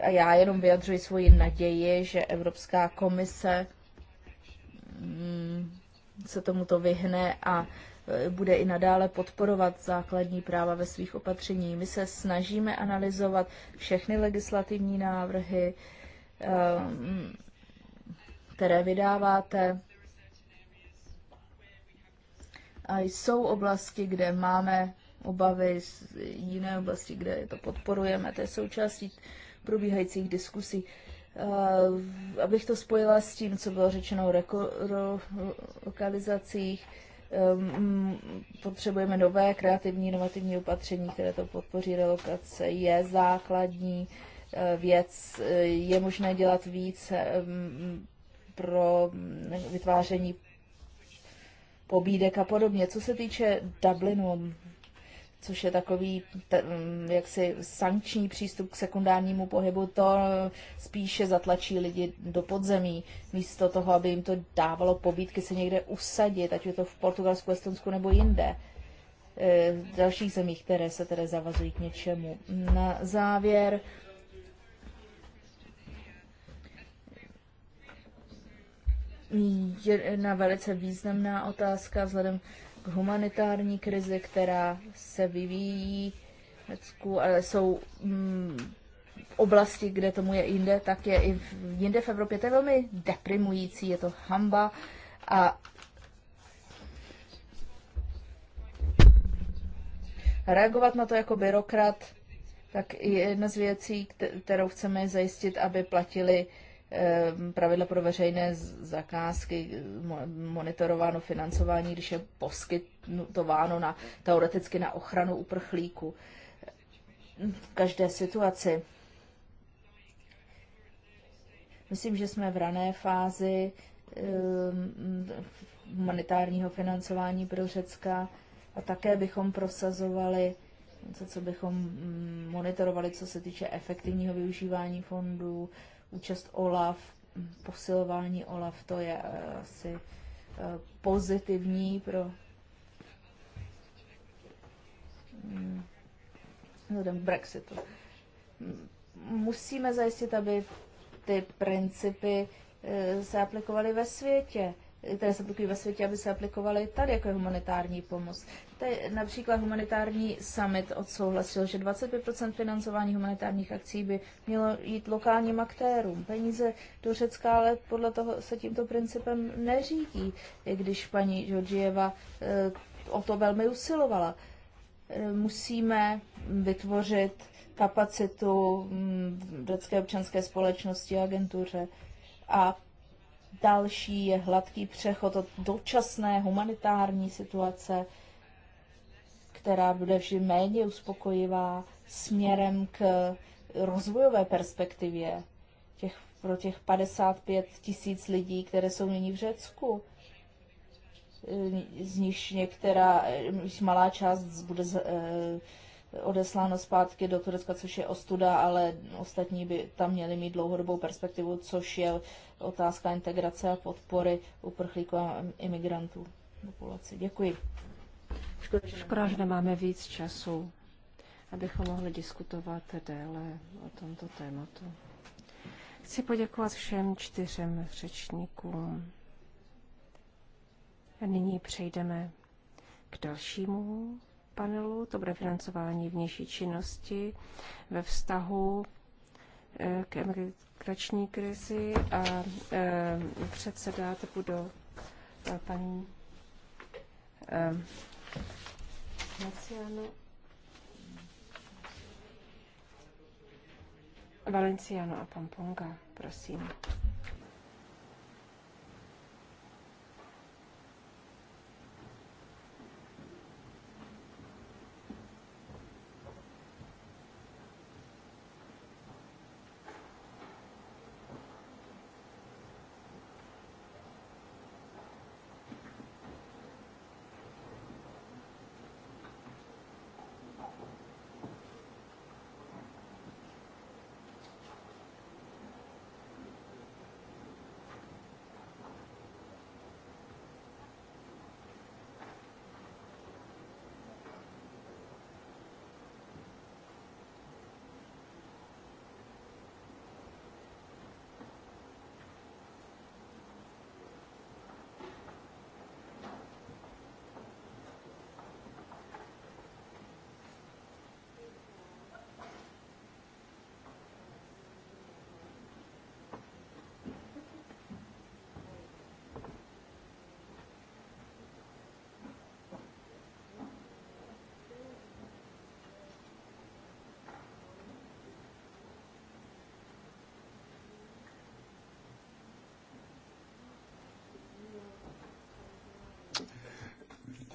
A já jenom vyjadřuji svoji naději, že Evropská komise mm, se tomuto vyhne a e, bude i nadále podporovat základní práva ve svých opatřeních. My se snažíme analyzovat všechny legislativní návrhy, Eh, které vydáváte. A jsou oblasti, kde máme obavy, jiné oblasti, kde to podporujeme, to je součástí probíhajících diskusí. Eh, abych to spojila s tím, co bylo řečeno o lokalizacích, eh, potřebujeme nové kreativní, inovativní opatření, které to podpoří relokace, je základní Eh, věc, eh, je možné dělat víc eh, pro mm, vytváření pobídek a podobně. Co se týče Dublinu, což je takový mm, jaksi sankční přístup k sekundárnímu pohybu, to spíše zatlačí lidi do podzemí, místo toho, aby jim to dávalo pobídky se někde usadit, ať je to v Portugalsku, Estonsku nebo jinde v dalších zemích, které se tedy zavazují k něčemu. Na závěr jedna velice významná otázka vzhledem k humanitární krizi, která se vyvíjí, ale jsou mm, oblasti, kde tomu je jinde, tak je i jinde v Evropě. To je velmi deprimující, je to hamba a reagovat na to jako byrokrat, tak jedna z věcí, kterou chceme zajistit, aby platili Ehm, pravidla pro veřejné zakázky, monitorováno financování, když je poskytováno na, teoreticky na ochranu uprchlíků v každé situaci. Myslím, že jsme v rané fázi ehm, humanitárního financování pro Řecka a také bychom prosazovali něco, co bychom mm, monitorovali, co se týče efektivního využívání fondů, účast OLAF, posilování OLAF, to je eh, asi eh, pozitivní pro mm, vzhledem k Brexitu. Musíme zajistit, aby ty principy eh, se aplikovaly ve světě které se aplikují ve světě, aby se aplikovaly tady jako humanitární pomoc. Tady například humanitární summit odsouhlasil, že 25 financování humanitárních akcí by mělo jít lokálním aktérům. Peníze do Řecka ale podle toho se tímto principem neřídí, i když paní Georgieva eh, o to velmi usilovala. Eh, musíme vytvořit kapacitu mm, řecké občanské společnosti a agentuře a Další je hladký přechod od dočasné humanitární situace, která bude vždy méně uspokojivá, směrem k rozvojové perspektivě těch, pro těch 55 tisíc lidí, které jsou nyní v Řecku. E, z nich některá e, malá část bude z, e, odesláno zpátky do Turecka, což je ostuda, ale ostatní by tam měli mít dlouhodobou perspektivu, což je otázka integrace a podpory uprchlíků a imigrantů populaci. Děkuji. Škoda, že nemáme víc času, abychom mohli diskutovat déle o tomto tématu. Chci poděkovat všem čtyřem řečníkům. A nyní přejdeme k dalšímu panelu, to bude financování vnější činnosti ve vztahu eh, k emigrační krizi a eh, předseda to budou eh, paní Valenciano. Valenciano a Pamponga, prosím.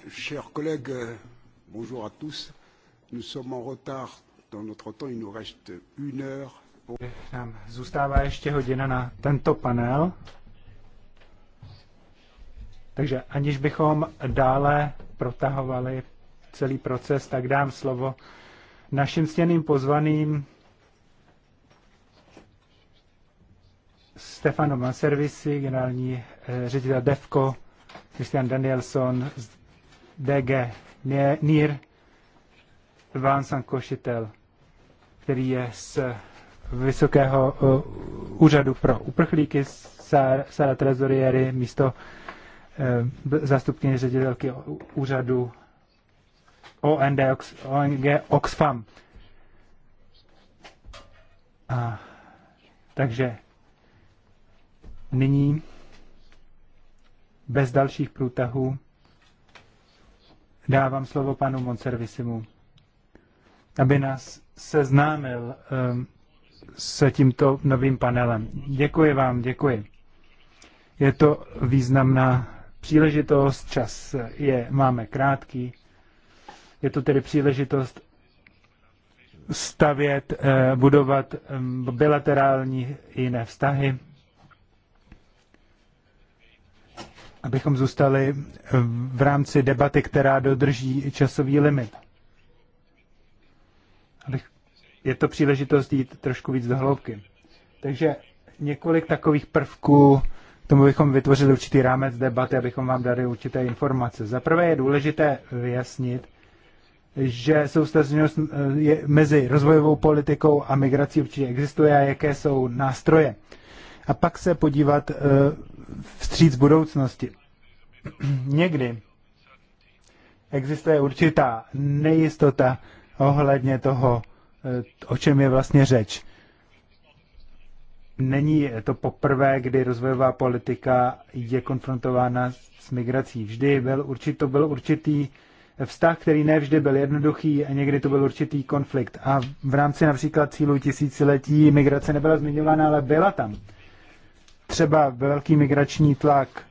Chers collègues, bonjour à tous. Nous sommes en retard dans notre temps, il nous reste une heure. Pour... Nám zůstává ještě hodina na tento panel. Takže aniž bychom dále protahovali celý proces, tak dám slovo našim stěným pozvaným Stefano Manservisi, generální eh, ředitel DEFCO, Christian Danielson, DG NIR e Vincent Košitel, který je z Vysokého uh, úřadu pro uprchlíky Sara Trezoriery, místo uh, zástupkyně ředitelky úřadu OND, ONG Oxfam. A, takže nyní bez dalších průtahů dávám slovo panu Monservisimu, aby nás seznámil um, s tímto novým panelem. Děkuji vám, děkuji. Je to významná příležitost, čas je, máme krátký. Je to tedy příležitost stavět, eh, budovat ehm, bilaterální jiné vztahy abychom zůstali eh, v rámci debaty, která dodrží časový limit. Je to příležitost jít trošku víc do hloubky. Takže několik takových prvků, tomu bychom vytvořili určitý rámec debaty, abychom vám dali určité informace. Za prvé je důležité vyjasnit, že soustazněnost eh, mezi rozvojovou politikou a migrací určitě existuje a jaké jsou nástroje. A pak se podívat eh, vstříc budoucnosti. Někdy existuje určitá nejistota ohledně toho, eh, o čem je vlastně řeč. Není to poprvé, kdy rozvojová politika je konfrontována s migrací. Vždy byl určitý, to byl určitý vztah, který nevždy byl jednoduchý a někdy to byl určitý konflikt. A v rámci například cílů tisíciletí migrace nebyla zmiňována, ale byla tam třeba velký migrační tlak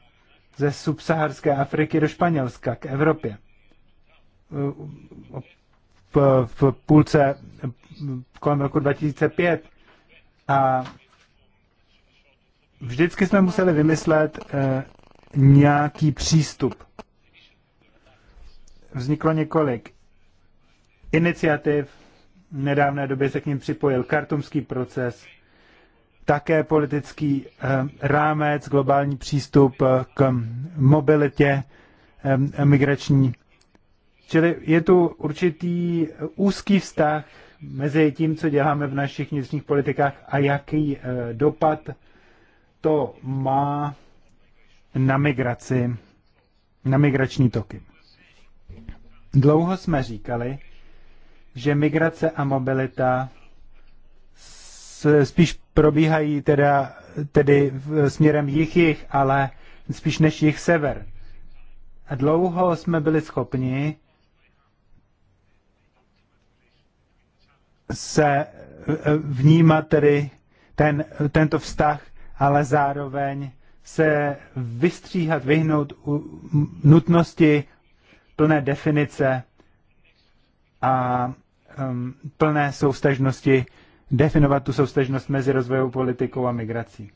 ze subsaharské Afriky do Španělska k Evropě. Eh, v, v půlce kolem roku 2005 a vždycky jsme museli vymyslet eh, nějaký přístup. Vzniklo několik iniciativ, v nedávné době se k ním připojil kartumský proces, také politický eh, rámec, globální přístup eh, k mobilitě eh, migrační. Čili je tu určitý úzký vztah mezi tím, co děláme v našich vnitřních politikách a jaký dopad to má na migraci, na migrační toky. Dlouho jsme říkali, že migrace a mobilita spíš probíhají teda, tedy směrem jich-jich, ale spíš než jich-sever. A dlouho jsme byli schopni se e, vnímat tedy ten, tento vztah, ale zároveň se vystříhat, vyhnout nutnosti plné definice a um, plné soustažnosti definovat tu soustežnost mezi rozvojovou politikou a migrací.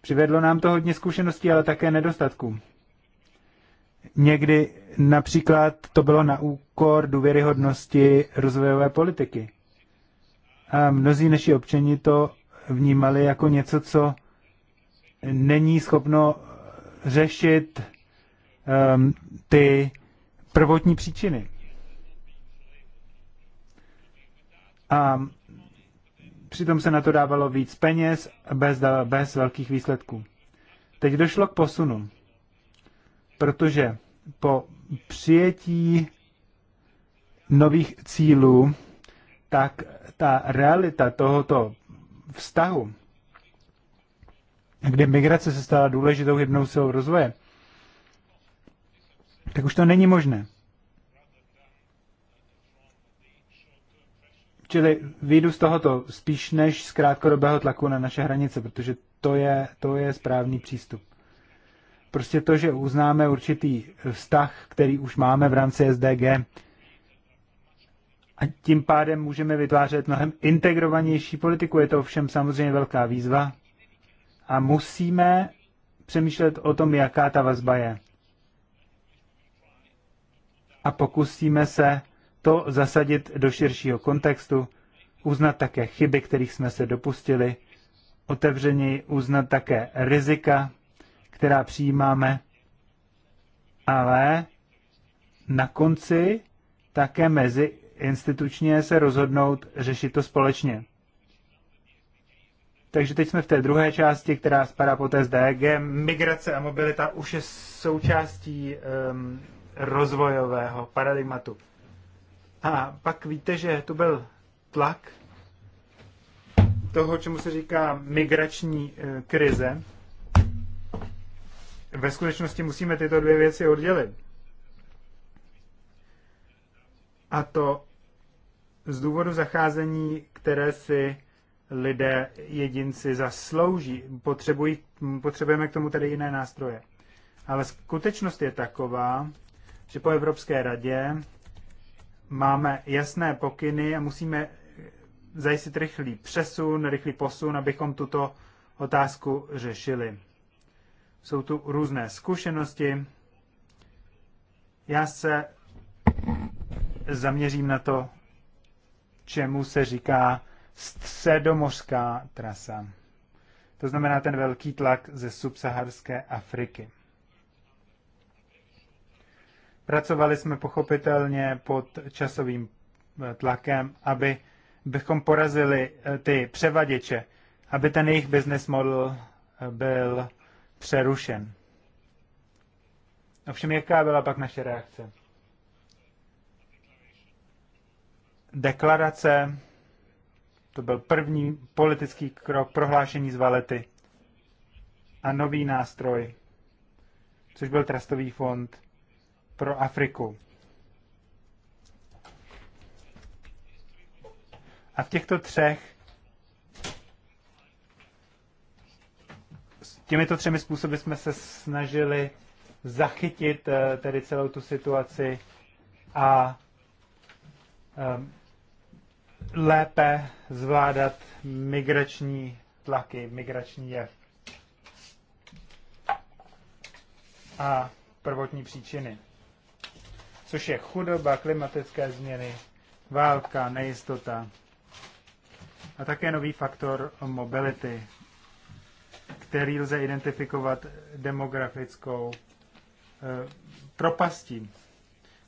Přivedlo nám to hodně zkušeností, ale také nedostatků. Někdy například to bylo na úkor důvěryhodnosti rozvojové politiky. A mnozí naši občani to vnímali jako něco, co není schopno řešit um, ty prvotní příčiny. A Přitom se na to dávalo víc peněz bez, bez velkých výsledků. Teď došlo k posunu, protože po přijetí nových cílů, tak ta realita tohoto vztahu, kde migrace se stala důležitou jednou silou rozvoje, tak už to není možné. Čili výjdu z tohoto spíš než z krátkodobého tlaku na naše hranice, protože to je, to je správný přístup. Prostě to, že uznáme určitý vztah, který už máme v rámci SDG, a tím pádem můžeme vytvářet mnohem integrovanější politiku. Je to ovšem samozřejmě velká výzva a musíme přemýšlet o tom, jaká ta vazba je. A pokusíme se to zasadit do širšího kontextu, uznat také chyby, kterých jsme se dopustili, otevřeněji uznat také rizika, která přijímáme, ale na konci také mezi institučně se rozhodnout řešit to společně. Takže teď jsme v té druhé části, která spadá pod SDG. Migrace a mobilita už je součástí um, rozvojového paradigmatu. A pak víte, že to byl tlak toho, čemu se říká migrační eh, krize. Ve skutečnosti musíme tyto dvě věci oddělit. A to z důvodu zacházení, které si lidé, jedinci zaslouží. Potřebují, potřebujeme k tomu tedy jiné nástroje. Ale skutečnost je taková, že po Evropské radě máme jasné pokyny a musíme zajistit rychlý přesun, rychlý posun, abychom tuto otázku řešili. Jsou tu různé zkušenosti. Já se zaměřím na to, čemu se říká středomořská trasa. To znamená ten velký tlak ze subsaharské Afriky. Pracovali jsme pochopitelně pod časovým eh, tlakem, aby bychom porazili eh, ty převaděče, aby ten jejich business model eh, byl přerušen. Ovšem, jaká byla pak naše reakce? Deklarace, to byl první politický krok prohlášení z Valety a nový nástroj, což byl Trastový fond pro Afriku. A v těchto třech s těmito třemi způsoby jsme se snažili zachytit eh, tedy celou tu situaci a um, lépe zvládat migrační tlaky, migrační jev a prvotní příčiny což je chudoba, klimatické změny, válka, nejistota a také nový faktor mobility, který lze identifikovat demografickou eh, propastí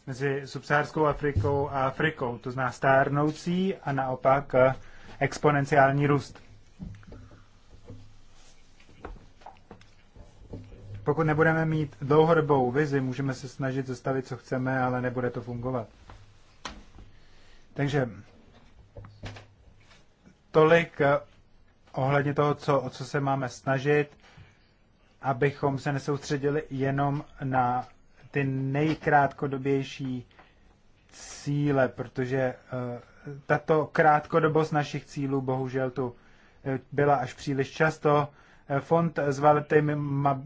mezi subsaharskou Afrikou a Afrikou, to zná stárnoucí a naopak eh, exponenciální růst. Pokud nebudeme mít dlouhodobou vizi, můžeme se snažit zastavit, co chceme, ale nebude to fungovat. Takže tolik eh, ohledně toho, co, o co se máme snažit, abychom se nesoustředili jenom na ty nejkrátkodobější cíle, protože eh, tato krátkodobost našich cílů bohužel tu eh, byla až příliš často Fond zvality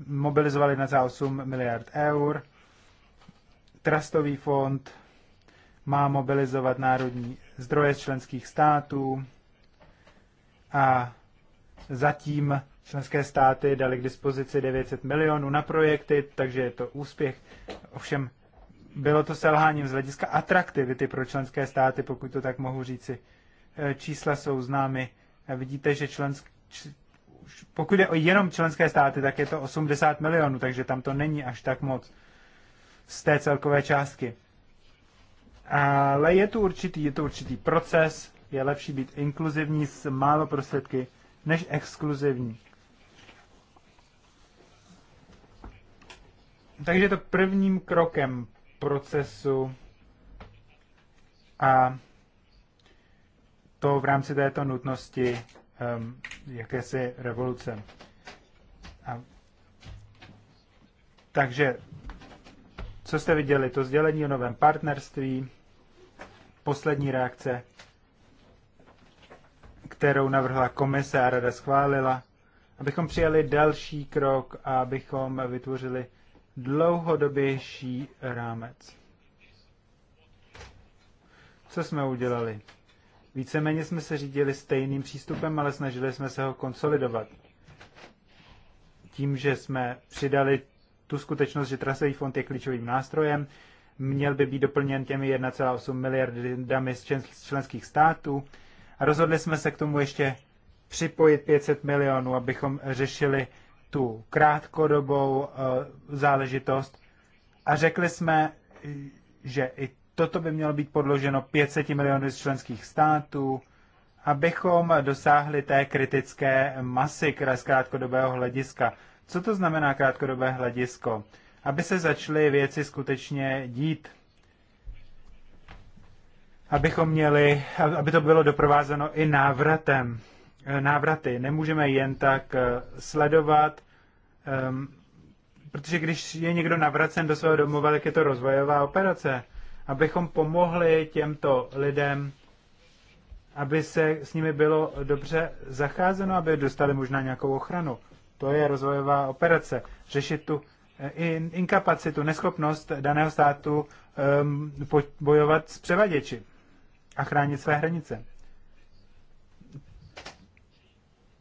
mobilizovali na 8 miliard eur. Trastový fond má mobilizovat národní zdroje z členských států a zatím členské státy dali k dispozici 900 milionů na projekty, takže je to úspěch. Ovšem bylo to selháním z hlediska atraktivity pro členské státy, pokud to tak mohu říci. E, čísla jsou známy. E, vidíte, že členské pokud je o jenom členské státy, tak je to 80 milionů, takže tam to není až tak moc z té celkové částky. Ale je tu určitý, je to určitý proces, je lepší být inkluzivní s málo prostředky, než exkluzivní. Takže to prvním krokem procesu a to v rámci této nutnosti um, jakési revoluce. A, takže, co jste viděli? To sdělení o novém partnerství, poslední reakce, kterou navrhla komise a rada schválila, abychom přijali další krok a abychom vytvořili dlouhodobější rámec. Co jsme udělali? Víceméně jsme se řídili stejným přístupem, ale snažili jsme se ho konsolidovat. Tím, že jsme přidali tu skutečnost, že trasový fond je klíčovým nástrojem, měl by být doplněn těmi 1,8 miliardami z členských států. A rozhodli jsme se k tomu ještě připojit 500 milionů, abychom řešili tu krátkodobou eh, záležitost. A řekli jsme, že i Toto by mělo být podloženo 500 miliony z členských států, abychom dosáhli té kritické masy z krátkodobého hlediska. Co to znamená krátkodobé hledisko? Aby se začaly věci skutečně dít. Abychom měli, aby to bylo doprovázeno i návratem. Eh, návraty nemůžeme jen tak eh, sledovat, ehm, protože když je někdo navracen do svého domova, tak je to rozvojová operace abychom pomohli těmto lidem, aby se s nimi bylo dobře zacházeno, aby dostali možná nějakou ochranu. To je rozvojová operace. Řešit tu eh, inkapacitu, neschopnost daného státu um, bojovat s převaděči a chránit své hranice.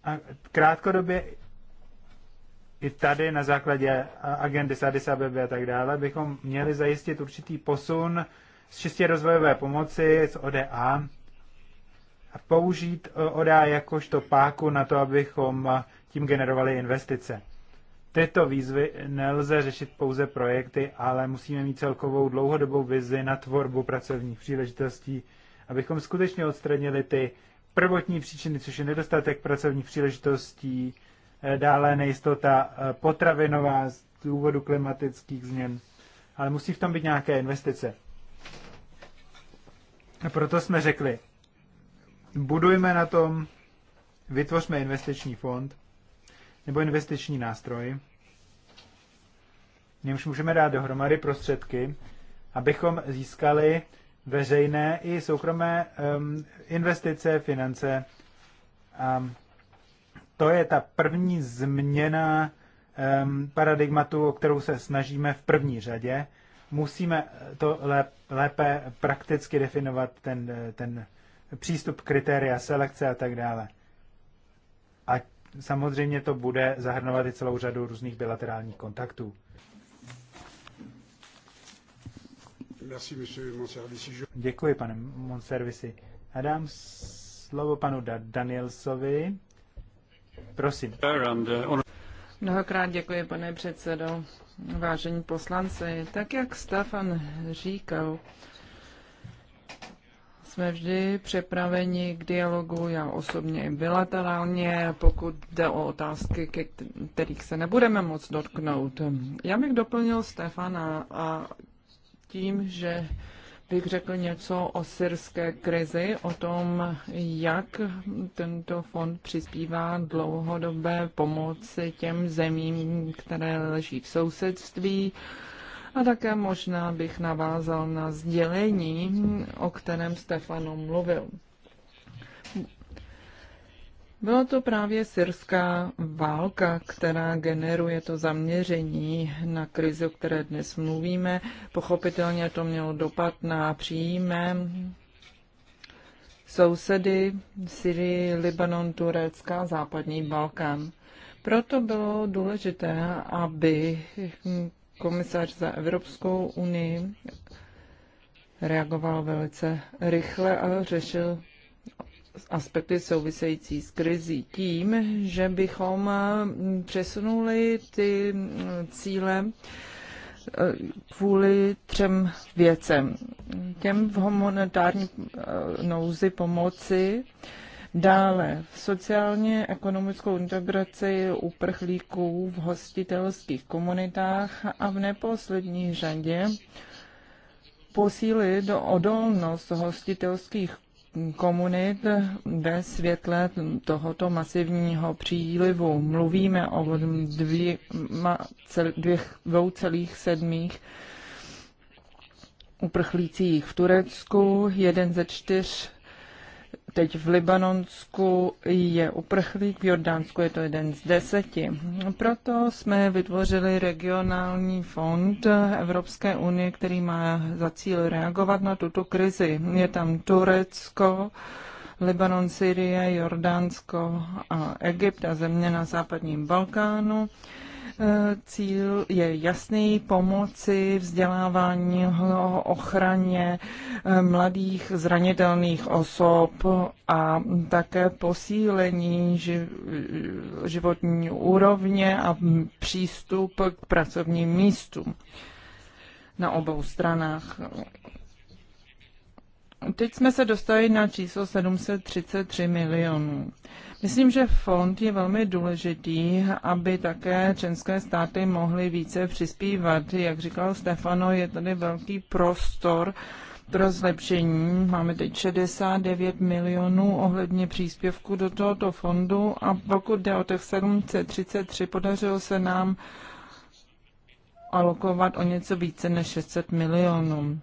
A krátkodobě i tady na základě agendy Sadis ABB a tak dále bychom měli zajistit určitý posun z čistě rozvojové pomoci, z ODA, a použít eh, ODA jakožto páku na to, abychom eh, tím generovali investice. Tyto výzvy nelze řešit pouze projekty, ale musíme mít celkovou dlouhodobou vizi na tvorbu pracovních příležitostí, abychom skutečně odstranili ty prvotní příčiny, což je nedostatek pracovních příležitostí, dále nejistota eh, potravinová z důvodu klimatických změn. Ale musí v tom být nějaké investice. A proto jsme řekli, budujme na tom, vytvořme investiční fond nebo investiční nástroj, němž můžeme dát dohromady prostředky, abychom získali veřejné i soukromé um, investice, finance. Um, to je ta první změna um, paradigmatu, o kterou se snažíme v první řadě. Musíme to lépe prakticky definovat, ten, ten přístup, kritéria, selekce a tak dále. A samozřejmě to bude zahrnovat i celou řadu různých bilaterálních kontaktů. Děkuji, pane Monservisi. A dám slovo panu Danielsovi Prosím. Mnohokrát děkuji, pane předsedo. Vážení poslanci, tak jak Stefan říkal, jsme vždy připraveni k dialogu, já osobně i bilaterálně, pokud jde o otázky, ke kterých se nebudeme moc dotknout. Já bych doplnil Stefana a tím, že bych řekl něco o syrské krizi, o tom, jak tento fond přispívá dlouhodobé pomoci těm zemím, které leží v sousedství. A také možná bych navázal na sdělení, o kterém Stefano mluvil. Byla to právě syrská válka, která generuje to zaměření na krizi, o které dnes mluvíme. Pochopitelně to mělo dopad na příjmy sousedy Syrii, Libanon, Turecka, Západní Balkán. Proto bylo důležité, aby komisař za Evropskou unii reagoval velice rychle a řešil aspekty související s krizí tím, že bychom eh, přesunuli ty eh, cíle eh, kvůli třem věcem. Těm v humanitární nouzi pomoci, dále v sociálně ekonomickou integraci uprchlíků v hostitelských komunitách a v neposlední řadě posílit odolnost hostitelských komunit ve světle tohoto masivního přílivu. Mluvíme o 2,7 uprchlících v Turecku, jeden ze čtyř teď v Libanonsku je uprchlík, v Jordánsku je to jeden z deseti. Proto jsme vytvořili regionální fond Evropské unie, který má za cíl reagovat na tuto krizi. Je tam Turecko, Libanon, Syrie, Jordánsko a Egypt a země na západním Balkánu. Eh, cíl je jasný, pomoci vzdělávání, ochraně eh, mladých zranitelných osob a také posílení životní úrovně a přístup k pracovním místům na obou stranách. Teď jsme se dostali na číslo 733 milionů. Myslím, že fond je velmi důležitý, aby také členské státy mohly více přispívat. Jak říkal Stefano, je tady velký prostor pro zlepšení. Máme teď 69 milionů ohledně příspěvku do tohoto fondu a pokud jde o těch 733, podařilo se nám alokovat o něco více než 600 milionů.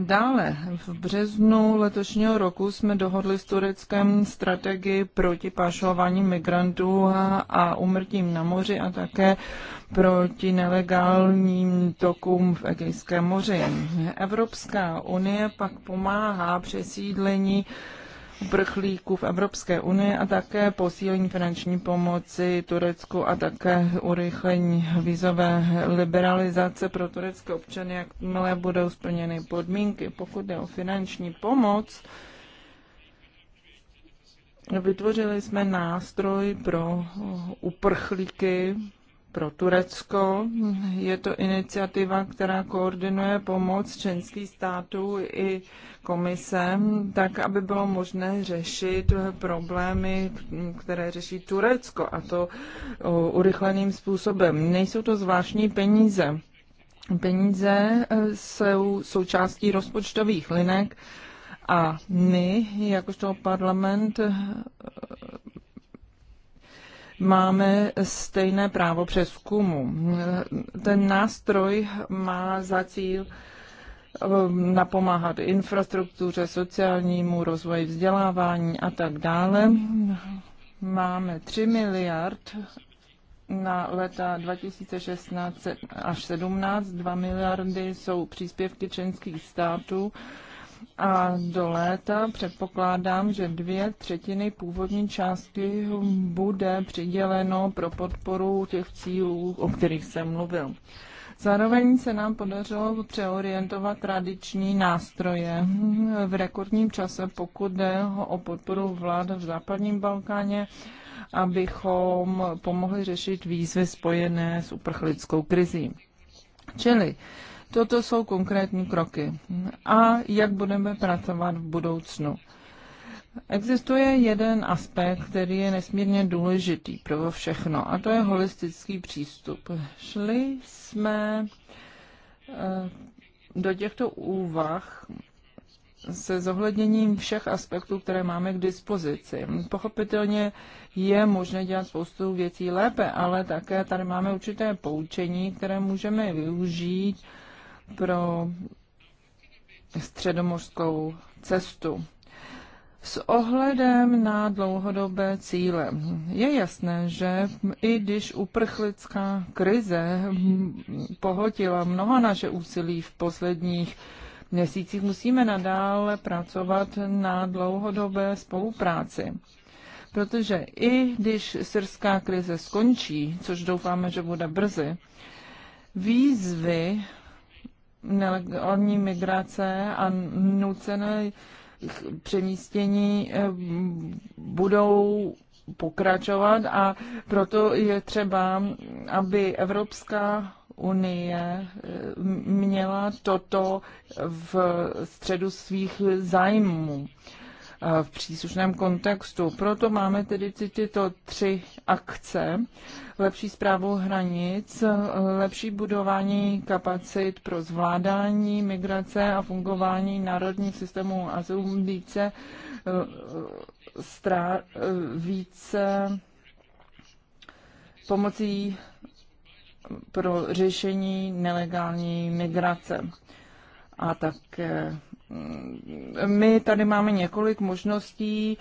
Dále v březnu letošního roku jsme dohodli s Tureckem strategii proti pašování migrantů a umrtím na moři a také proti nelegálním tokům v Egejském moři. Evropská unie pak pomáhá přesídlení uprchlíků v Evropské unii a také posílení finanční pomoci Turecku a také urychlení vízové liberalizace pro turecké občany, jakmile budou splněny podmínky. Pokud jde o finanční pomoc, vytvořili jsme nástroj pro uprchlíky pro Turecko. Je to iniciativa, která koordinuje pomoc členských států i komise, tak aby bylo možné řešit problémy, které řeší Turecko, a to urychleným způsobem. Nejsou to zvláštní peníze. Peníze e, jsou součástí rozpočtových linek a my, jakožto parlament, máme stejné právo přeskumu. Ten nástroj má za cíl um, napomáhat infrastruktuře, sociálnímu rozvoji, vzdělávání a tak dále. Máme 3 miliard na leta 2016 až 17, 2 miliardy jsou příspěvky členských států a do léta předpokládám, že dvě třetiny původní částky bude přiděleno pro podporu těch cílů, o kterých jsem mluvil. Zároveň se nám podařilo přeorientovat tradiční nástroje v rekordním čase, pokud jde o podporu vlád v západním Balkáně, abychom pomohli řešit výzvy spojené s uprchlickou krizí. Čili Toto jsou konkrétní kroky. A jak budeme pracovat v budoucnu? Existuje jeden aspekt, který je nesmírně důležitý pro všechno, a to je holistický přístup. Šli jsme eh, do těchto úvah se zohledněním všech aspektů, které máme k dispozici. Pochopitelně je možné dělat spoustu věcí lépe, ale také tady máme určité poučení, které můžeme využít pro středomořskou cestu. S ohledem na dlouhodobé cíle je jasné, že i když uprchlická krize pohotila mnoha naše úsilí v posledních měsících, musíme nadále pracovat na dlouhodobé spolupráci. Protože i když syrská krize skončí, což doufáme, že bude brzy, výzvy nelegální migrace a nucené přemístění eh, budou pokračovat a proto je třeba, aby Evropská unie eh, měla toto v středu svých zájmů v příslušném kontextu. Proto máme tedy tyto tři akce. Lepší zprávu hranic, lepší budování kapacit pro zvládání migrace a fungování národních systémů azylu více, eh, strá, eh, více pomocí pro řešení nelegální migrace a také my tady máme několik možností,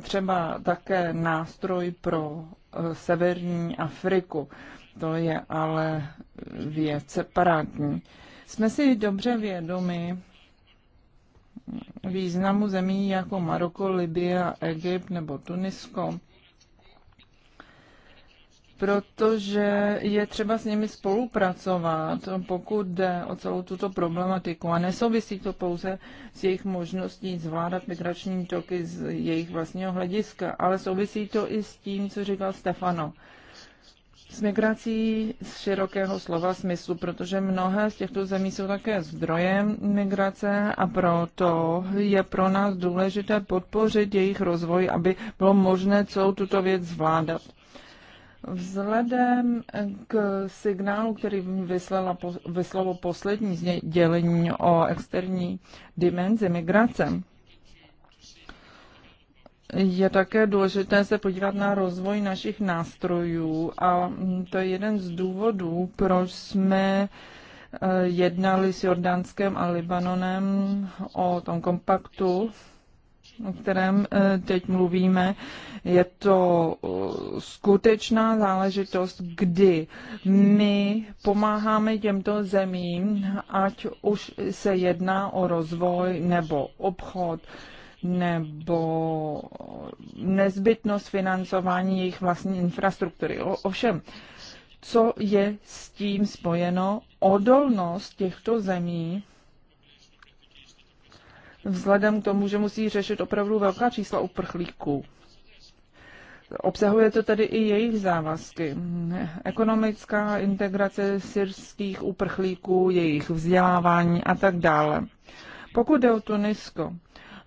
třeba také nástroj pro eh, severní Afriku. To je ale věc separátní. Jsme si dobře vědomi významu zemí jako Maroko, Libie, Egypt nebo Tunisko protože je třeba s nimi spolupracovat, pokud jde o celou tuto problematiku. A nesouvisí to pouze s jejich možností zvládat migrační toky z jejich vlastního hlediska, ale souvisí to i s tím, co říkal Stefano. S migrací z širokého slova smyslu, protože mnohé z těchto zemí jsou také zdrojem migrace a proto je pro nás důležité podpořit jejich rozvoj, aby bylo možné celou tuto věc zvládat. Vzhledem k signálu, který vyslala, vyslalo poslední dělení o externí dimenzi migrace, je také důležité se podívat na rozvoj našich nástrojů a to je jeden z důvodů, proč jsme eh, jednali s Jordánskem a Libanonem o tom kompaktu o kterém eh, teď mluvíme, je to eh, skutečná záležitost, kdy my pomáháme těmto zemím, ať už se jedná o rozvoj nebo obchod, nebo nezbytnost financování jejich vlastní infrastruktury. O, ovšem, co je s tím spojeno? Odolnost těchto zemí vzhledem k tomu, že musí řešit opravdu velká čísla uprchlíků. Obsahuje to tedy i jejich závazky. Ekonomická integrace syrských uprchlíků, jejich vzdělávání a tak dále. Pokud jde o Tunisko,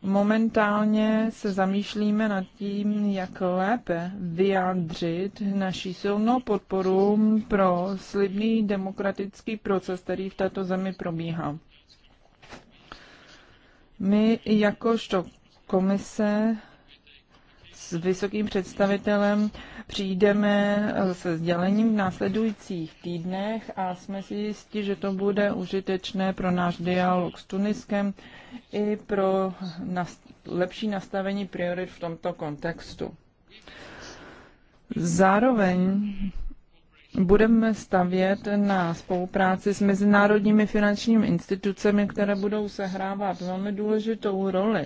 momentálně se zamýšlíme nad tím, jak lépe vyjádřit naší silnou podporu pro slibný demokratický proces, který v této zemi probíhá. My jakožto komise s vysokým představitelem přijdeme se sdělením v následujících týdnech a jsme si jistí, že to bude užitečné pro náš dialog s Tuniskem i pro nas- lepší nastavení priorit v tomto kontextu. Zároveň budeme stavět na spolupráci s mezinárodními finančními institucemi, které budou sehrávat velmi důležitou roli,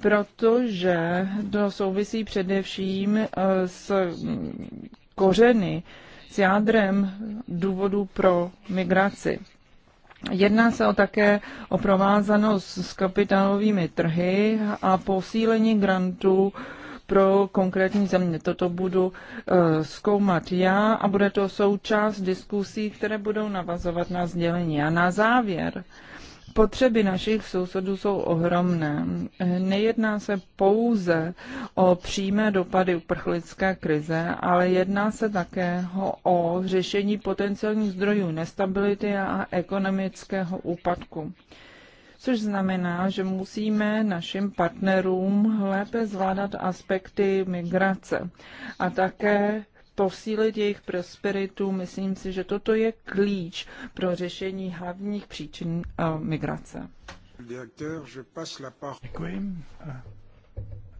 protože to souvisí především eh, s mm, kořeny, s jádrem důvodů pro migraci. Jedná se o také o provázanost s kapitálovými trhy a posílení grantů pro konkrétní země. Toto budu eh, zkoumat já a bude to součást diskusí, které budou navazovat na sdělení. A na závěr, Potřeby našich sousedů jsou ohromné. Eh, nejedná se pouze o přímé dopady uprchlické krize, ale jedná se také o řešení potenciálních zdrojů nestability a ekonomického úpadku což znamená, že musíme našim partnerům lépe zvládat aspekty migrace a také posílit jejich prosperitu. Myslím si, že toto je klíč pro řešení hlavních příčin eh, migrace. Děkuji. Eh,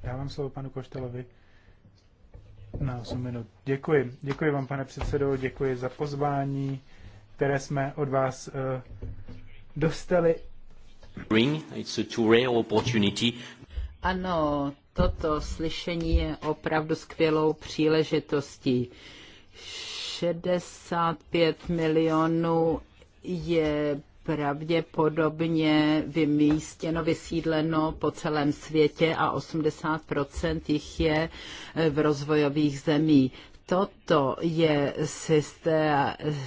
dávám slovo panu Koštelovi na 8 minut. Děkuji. Děkuji vám, pane předsedo, děkuji za pozvání, které jsme od vás eh, dostali. Ano, toto slyšení je opravdu skvělou příležitostí. 65 milionů je pravděpodobně vymístěno, vysídleno po celém světě a 80% jich je v rozvojových zemích toto je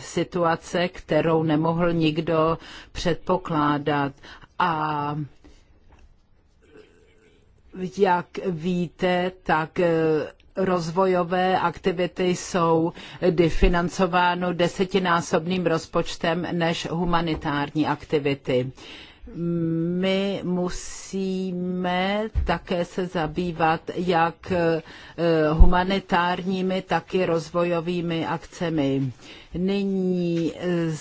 situace, kterou nemohl nikdo předpokládat. A jak víte, tak eh, rozvojové aktivity jsou definancovány desetinásobným rozpočtem než humanitární aktivity my musíme také se zabývat jak eh, humanitárními, tak i rozvojovými akcemi. Nyní eh,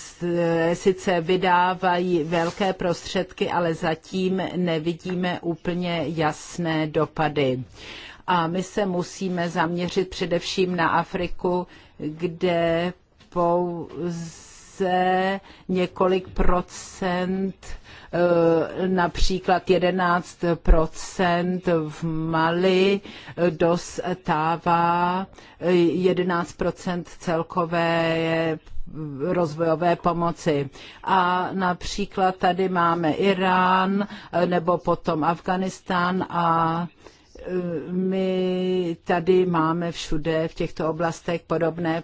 sice vydávají velké prostředky, ale zatím nevidíme úplně jasné dopady. A my se musíme zaměřit především na Afriku, kde pouze několik procent Eh, například 11 v Mali dostává 11 eh, celkové rozvojové pomoci. A například tady máme Irán eh, nebo potom Afganistán a my tady máme všude v těchto oblastech podobné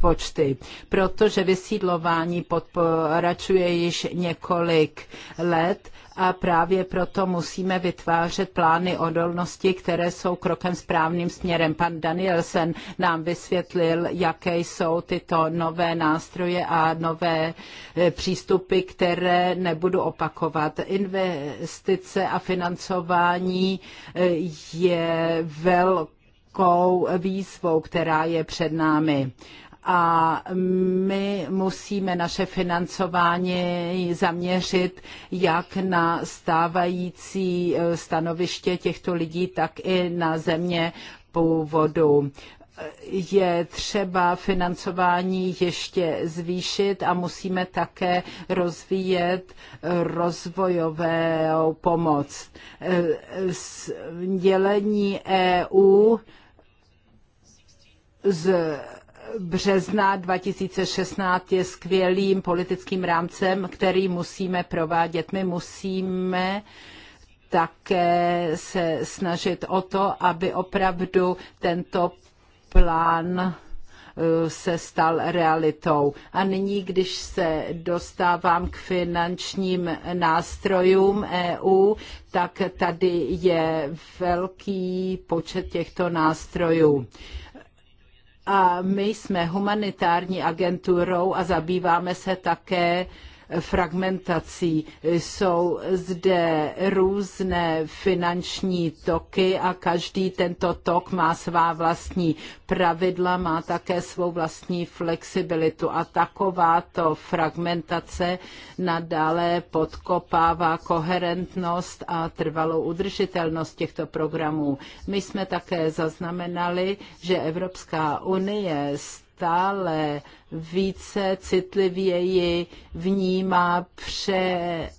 počty, protože vysídlování podporačuje již několik let a právě proto musíme vytvářet plány odolnosti, které jsou krokem správným směrem. Pan Danielsen nám vysvětlil, jaké jsou tyto nové nástroje a nové e, přístupy, které nebudu opakovat. Investice a financování e, je velkou výzvou, která je před námi a my musíme naše financování zaměřit jak na stávající eh, stanoviště těchto lidí, tak i na země původu je třeba financování ještě zvýšit a musíme také rozvíjet rozvojovou pomoc. Eh, dělení EU z března 2016 je skvělým politickým rámcem, který musíme provádět. My musíme také se snažit o to, aby opravdu tento plán eh, se stal realitou. A nyní, když se dostávám k finančním nástrojům EU, tak tady je velký počet těchto nástrojů a my jsme humanitární agenturou a zabýváme se také fragmentací. Jsou zde různé finanční toky a každý tento tok má svá vlastní pravidla, má také svou vlastní flexibilitu a takováto fragmentace nadále podkopává koherentnost a trvalou udržitelnost těchto programů. My jsme také zaznamenali, že Evropská unie stále více citlivěji vnímá pře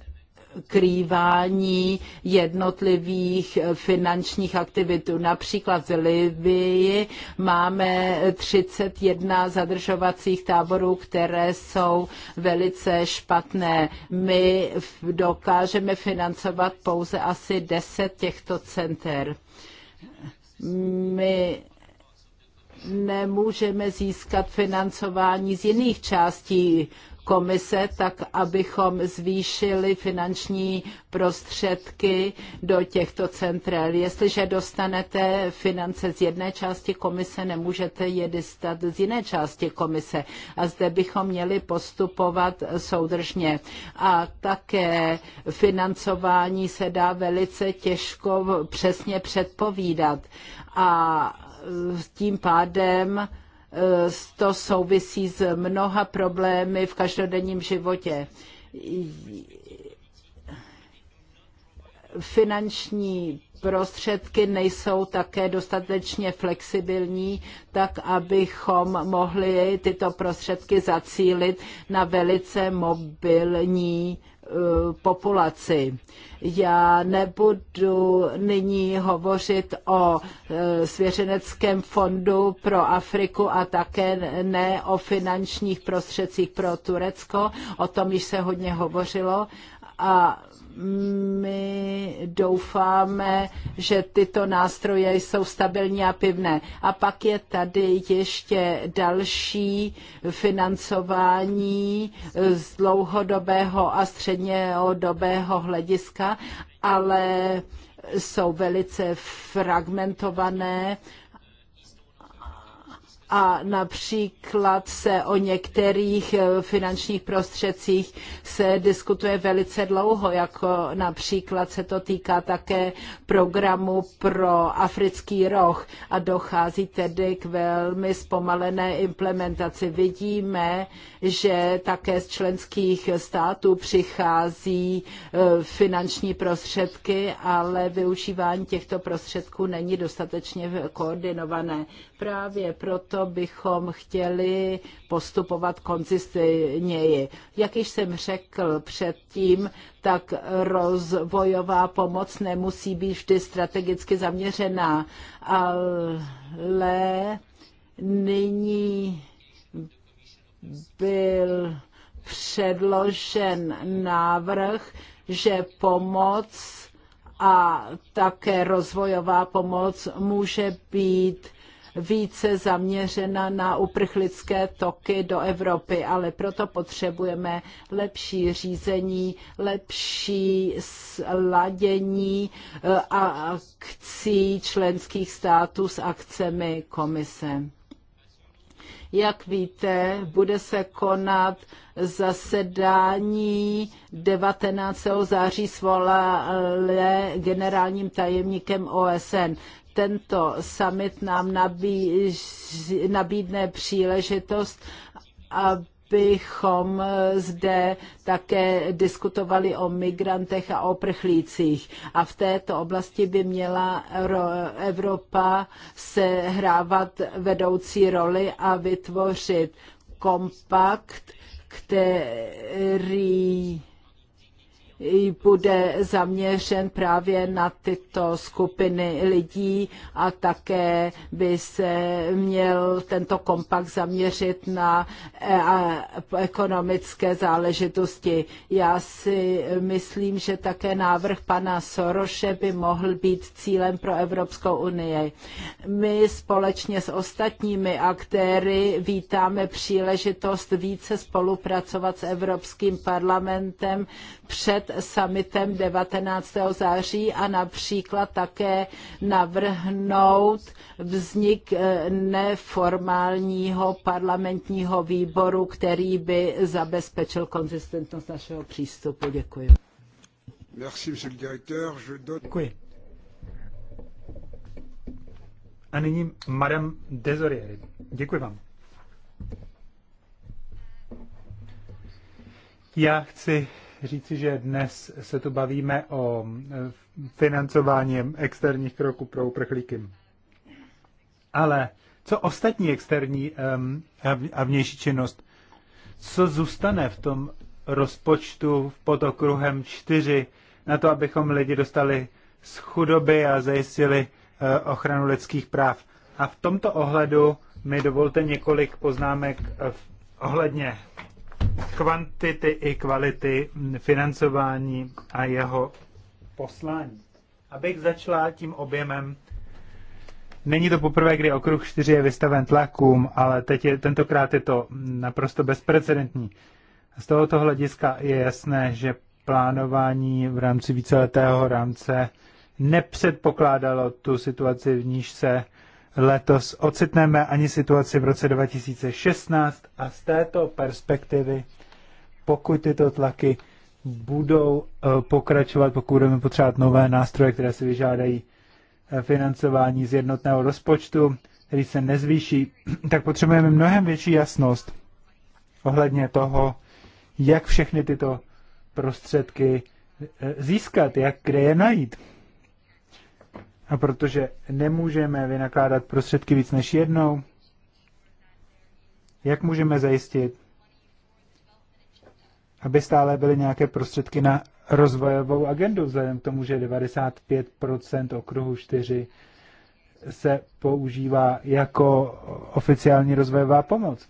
krývání jednotlivých finančních aktivit. Například v Libii máme 31 zadržovacích táborů, které jsou velice špatné. My dokážeme financovat pouze asi 10 těchto center. My nemůžeme získat financování z jiných částí komise, tak abychom zvýšili finanční prostředky do těchto centrel. Jestliže dostanete finance z jedné části komise, nemůžete je dostat z jiné části komise. A zde bychom měli postupovat soudržně. A také financování se dá velice těžko přesně předpovídat. A tím pádem eh, to souvisí s mnoha problémy v každodenním životě. Finanční prostředky nejsou také dostatečně flexibilní, tak abychom mohli tyto prostředky zacílit na velice mobilní Eh, populaci. Já nebudu nyní hovořit o eh, svěřeneckém fondu pro Afriku a také ne o finančních prostředcích pro Turecko, o tom již se hodně hovořilo a my doufáme, že tyto nástroje jsou stabilní a pivné. A pak je tady ještě další financování z dlouhodobého a střednědobého hlediska, ale jsou velice fragmentované a například se o některých eh, finančních prostředcích se diskutuje velice dlouho, jako například se to týká také programu pro africký roh a dochází tedy k velmi zpomalené implementaci. Vidíme, že také z členských států přichází eh, finanční prostředky, ale využívání těchto prostředků není dostatečně koordinované. Právě proto co bychom chtěli postupovat konzistentněji. Jak již jsem řekl předtím, tak rozvojová pomoc nemusí být vždy strategicky zaměřená, ale nyní byl předložen návrh, že pomoc a také rozvojová pomoc může být více zaměřena na uprchlické toky do Evropy, ale proto potřebujeme lepší řízení, lepší sladění eh, akcí členských států s akcemi komise. Jak víte, bude se konat zasedání 19. září svolané generálním tajemníkem OSN tento summit nám nabíž, nabídne příležitost, abychom zde také diskutovali o migrantech a o prchlících. A v této oblasti by měla Evropa se hrávat vedoucí roli a vytvořit kompakt, který bude zaměřen právě na tyto skupiny lidí a také by se měl tento kompakt zaměřit na e, ekonomické záležitosti. Já si myslím, že také návrh pana Soroše by mohl být cílem pro Evropskou unii. My společně s ostatními aktéry vítáme příležitost více spolupracovat s Evropským parlamentem před summitem 19. září a například také navrhnout vznik eh, neformálního parlamentního výboru, který by zabezpečil konzistentnost našeho přístupu. Děkuji. Merci, monsieur le directeur. Je donne... Děkuji. A nyní Madame Desorieri. Děkuji vám. Já chci říci, že dnes se tu bavíme o financování externích kroků pro uprchlíky. Ale co ostatní externí a vnější činnost? Co zůstane v tom rozpočtu pod okruhem 4 na to, abychom lidi dostali z chudoby a zajistili eh, ochranu lidských práv? A v tomto ohledu mi dovolte několik poznámek eh, ohledně kvantity i kvality financování a jeho poslání. Abych začala tím objemem, není to poprvé, kdy okruh 4 je vystaven tlakům, ale teď je, tentokrát je to naprosto bezprecedentní. Z tohoto hlediska je jasné, že plánování v rámci víceletého rámce nepředpokládalo tu situaci, v níž se letos ocitneme, ani situaci v roce 2016 a z této perspektivy, pokud tyto tlaky budou eh, pokračovat, pokud budeme potřebovat nové nástroje, které si vyžádají eh, financování z jednotného rozpočtu, který se nezvýší, [clears throat] tak potřebujeme mnohem větší jasnost ohledně toho, jak všechny tyto prostředky eh, získat, jak kde je najít. A protože nemůžeme vynakládat prostředky víc než jednou, jak můžeme zajistit, aby stále byly nějaké prostředky na rozvojovou agendu, vzhledem k tomu, že 95% okruhu 4 se používá jako oficiální rozvojová pomoc.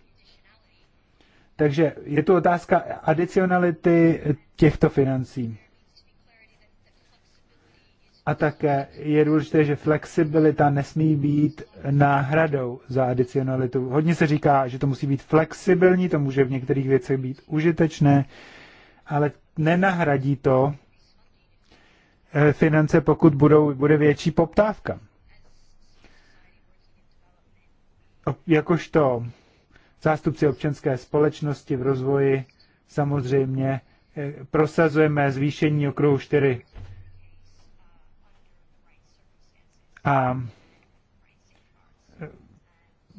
Takže je tu otázka adicionality těchto financí. A také je důležité, že flexibilita nesmí být náhradou za adicionalitu. Hodně se říká, že to musí být flexibilní, to může v některých věcech být užitečné, ale nenahradí to eh, finance, pokud budou, bude větší poptávka. Jakožto zástupci občanské společnosti v rozvoji samozřejmě eh, prosazujeme zvýšení okruhu 4 A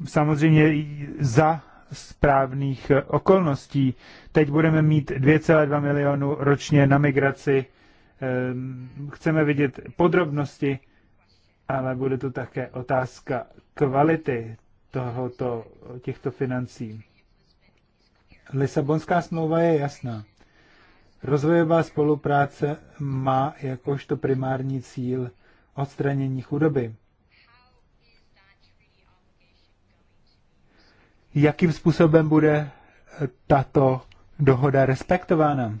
samozřejmě za správných okolností. Teď budeme mít 2,2 milionu ročně na migraci. Ehm, chceme vidět podrobnosti, ale bude to také otázka kvality tohoto, těchto financí. Lisabonská smlouva je jasná. Rozvojová spolupráce má jakožto primární cíl odstranění chudoby. Jakým způsobem bude tato dohoda respektována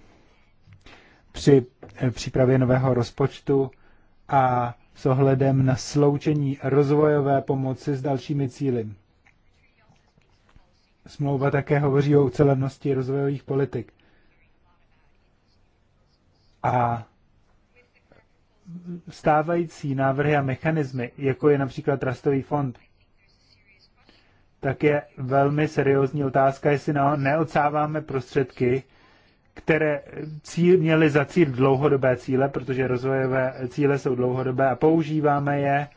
při přípravě nového rozpočtu a s ohledem na sloučení rozvojové pomoci s dalšími cíly. Smlouva také hovoří o ucelenosti rozvojových politik. A stávající návrhy a mechanismy, jako je například Trustový fond, tak je velmi seriózní otázka, jestli neodsáváme prostředky, které cíl, měly za cíl dlouhodobé cíle, protože rozvojové cíle jsou dlouhodobé a používáme je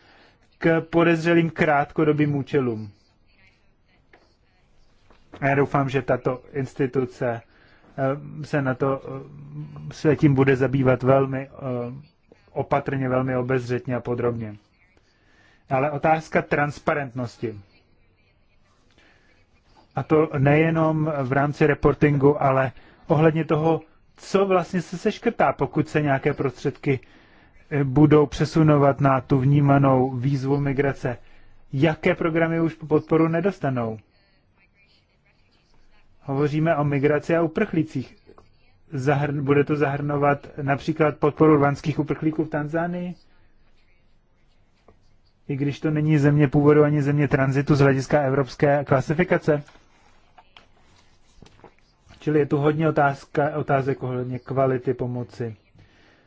k podezřelým krátkodobým účelům. A já doufám, že tato instituce eh, se na to eh, se tím bude zabývat velmi eh, opatrně, velmi obezřetně a podrobně. Ale otázka transparentnosti. A to nejenom v rámci reportingu, ale ohledně toho, co vlastně se seškrtá, pokud se nějaké prostředky eh, budou přesunovat na tu vnímanou výzvu migrace. Jaké programy už podporu nedostanou? Hovoříme o migraci a uprchlících zahrn, bude to zahrnovat například podporu rvanských uprchlíků v Tanzánii? I když to není země původu ani země tranzitu z hlediska evropské klasifikace? Čili je tu hodně otázka, otázek ohledně kvality pomoci.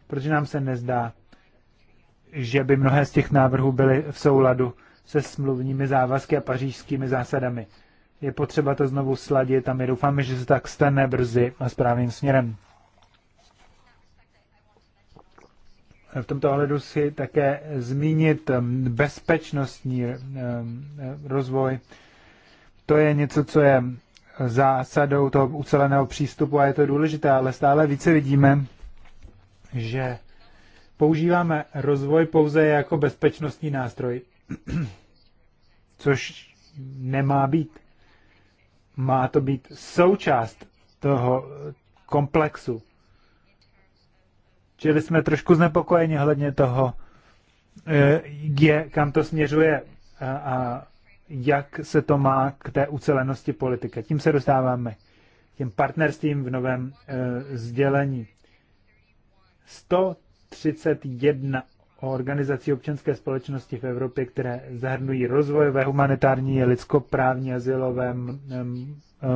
Protože nám se nezdá, že by mnohé z těch návrhů byly v souladu se smluvními závazky a pařížskými zásadami je potřeba to znovu sladit a my doufáme, že se tak stane brzy a správným směrem. V tomto ohledu si také zmínit um, bezpečnostní um, um, rozvoj. To je něco, co je zásadou toho uceleného přístupu a je to důležité, ale stále více vidíme, že používáme rozvoj pouze jako bezpečnostní nástroj, [clears throat] což nemá být. Má to být součást toho komplexu. Čili jsme trošku znepokojeni hledně toho, eh, je, kam to směřuje a, a jak se to má k té ucelenosti politika. Tím se dostáváme těm partnerstvím v novém e, sdělení. 131 organizací občanské společnosti v Evropě, které zahrnují rozvojové, humanitární, lidskoprávní, asilové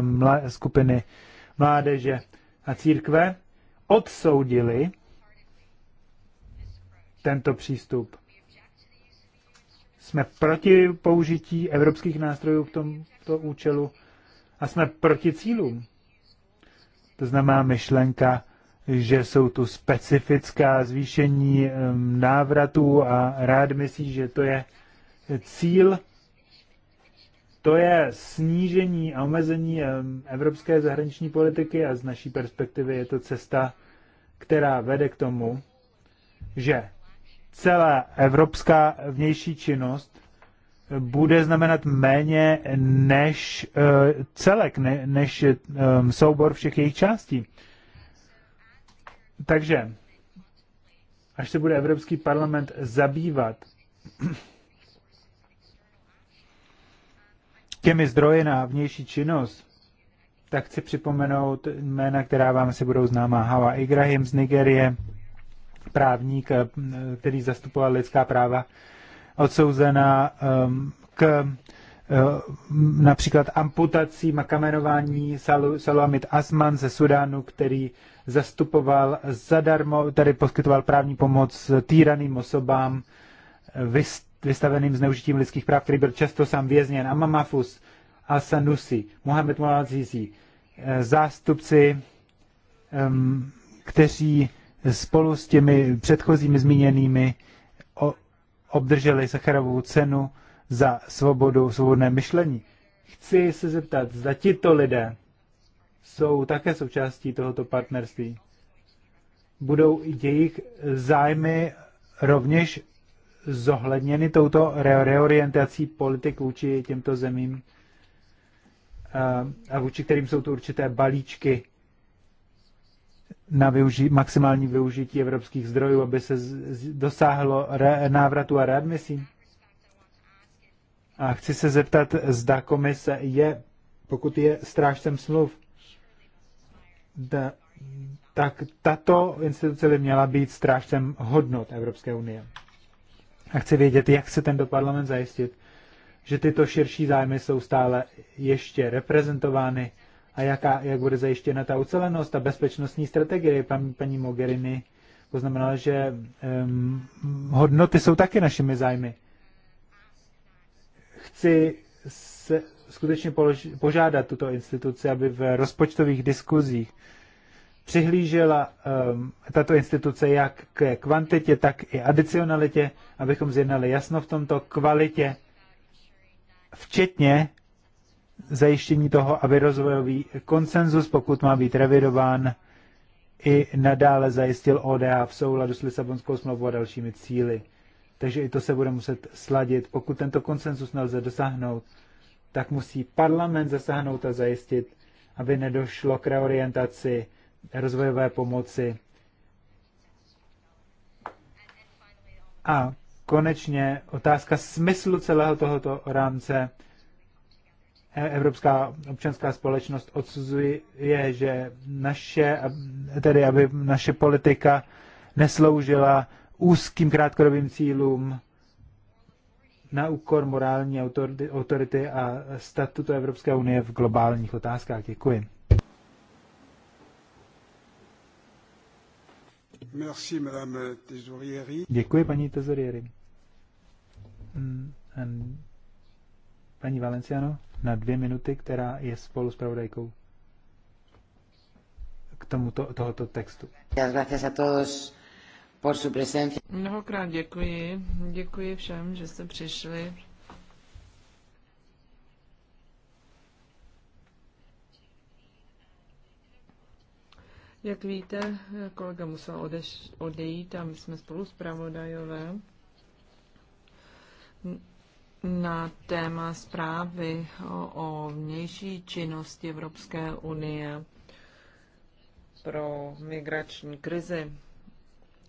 mla, skupiny mládeže a církve, odsoudili tento přístup. Jsme proti použití evropských nástrojů k tomto účelu a jsme proti cílům. To znamená myšlenka že jsou tu specifická zvýšení návratů a rád myslí, že to je cíl. To je snížení a omezení evropské zahraniční politiky a z naší perspektivy je to cesta, která vede k tomu, že celá evropská vnější činnost bude znamenat méně než eh, celek, než soubor všech jejich částí. Takže, až se bude Evropský parlament zabývat těmi zdroji na vnější činnost, tak chci připomenout jména, která vám si budou známá. Hawa Ibrahim z Nigerie, právník, eh, který zastupoval lidská práva, odsouzená ehm, k Eh, například amputací, makamenování Salu, Salamit Asman ze Sudánu, který zastupoval zadarmo, tady poskytoval právní pomoc týraným osobám eh, vystaveným zneužitím lidských práv, který byl často sám vězněn. Amamafus a Sanusi, Mohamed Muazizi, eh, zástupci, ehm, kteří spolu s těmi předchozími zmíněnými obdrželi Sacharovou cenu za svobodu, svobodné myšlení. Chci se zeptat, zda tito lidé jsou také součástí tohoto partnerství. Budou jejich zájmy rovněž zohledněny touto reorientací politik vůči těmto zemím eh, a vůči kterým jsou tu určité balíčky na využi- maximální využití evropských zdrojů, aby se z, z, dosáhlo re, návratu a readmisí? A chci se zeptat, zda komise je, pokud je strážcem smluv, da, tak tato instituce by měla být strážcem hodnot Evropské unie. A chci vědět, jak se tento parlament zajistit, že tyto širší zájmy jsou stále ještě reprezentovány a jaká, jak bude zajištěna ta ucelenost a bezpečnostní strategie. Pan, paní Mogherini poznamenala, že um, hodnoty jsou taky našimi zájmy chci se skutečně požádat tuto instituci, aby v rozpočtových diskuzích přihlížela um, tato instituce jak k kvantitě, tak i adicionalitě, abychom zjednali jasno v tomto kvalitě, včetně zajištění toho, aby rozvojový konsenzus, pokud má být revidován, i nadále zajistil ODA v souladu s Lisabonskou smlouvou a dalšími cíly takže i to se bude muset sladit. Pokud tento konsenzus nelze dosáhnout, tak musí parlament zasáhnout a zajistit, aby nedošlo k reorientaci rozvojové pomoci. A konečně otázka smyslu celého tohoto rámce. E, Evropská občanská společnost odsuzuje, že naše, tedy aby naše politika nesloužila úzkým krátkodobým cílům na úkor morální autority a statutu Evropské unie v globálních otázkách. Děkuji. Merci, madame Tesorieri. Děkuji, paní Tesorieri. Mm, paní Valenciano, na dvě minuty, která je spolu s pravodajkou k tomuto, tohoto textu. Gracias a todos por su presencia. Mnohokrát děkuji. Děkuji všem, že jste přišli. Jak víte, kolega musel odeš, odejít a my jsme spolu zpravodajové na téma zprávy o, o vnější činnosti Evropské unie pro migrační krizi.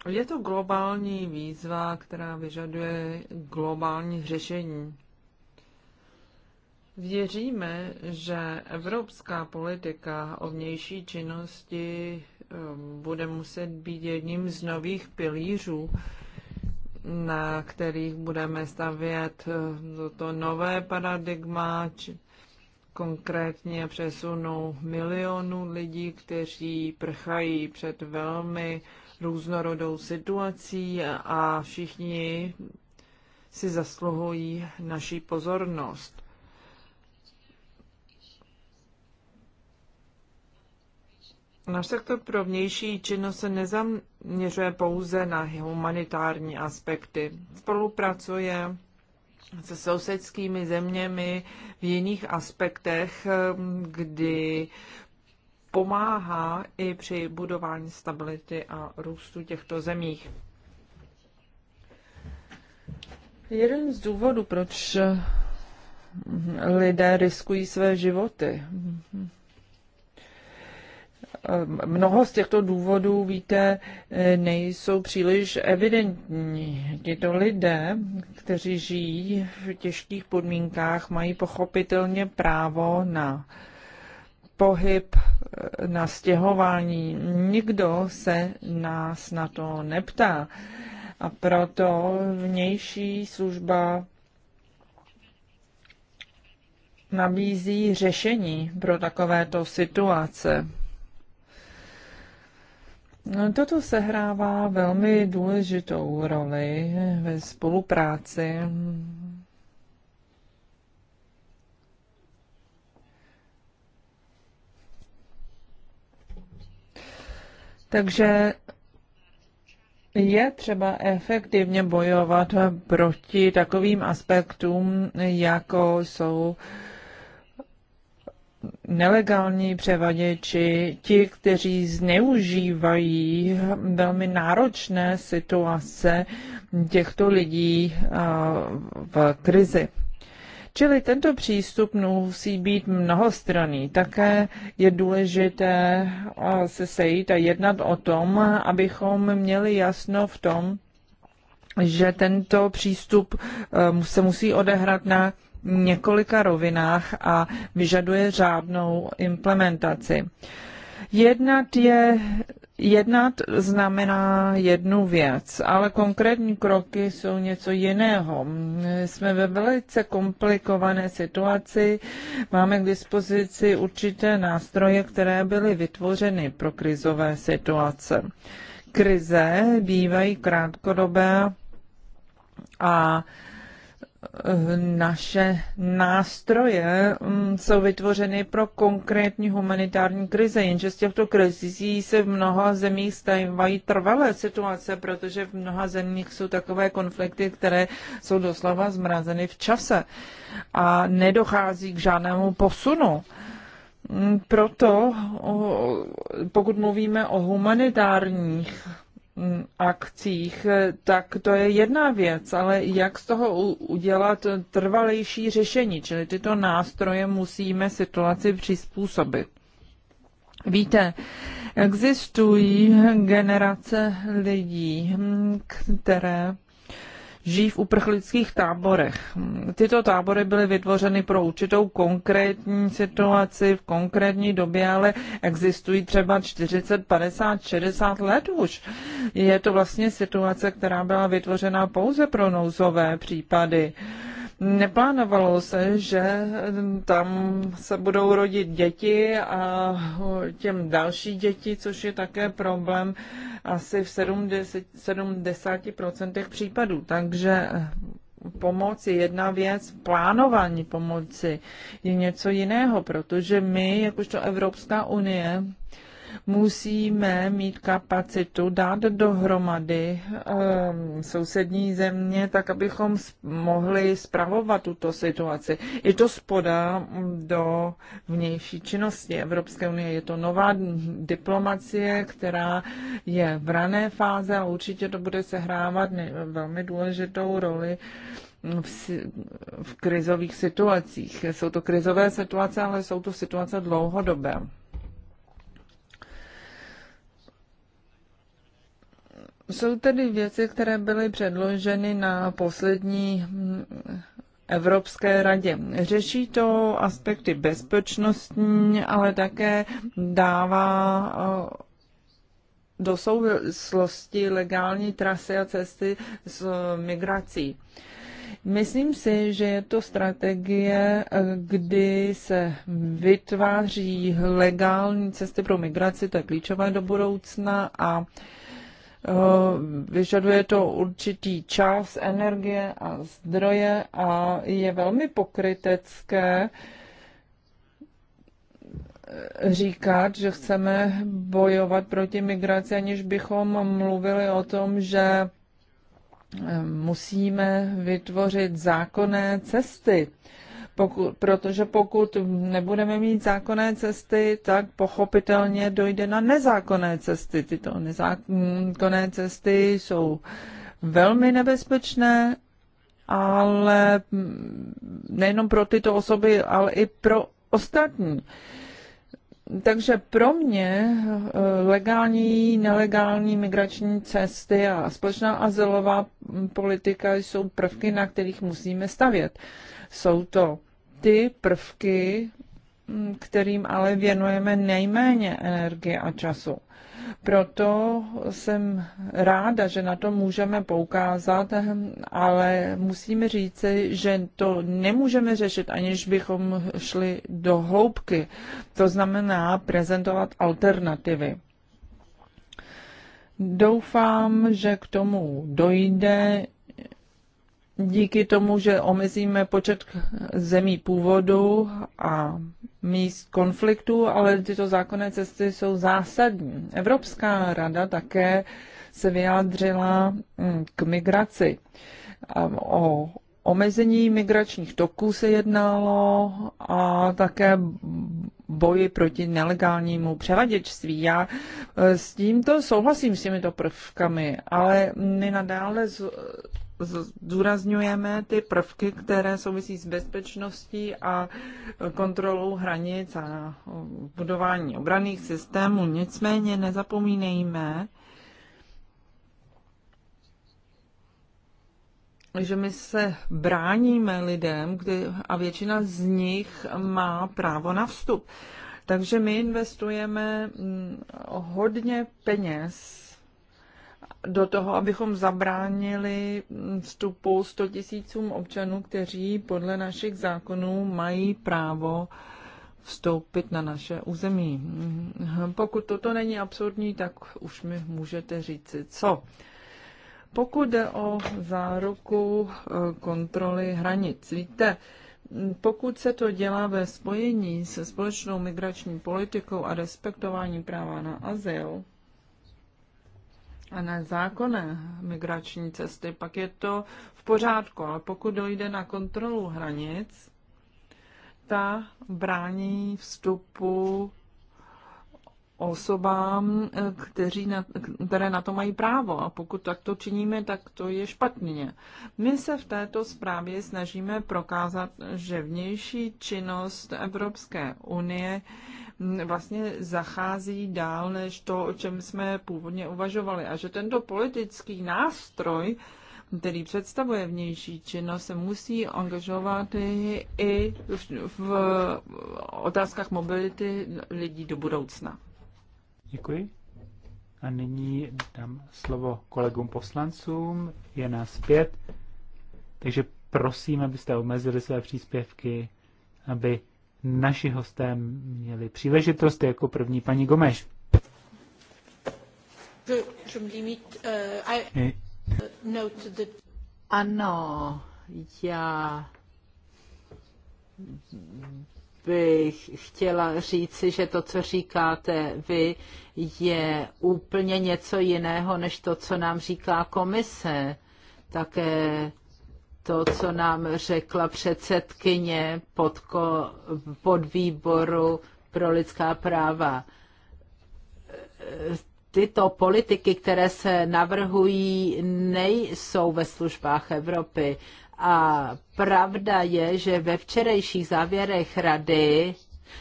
Je to globální výzva, která vyžaduje globální řešení. Věříme, že evropská politika o vnější činnosti um, bude muset být jedním z nových pilířů, na kterých budeme stavět uh, toto nové paradigma, či konkrétně přesunu milionů lidí, kteří prchají před velmi různorodou situací a všichni si zasluhují naší pozornost. Náš sektor pro vnější činnost se nezaměřuje pouze na humanitární aspekty. Spolupracuje se sousedskými zeměmi v jiných aspektech, kdy pomáhá i při budování stability a růstu těchto zemích. Jeden z důvodů, proč lidé riskují své životy, mnoho z těchto důvodů, víte, nejsou příliš evidentní. Tito lidé, kteří žijí v těžkých podmínkách, mají pochopitelně právo na pohyb, eh, na stěhování. Nikdo se nás na to neptá. A proto vnější služba nabízí řešení pro takovéto situace. No, toto sehrává velmi důležitou roli ve spolupráci Takže je třeba efektivně bojovat proti takovým aspektům, jako jsou nelegální převaděči, ti, kteří zneužívají velmi náročné situace těchto lidí v krizi. Čili tento přístup musí být mnohostranný. Také je důležité se sejít a jednat o tom, abychom měli jasno v tom, že tento přístup eh, se musí odehrát na několika rovinách a vyžaduje řádnou implementaci. Jednat je Jednat znamená jednu věc, ale konkrétní kroky jsou něco jiného. Jsme ve velice komplikované situaci, máme k dispozici určité nástroje, které byly vytvořeny pro krizové situace. Krize bývají krátkodobé a naše nástroje mm, jsou vytvořeny pro konkrétní humanitární krize, jenže z těchto krizí se v mnoha zemích stávají trvalé situace, protože v mnoha zemích jsou takové konflikty, které jsou doslova zmrazeny v čase a nedochází k žádnému posunu. Mm, Proto, pokud mluvíme o humanitárních akcích, tak to je jedna věc, ale jak z toho udělat trvalejší řešení, čili tyto nástroje musíme situaci přizpůsobit. Víte, existují generace lidí, které žijí v uprchlických táborech. Tyto tábory byly vytvořeny pro určitou konkrétní situaci v konkrétní době, ale existují třeba 40, 50, 60 let už. Je to vlastně situace, která byla vytvořena pouze pro nouzové případy. Neplánovalo se, že tam se budou rodit děti a těm další děti, což je také problém asi v 70, 70% případů. Takže pomoc je jedna věc, plánování pomoci je něco jiného, protože my, jakožto Evropská unie, musíme mít kapacitu dát dohromady um, sousední země, tak abychom mohli spravovat tuto situaci. I to spodá do vnější činnosti Evropské unie. Je to nová diplomacie, která je v rané fáze a určitě to bude sehrávat velmi důležitou roli v, v krizových situacích. Jsou to krizové situace, ale jsou to situace dlouhodobé. Jsou tedy věci, které byly předloženy na poslední hm, Evropské radě. Řeší to aspekty bezpečnostní, ale také dává do souvislosti legální trasy a cesty s e, migrací. Myslím si, že je to strategie, e, kdy se vytváří legální cesty pro migraci, to je klíčové do budoucna a Eh, vyžaduje to určitý čas, energie a zdroje a je velmi pokrytecké eh, říkat, že chceme bojovat proti migraci, aniž bychom mluvili o tom, že eh, musíme vytvořit zákonné cesty poku, protože pokud nebudeme mít zákonné cesty, tak pochopitelně dojde na nezákonné cesty. Tyto nezákonné cesty jsou velmi nebezpečné, ale mm, nejenom pro tyto osoby, ale i pro ostatní. Uh, takže pro mě eh, legální, nelegální migrační cesty a společná azylová politika jsou prvky, na kterých musíme stavět. Jsou to ty prvky, mm, kterým ale věnujeme nejméně energie a času. Proto jsem ráda, že na to můžeme poukázat, ale musíme říci, že to nemůžeme řešit, aniž bychom šli do hloubky. To znamená prezentovat alternativy. Doufám, že k tomu dojde díky tomu, že omezíme počet zemí původu a míst konfliktu, ale tyto zákonné cesty jsou zásadní. Evropská rada také se vyjádřila mm, k migraci. O omezení migračních toků se jednalo a také boji proti nelegálnímu převaděčství. Já e, s tímto souhlasím s těmito prvkami, ale my nadále zdůrazňujeme ty prvky, které souvisí s bezpečností a kontrolou hranic a budování obraných systémů. Nicméně nezapomínejme, že my se bráníme lidem kdy, a většina z nich má právo na vstup. Takže my investujeme mm, hodně peněz do toho, abychom zabránili vstupu 100 tisícům občanů, kteří podle našich zákonů mají právo vstoupit na naše území. Mhm. Pokud toto není absurdní, tak už mi můžete říci co. Pokud jde o záruku e, kontroly hranic, víte, pokud se to dělá ve spojení se společnou migrační politikou a respektováním práva na azyl, a na zákonné migrační cesty, pak je to v pořádku. Ale pokud dojde na kontrolu hranic, ta brání vstupu osobám, kteří na, které na to mají právo. A pokud tak to činíme, tak to je špatně. My se v této zprávě snažíme prokázat, že vnější činnost Evropské unie vlastně zachází dál než to, o čem jsme původně uvažovali. A že tento politický nástroj, který představuje vnější činnost, se musí angažovat i v, otázkách mobility lidí do budoucna. Děkuji. A nyní dám slovo kolegům poslancům. Je nás pět. Takže prosím, abyste omezili své příspěvky, aby naši hosté měli příležitost, jako první paní Gomeš. Ano, já bych chtěla říci, že to, co říkáte vy, je úplně něco jiného, než to, co nám říká komise. Také to, co nám řekla předsedkyně podko, podvýboru pro lidská práva. Tyto politiky, které se navrhují, nejsou ve službách Evropy. A pravda je, že ve včerejších závěrech rady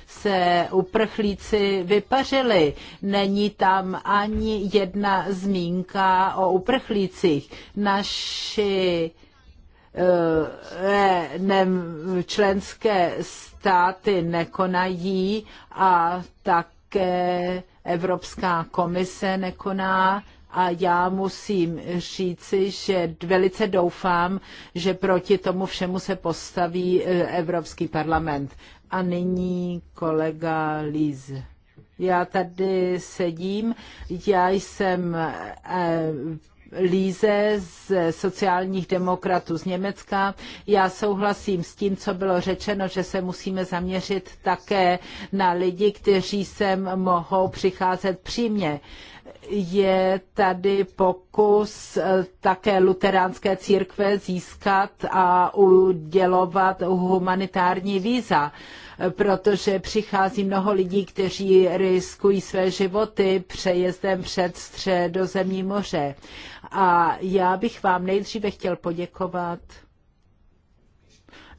se uprchlíci vypařili. Není tam ani jedna zmínka o uprchlících. Naši Eh, ne, členské státy nekonají a také Evropská komise nekoná, a já musím říci, že velice doufám, že proti tomu všemu se postaví eh, Evropský parlament. A nyní kolega Líz. Já tady sedím, já jsem eh, Líze z sociálních demokratů z Německa. Já souhlasím s tím, co bylo řečeno, že se musíme zaměřit také na lidi, kteří sem mohou přicházet přímě je tady pokus eh, také luteránské církve získat a udělovat humanitární víza, protože přichází mnoho lidí, kteří riskují své životy přejezdem před středozemní moře. A já bych vám nejdříve chtěl poděkovat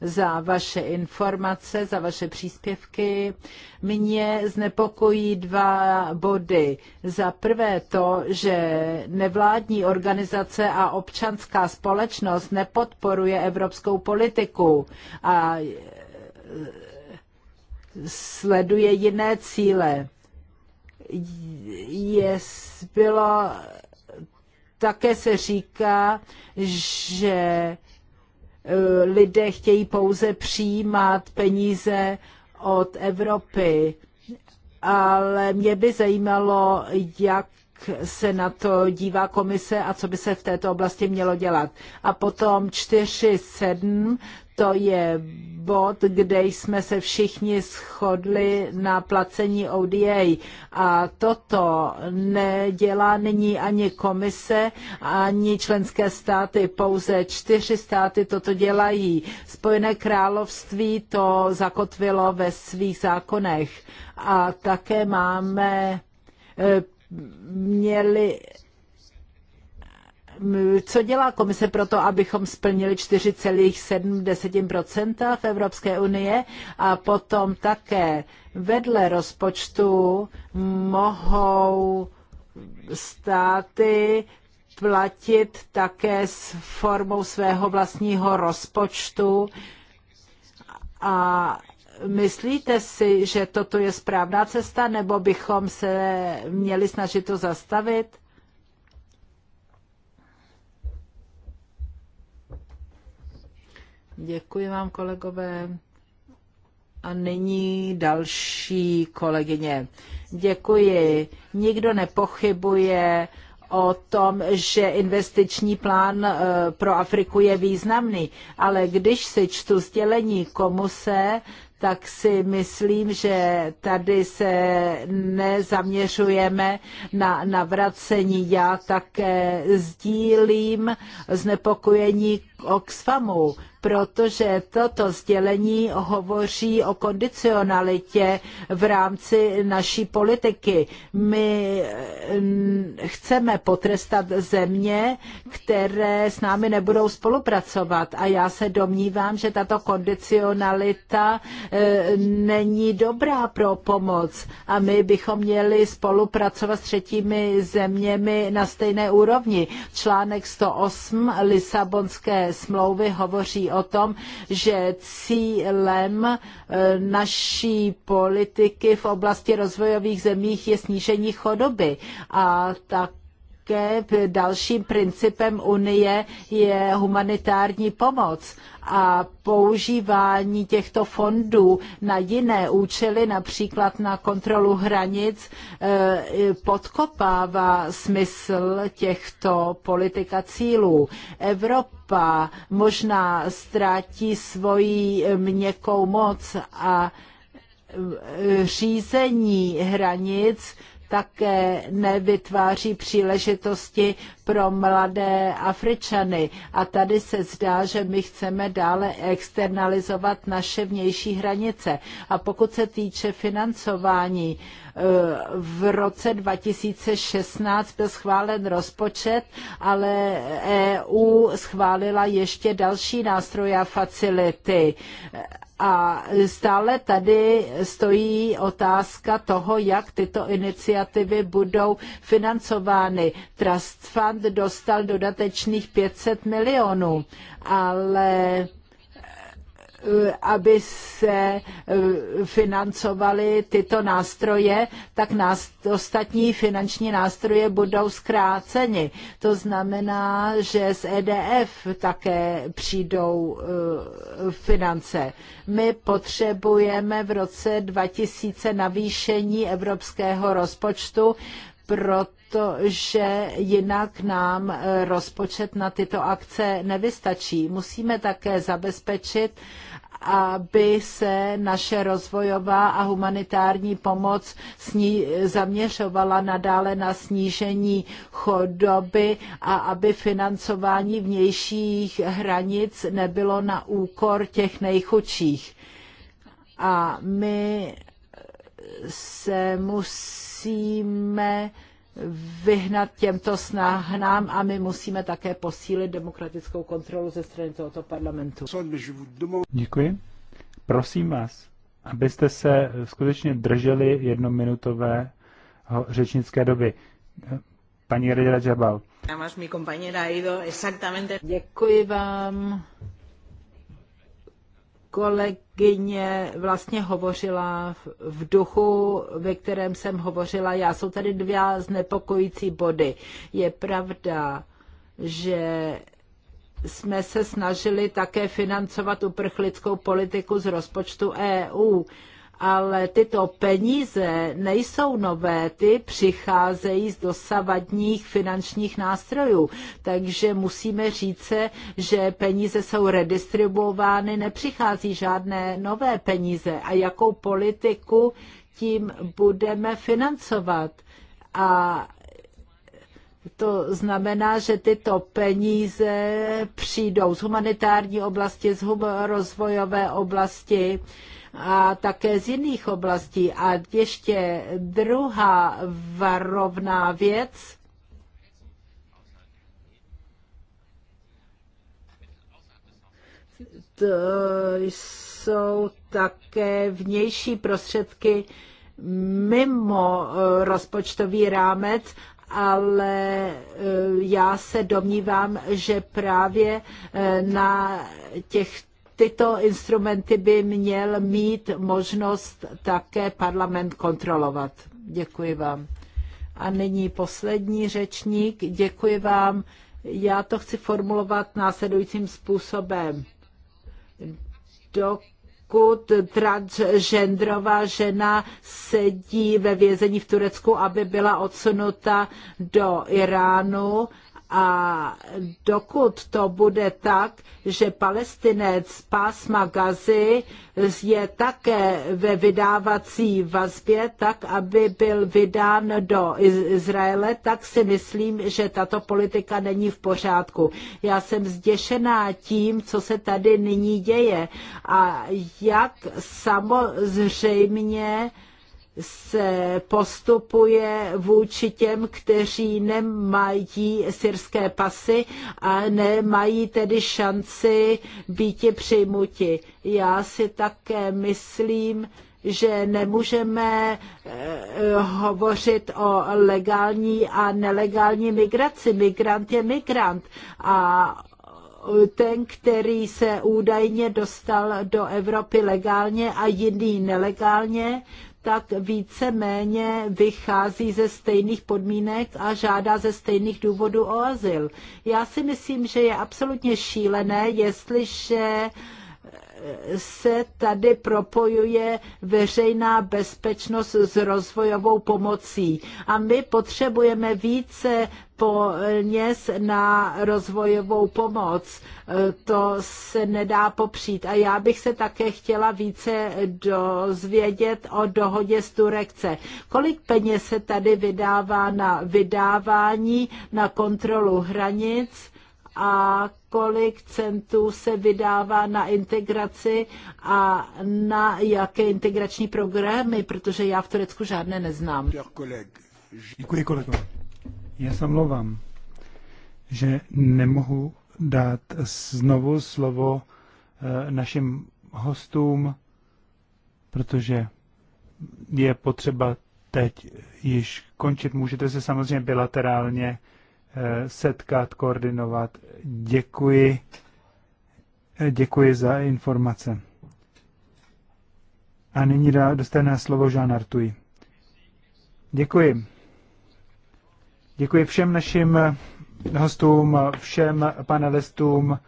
za vaše informace, za vaše příspěvky. Mě znepokojí dva body. Za prvé to, že nevládní organizace a občanská společnost nepodporuje evropskou politiku a sleduje jiné cíle. Je, bylo také se říká, že e, lidé chtějí pouze přijímat peníze od Evropy, ale mě by zajímalo, jak se na to dívá komise a co by se v této oblasti mělo dělat. A potom 4.7, to je bod, kde jsme se všichni shodli na placení ODA. A toto nedělá nyní ani komise, ani členské státy. Pouze čtyři státy toto dělají. Spojené království to zakotvilo ve svých zákonech. A také máme eh, měli co dělá komise pro to, abychom splnili 4,7 v Evropské unie a potom také vedle rozpočtu mohou státy platit také s formou svého vlastního rozpočtu a Myslíte si, že toto je správná cesta, nebo bychom se měli snažit to zastavit? Děkuji vám, kolegové. A nyní další kolegyně. Děkuji. Nikdo nepochybuje o tom, že investiční plán eh, pro Afriku je významný, ale když se čtu sdělení komuse, tak si myslím, že tady se nezaměřujeme na navracení. Já také sdílím znepokojení Oxfamu, protože toto sdělení hovoří o kondicionalitě v rámci naší politiky. My eh, chceme potrestat země, které s námi nebudou spolupracovat a já se domnívám, že tato kondicionalita eh, není dobrá pro pomoc a my bychom měli spolupracovat s třetími zeměmi na stejné úrovni. Článek 108 Lisabonské smlouvy hovoří o tom, že cílem e, naší politiky v oblasti rozvojových zemích je snížení chodoby a tak také dalším principem Unie je humanitární pomoc a používání těchto fondů na jiné účely, například na kontrolu hranic, eh, podkopává smysl těchto politik a cílů. Evropa možná ztratí svoji měkkou moc a eh, řízení hranic také nevytváří příležitosti pro mladé Afričany. A tady se zdá, že my chceme dále externalizovat naše vnější hranice. A pokud se týče financování, eh, v roce 2016 byl schválen rozpočet, ale EU schválila ještě další nástroje a facility a stále tady stojí otázka toho, jak tyto iniciativy budou financovány. Trust Fund dostal dodatečných 500 milionů, ale Eh, aby se eh, financovaly tyto nástroje, tak nás, ostatní finanční nástroje budou zkráceny. To znamená, že z EDF také přijdou eh, finance. My potřebujeme v roce 2000 navýšení evropského rozpočtu, protože jinak nám rozpočet na tyto akce nevystačí. Musíme také zabezpečit, aby se naše rozvojová a humanitární pomoc sní, zaměřovala nadále na snížení chodoby a aby financování vnějších hranic nebylo na úkor těch nejchudších. A my se musíme vyhnat těmto snahám a my musíme také posílit demokratickou kontrolu ze strany tohoto parlamentu. Děkuji. Prosím vás, abyste se skutečně drželi jednominutové řečnické doby. Paní Radila Džabal. Děkuji vám kolegyně vlastně hovořila v duchu, ve kterém jsem hovořila. Já jsou tady dvě znepokojící body. Je pravda, že jsme se snažili také financovat uprchlickou politiku z rozpočtu EU ale tyto peníze nejsou nové, ty přicházejí z dosavadních finančních nástrojů. Takže musíme říct, že peníze jsou redistribuovány, nepřichází žádné nové peníze. A jakou politiku tím budeme financovat? A to znamená, že tyto peníze přijdou z humanitární oblasti, z rozvojové oblasti a také z jiných oblastí. A ještě druhá varovná věc, to jsou také vnější prostředky mimo eh, rozpočtový rámec, ale eh, já se domnívám, že právě eh, na těch tyto instrumenty by měl mít možnost také parlament kontrolovat. Děkuji vám. A nyní poslední řečník. Děkuji vám. Já to chci formulovat následujícím způsobem. Dokud pokud transgendrová žena sedí ve vězení v Turecku, aby byla odsunuta do Iránu a dokud to bude tak, že palestinec pásma Gazy je také ve vydávací vazbě, tak aby byl vydán do Izraele, tak si myslím, že tato politika není v pořádku. Já jsem zděšená tím, co se tady nyní děje a jak samozřejmě se postupuje vůči těm, kteří nemají syrské pasy a nemají tedy šanci být přijmuti. Já si také myslím, že nemůžeme eh, hovořit o legální a nelegální migraci. Migrant je migrant a ten, který se údajně dostal do Evropy legálně a jiný nelegálně, tak více-méně vychází ze stejných podmínek a žádá ze stejných důvodů o azyl. Já si myslím, že je absolutně šílené, jestliže se tady propojuje veřejná bezpečnost s rozvojovou pomocí. A my potřebujeme více poněz na rozvojovou pomoc. E, to se nedá popřít. A já bych se také chtěla více dozvědět o dohodě s Turekce. Kolik peněz se tady vydává na vydávání, na kontrolu hranic a kolik centů se vydává na integraci a na jaké integrační programy, protože já v Turecku žádné neznám. Děkuji kolegové. Já se mluvám, že nemohu dát znovu slovo eh, našim hostům, protože je potřeba teď již končit. Můžete se samozřejmě bilaterálně eh, setkat, koordinovat. Děkuji. Eh, děkuji za informace. A nyní dostane slovo Jean Artuy. Děkuji. Děkuji všem našim hostům, všem panelistům,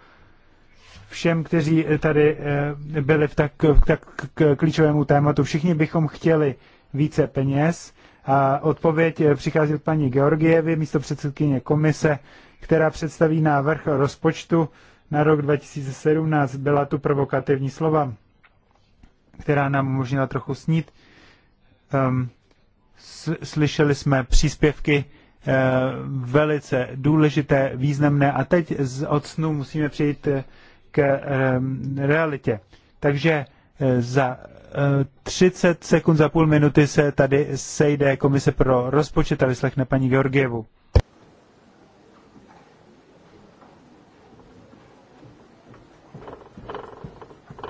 všem, kteří tady eh, byli v tak, v tak k klíčovému tématu. Všichni bychom chtěli více peněz. A odpověď eh, přichází od paní Georgievy, místo předsedkyně komise, která představí návrh rozpočtu na rok 2017. Byla tu provokativní slova, která nám umožnila trochu snít. Um, slyšeli jsme příspěvky Eh, velice důležité, významné a teď od snu musíme přijít eh, k eh, realitě. Takže za 30 sekund za půl minuty se tady sejde Komise pro rozpočet a vyslechne paní Georgievu.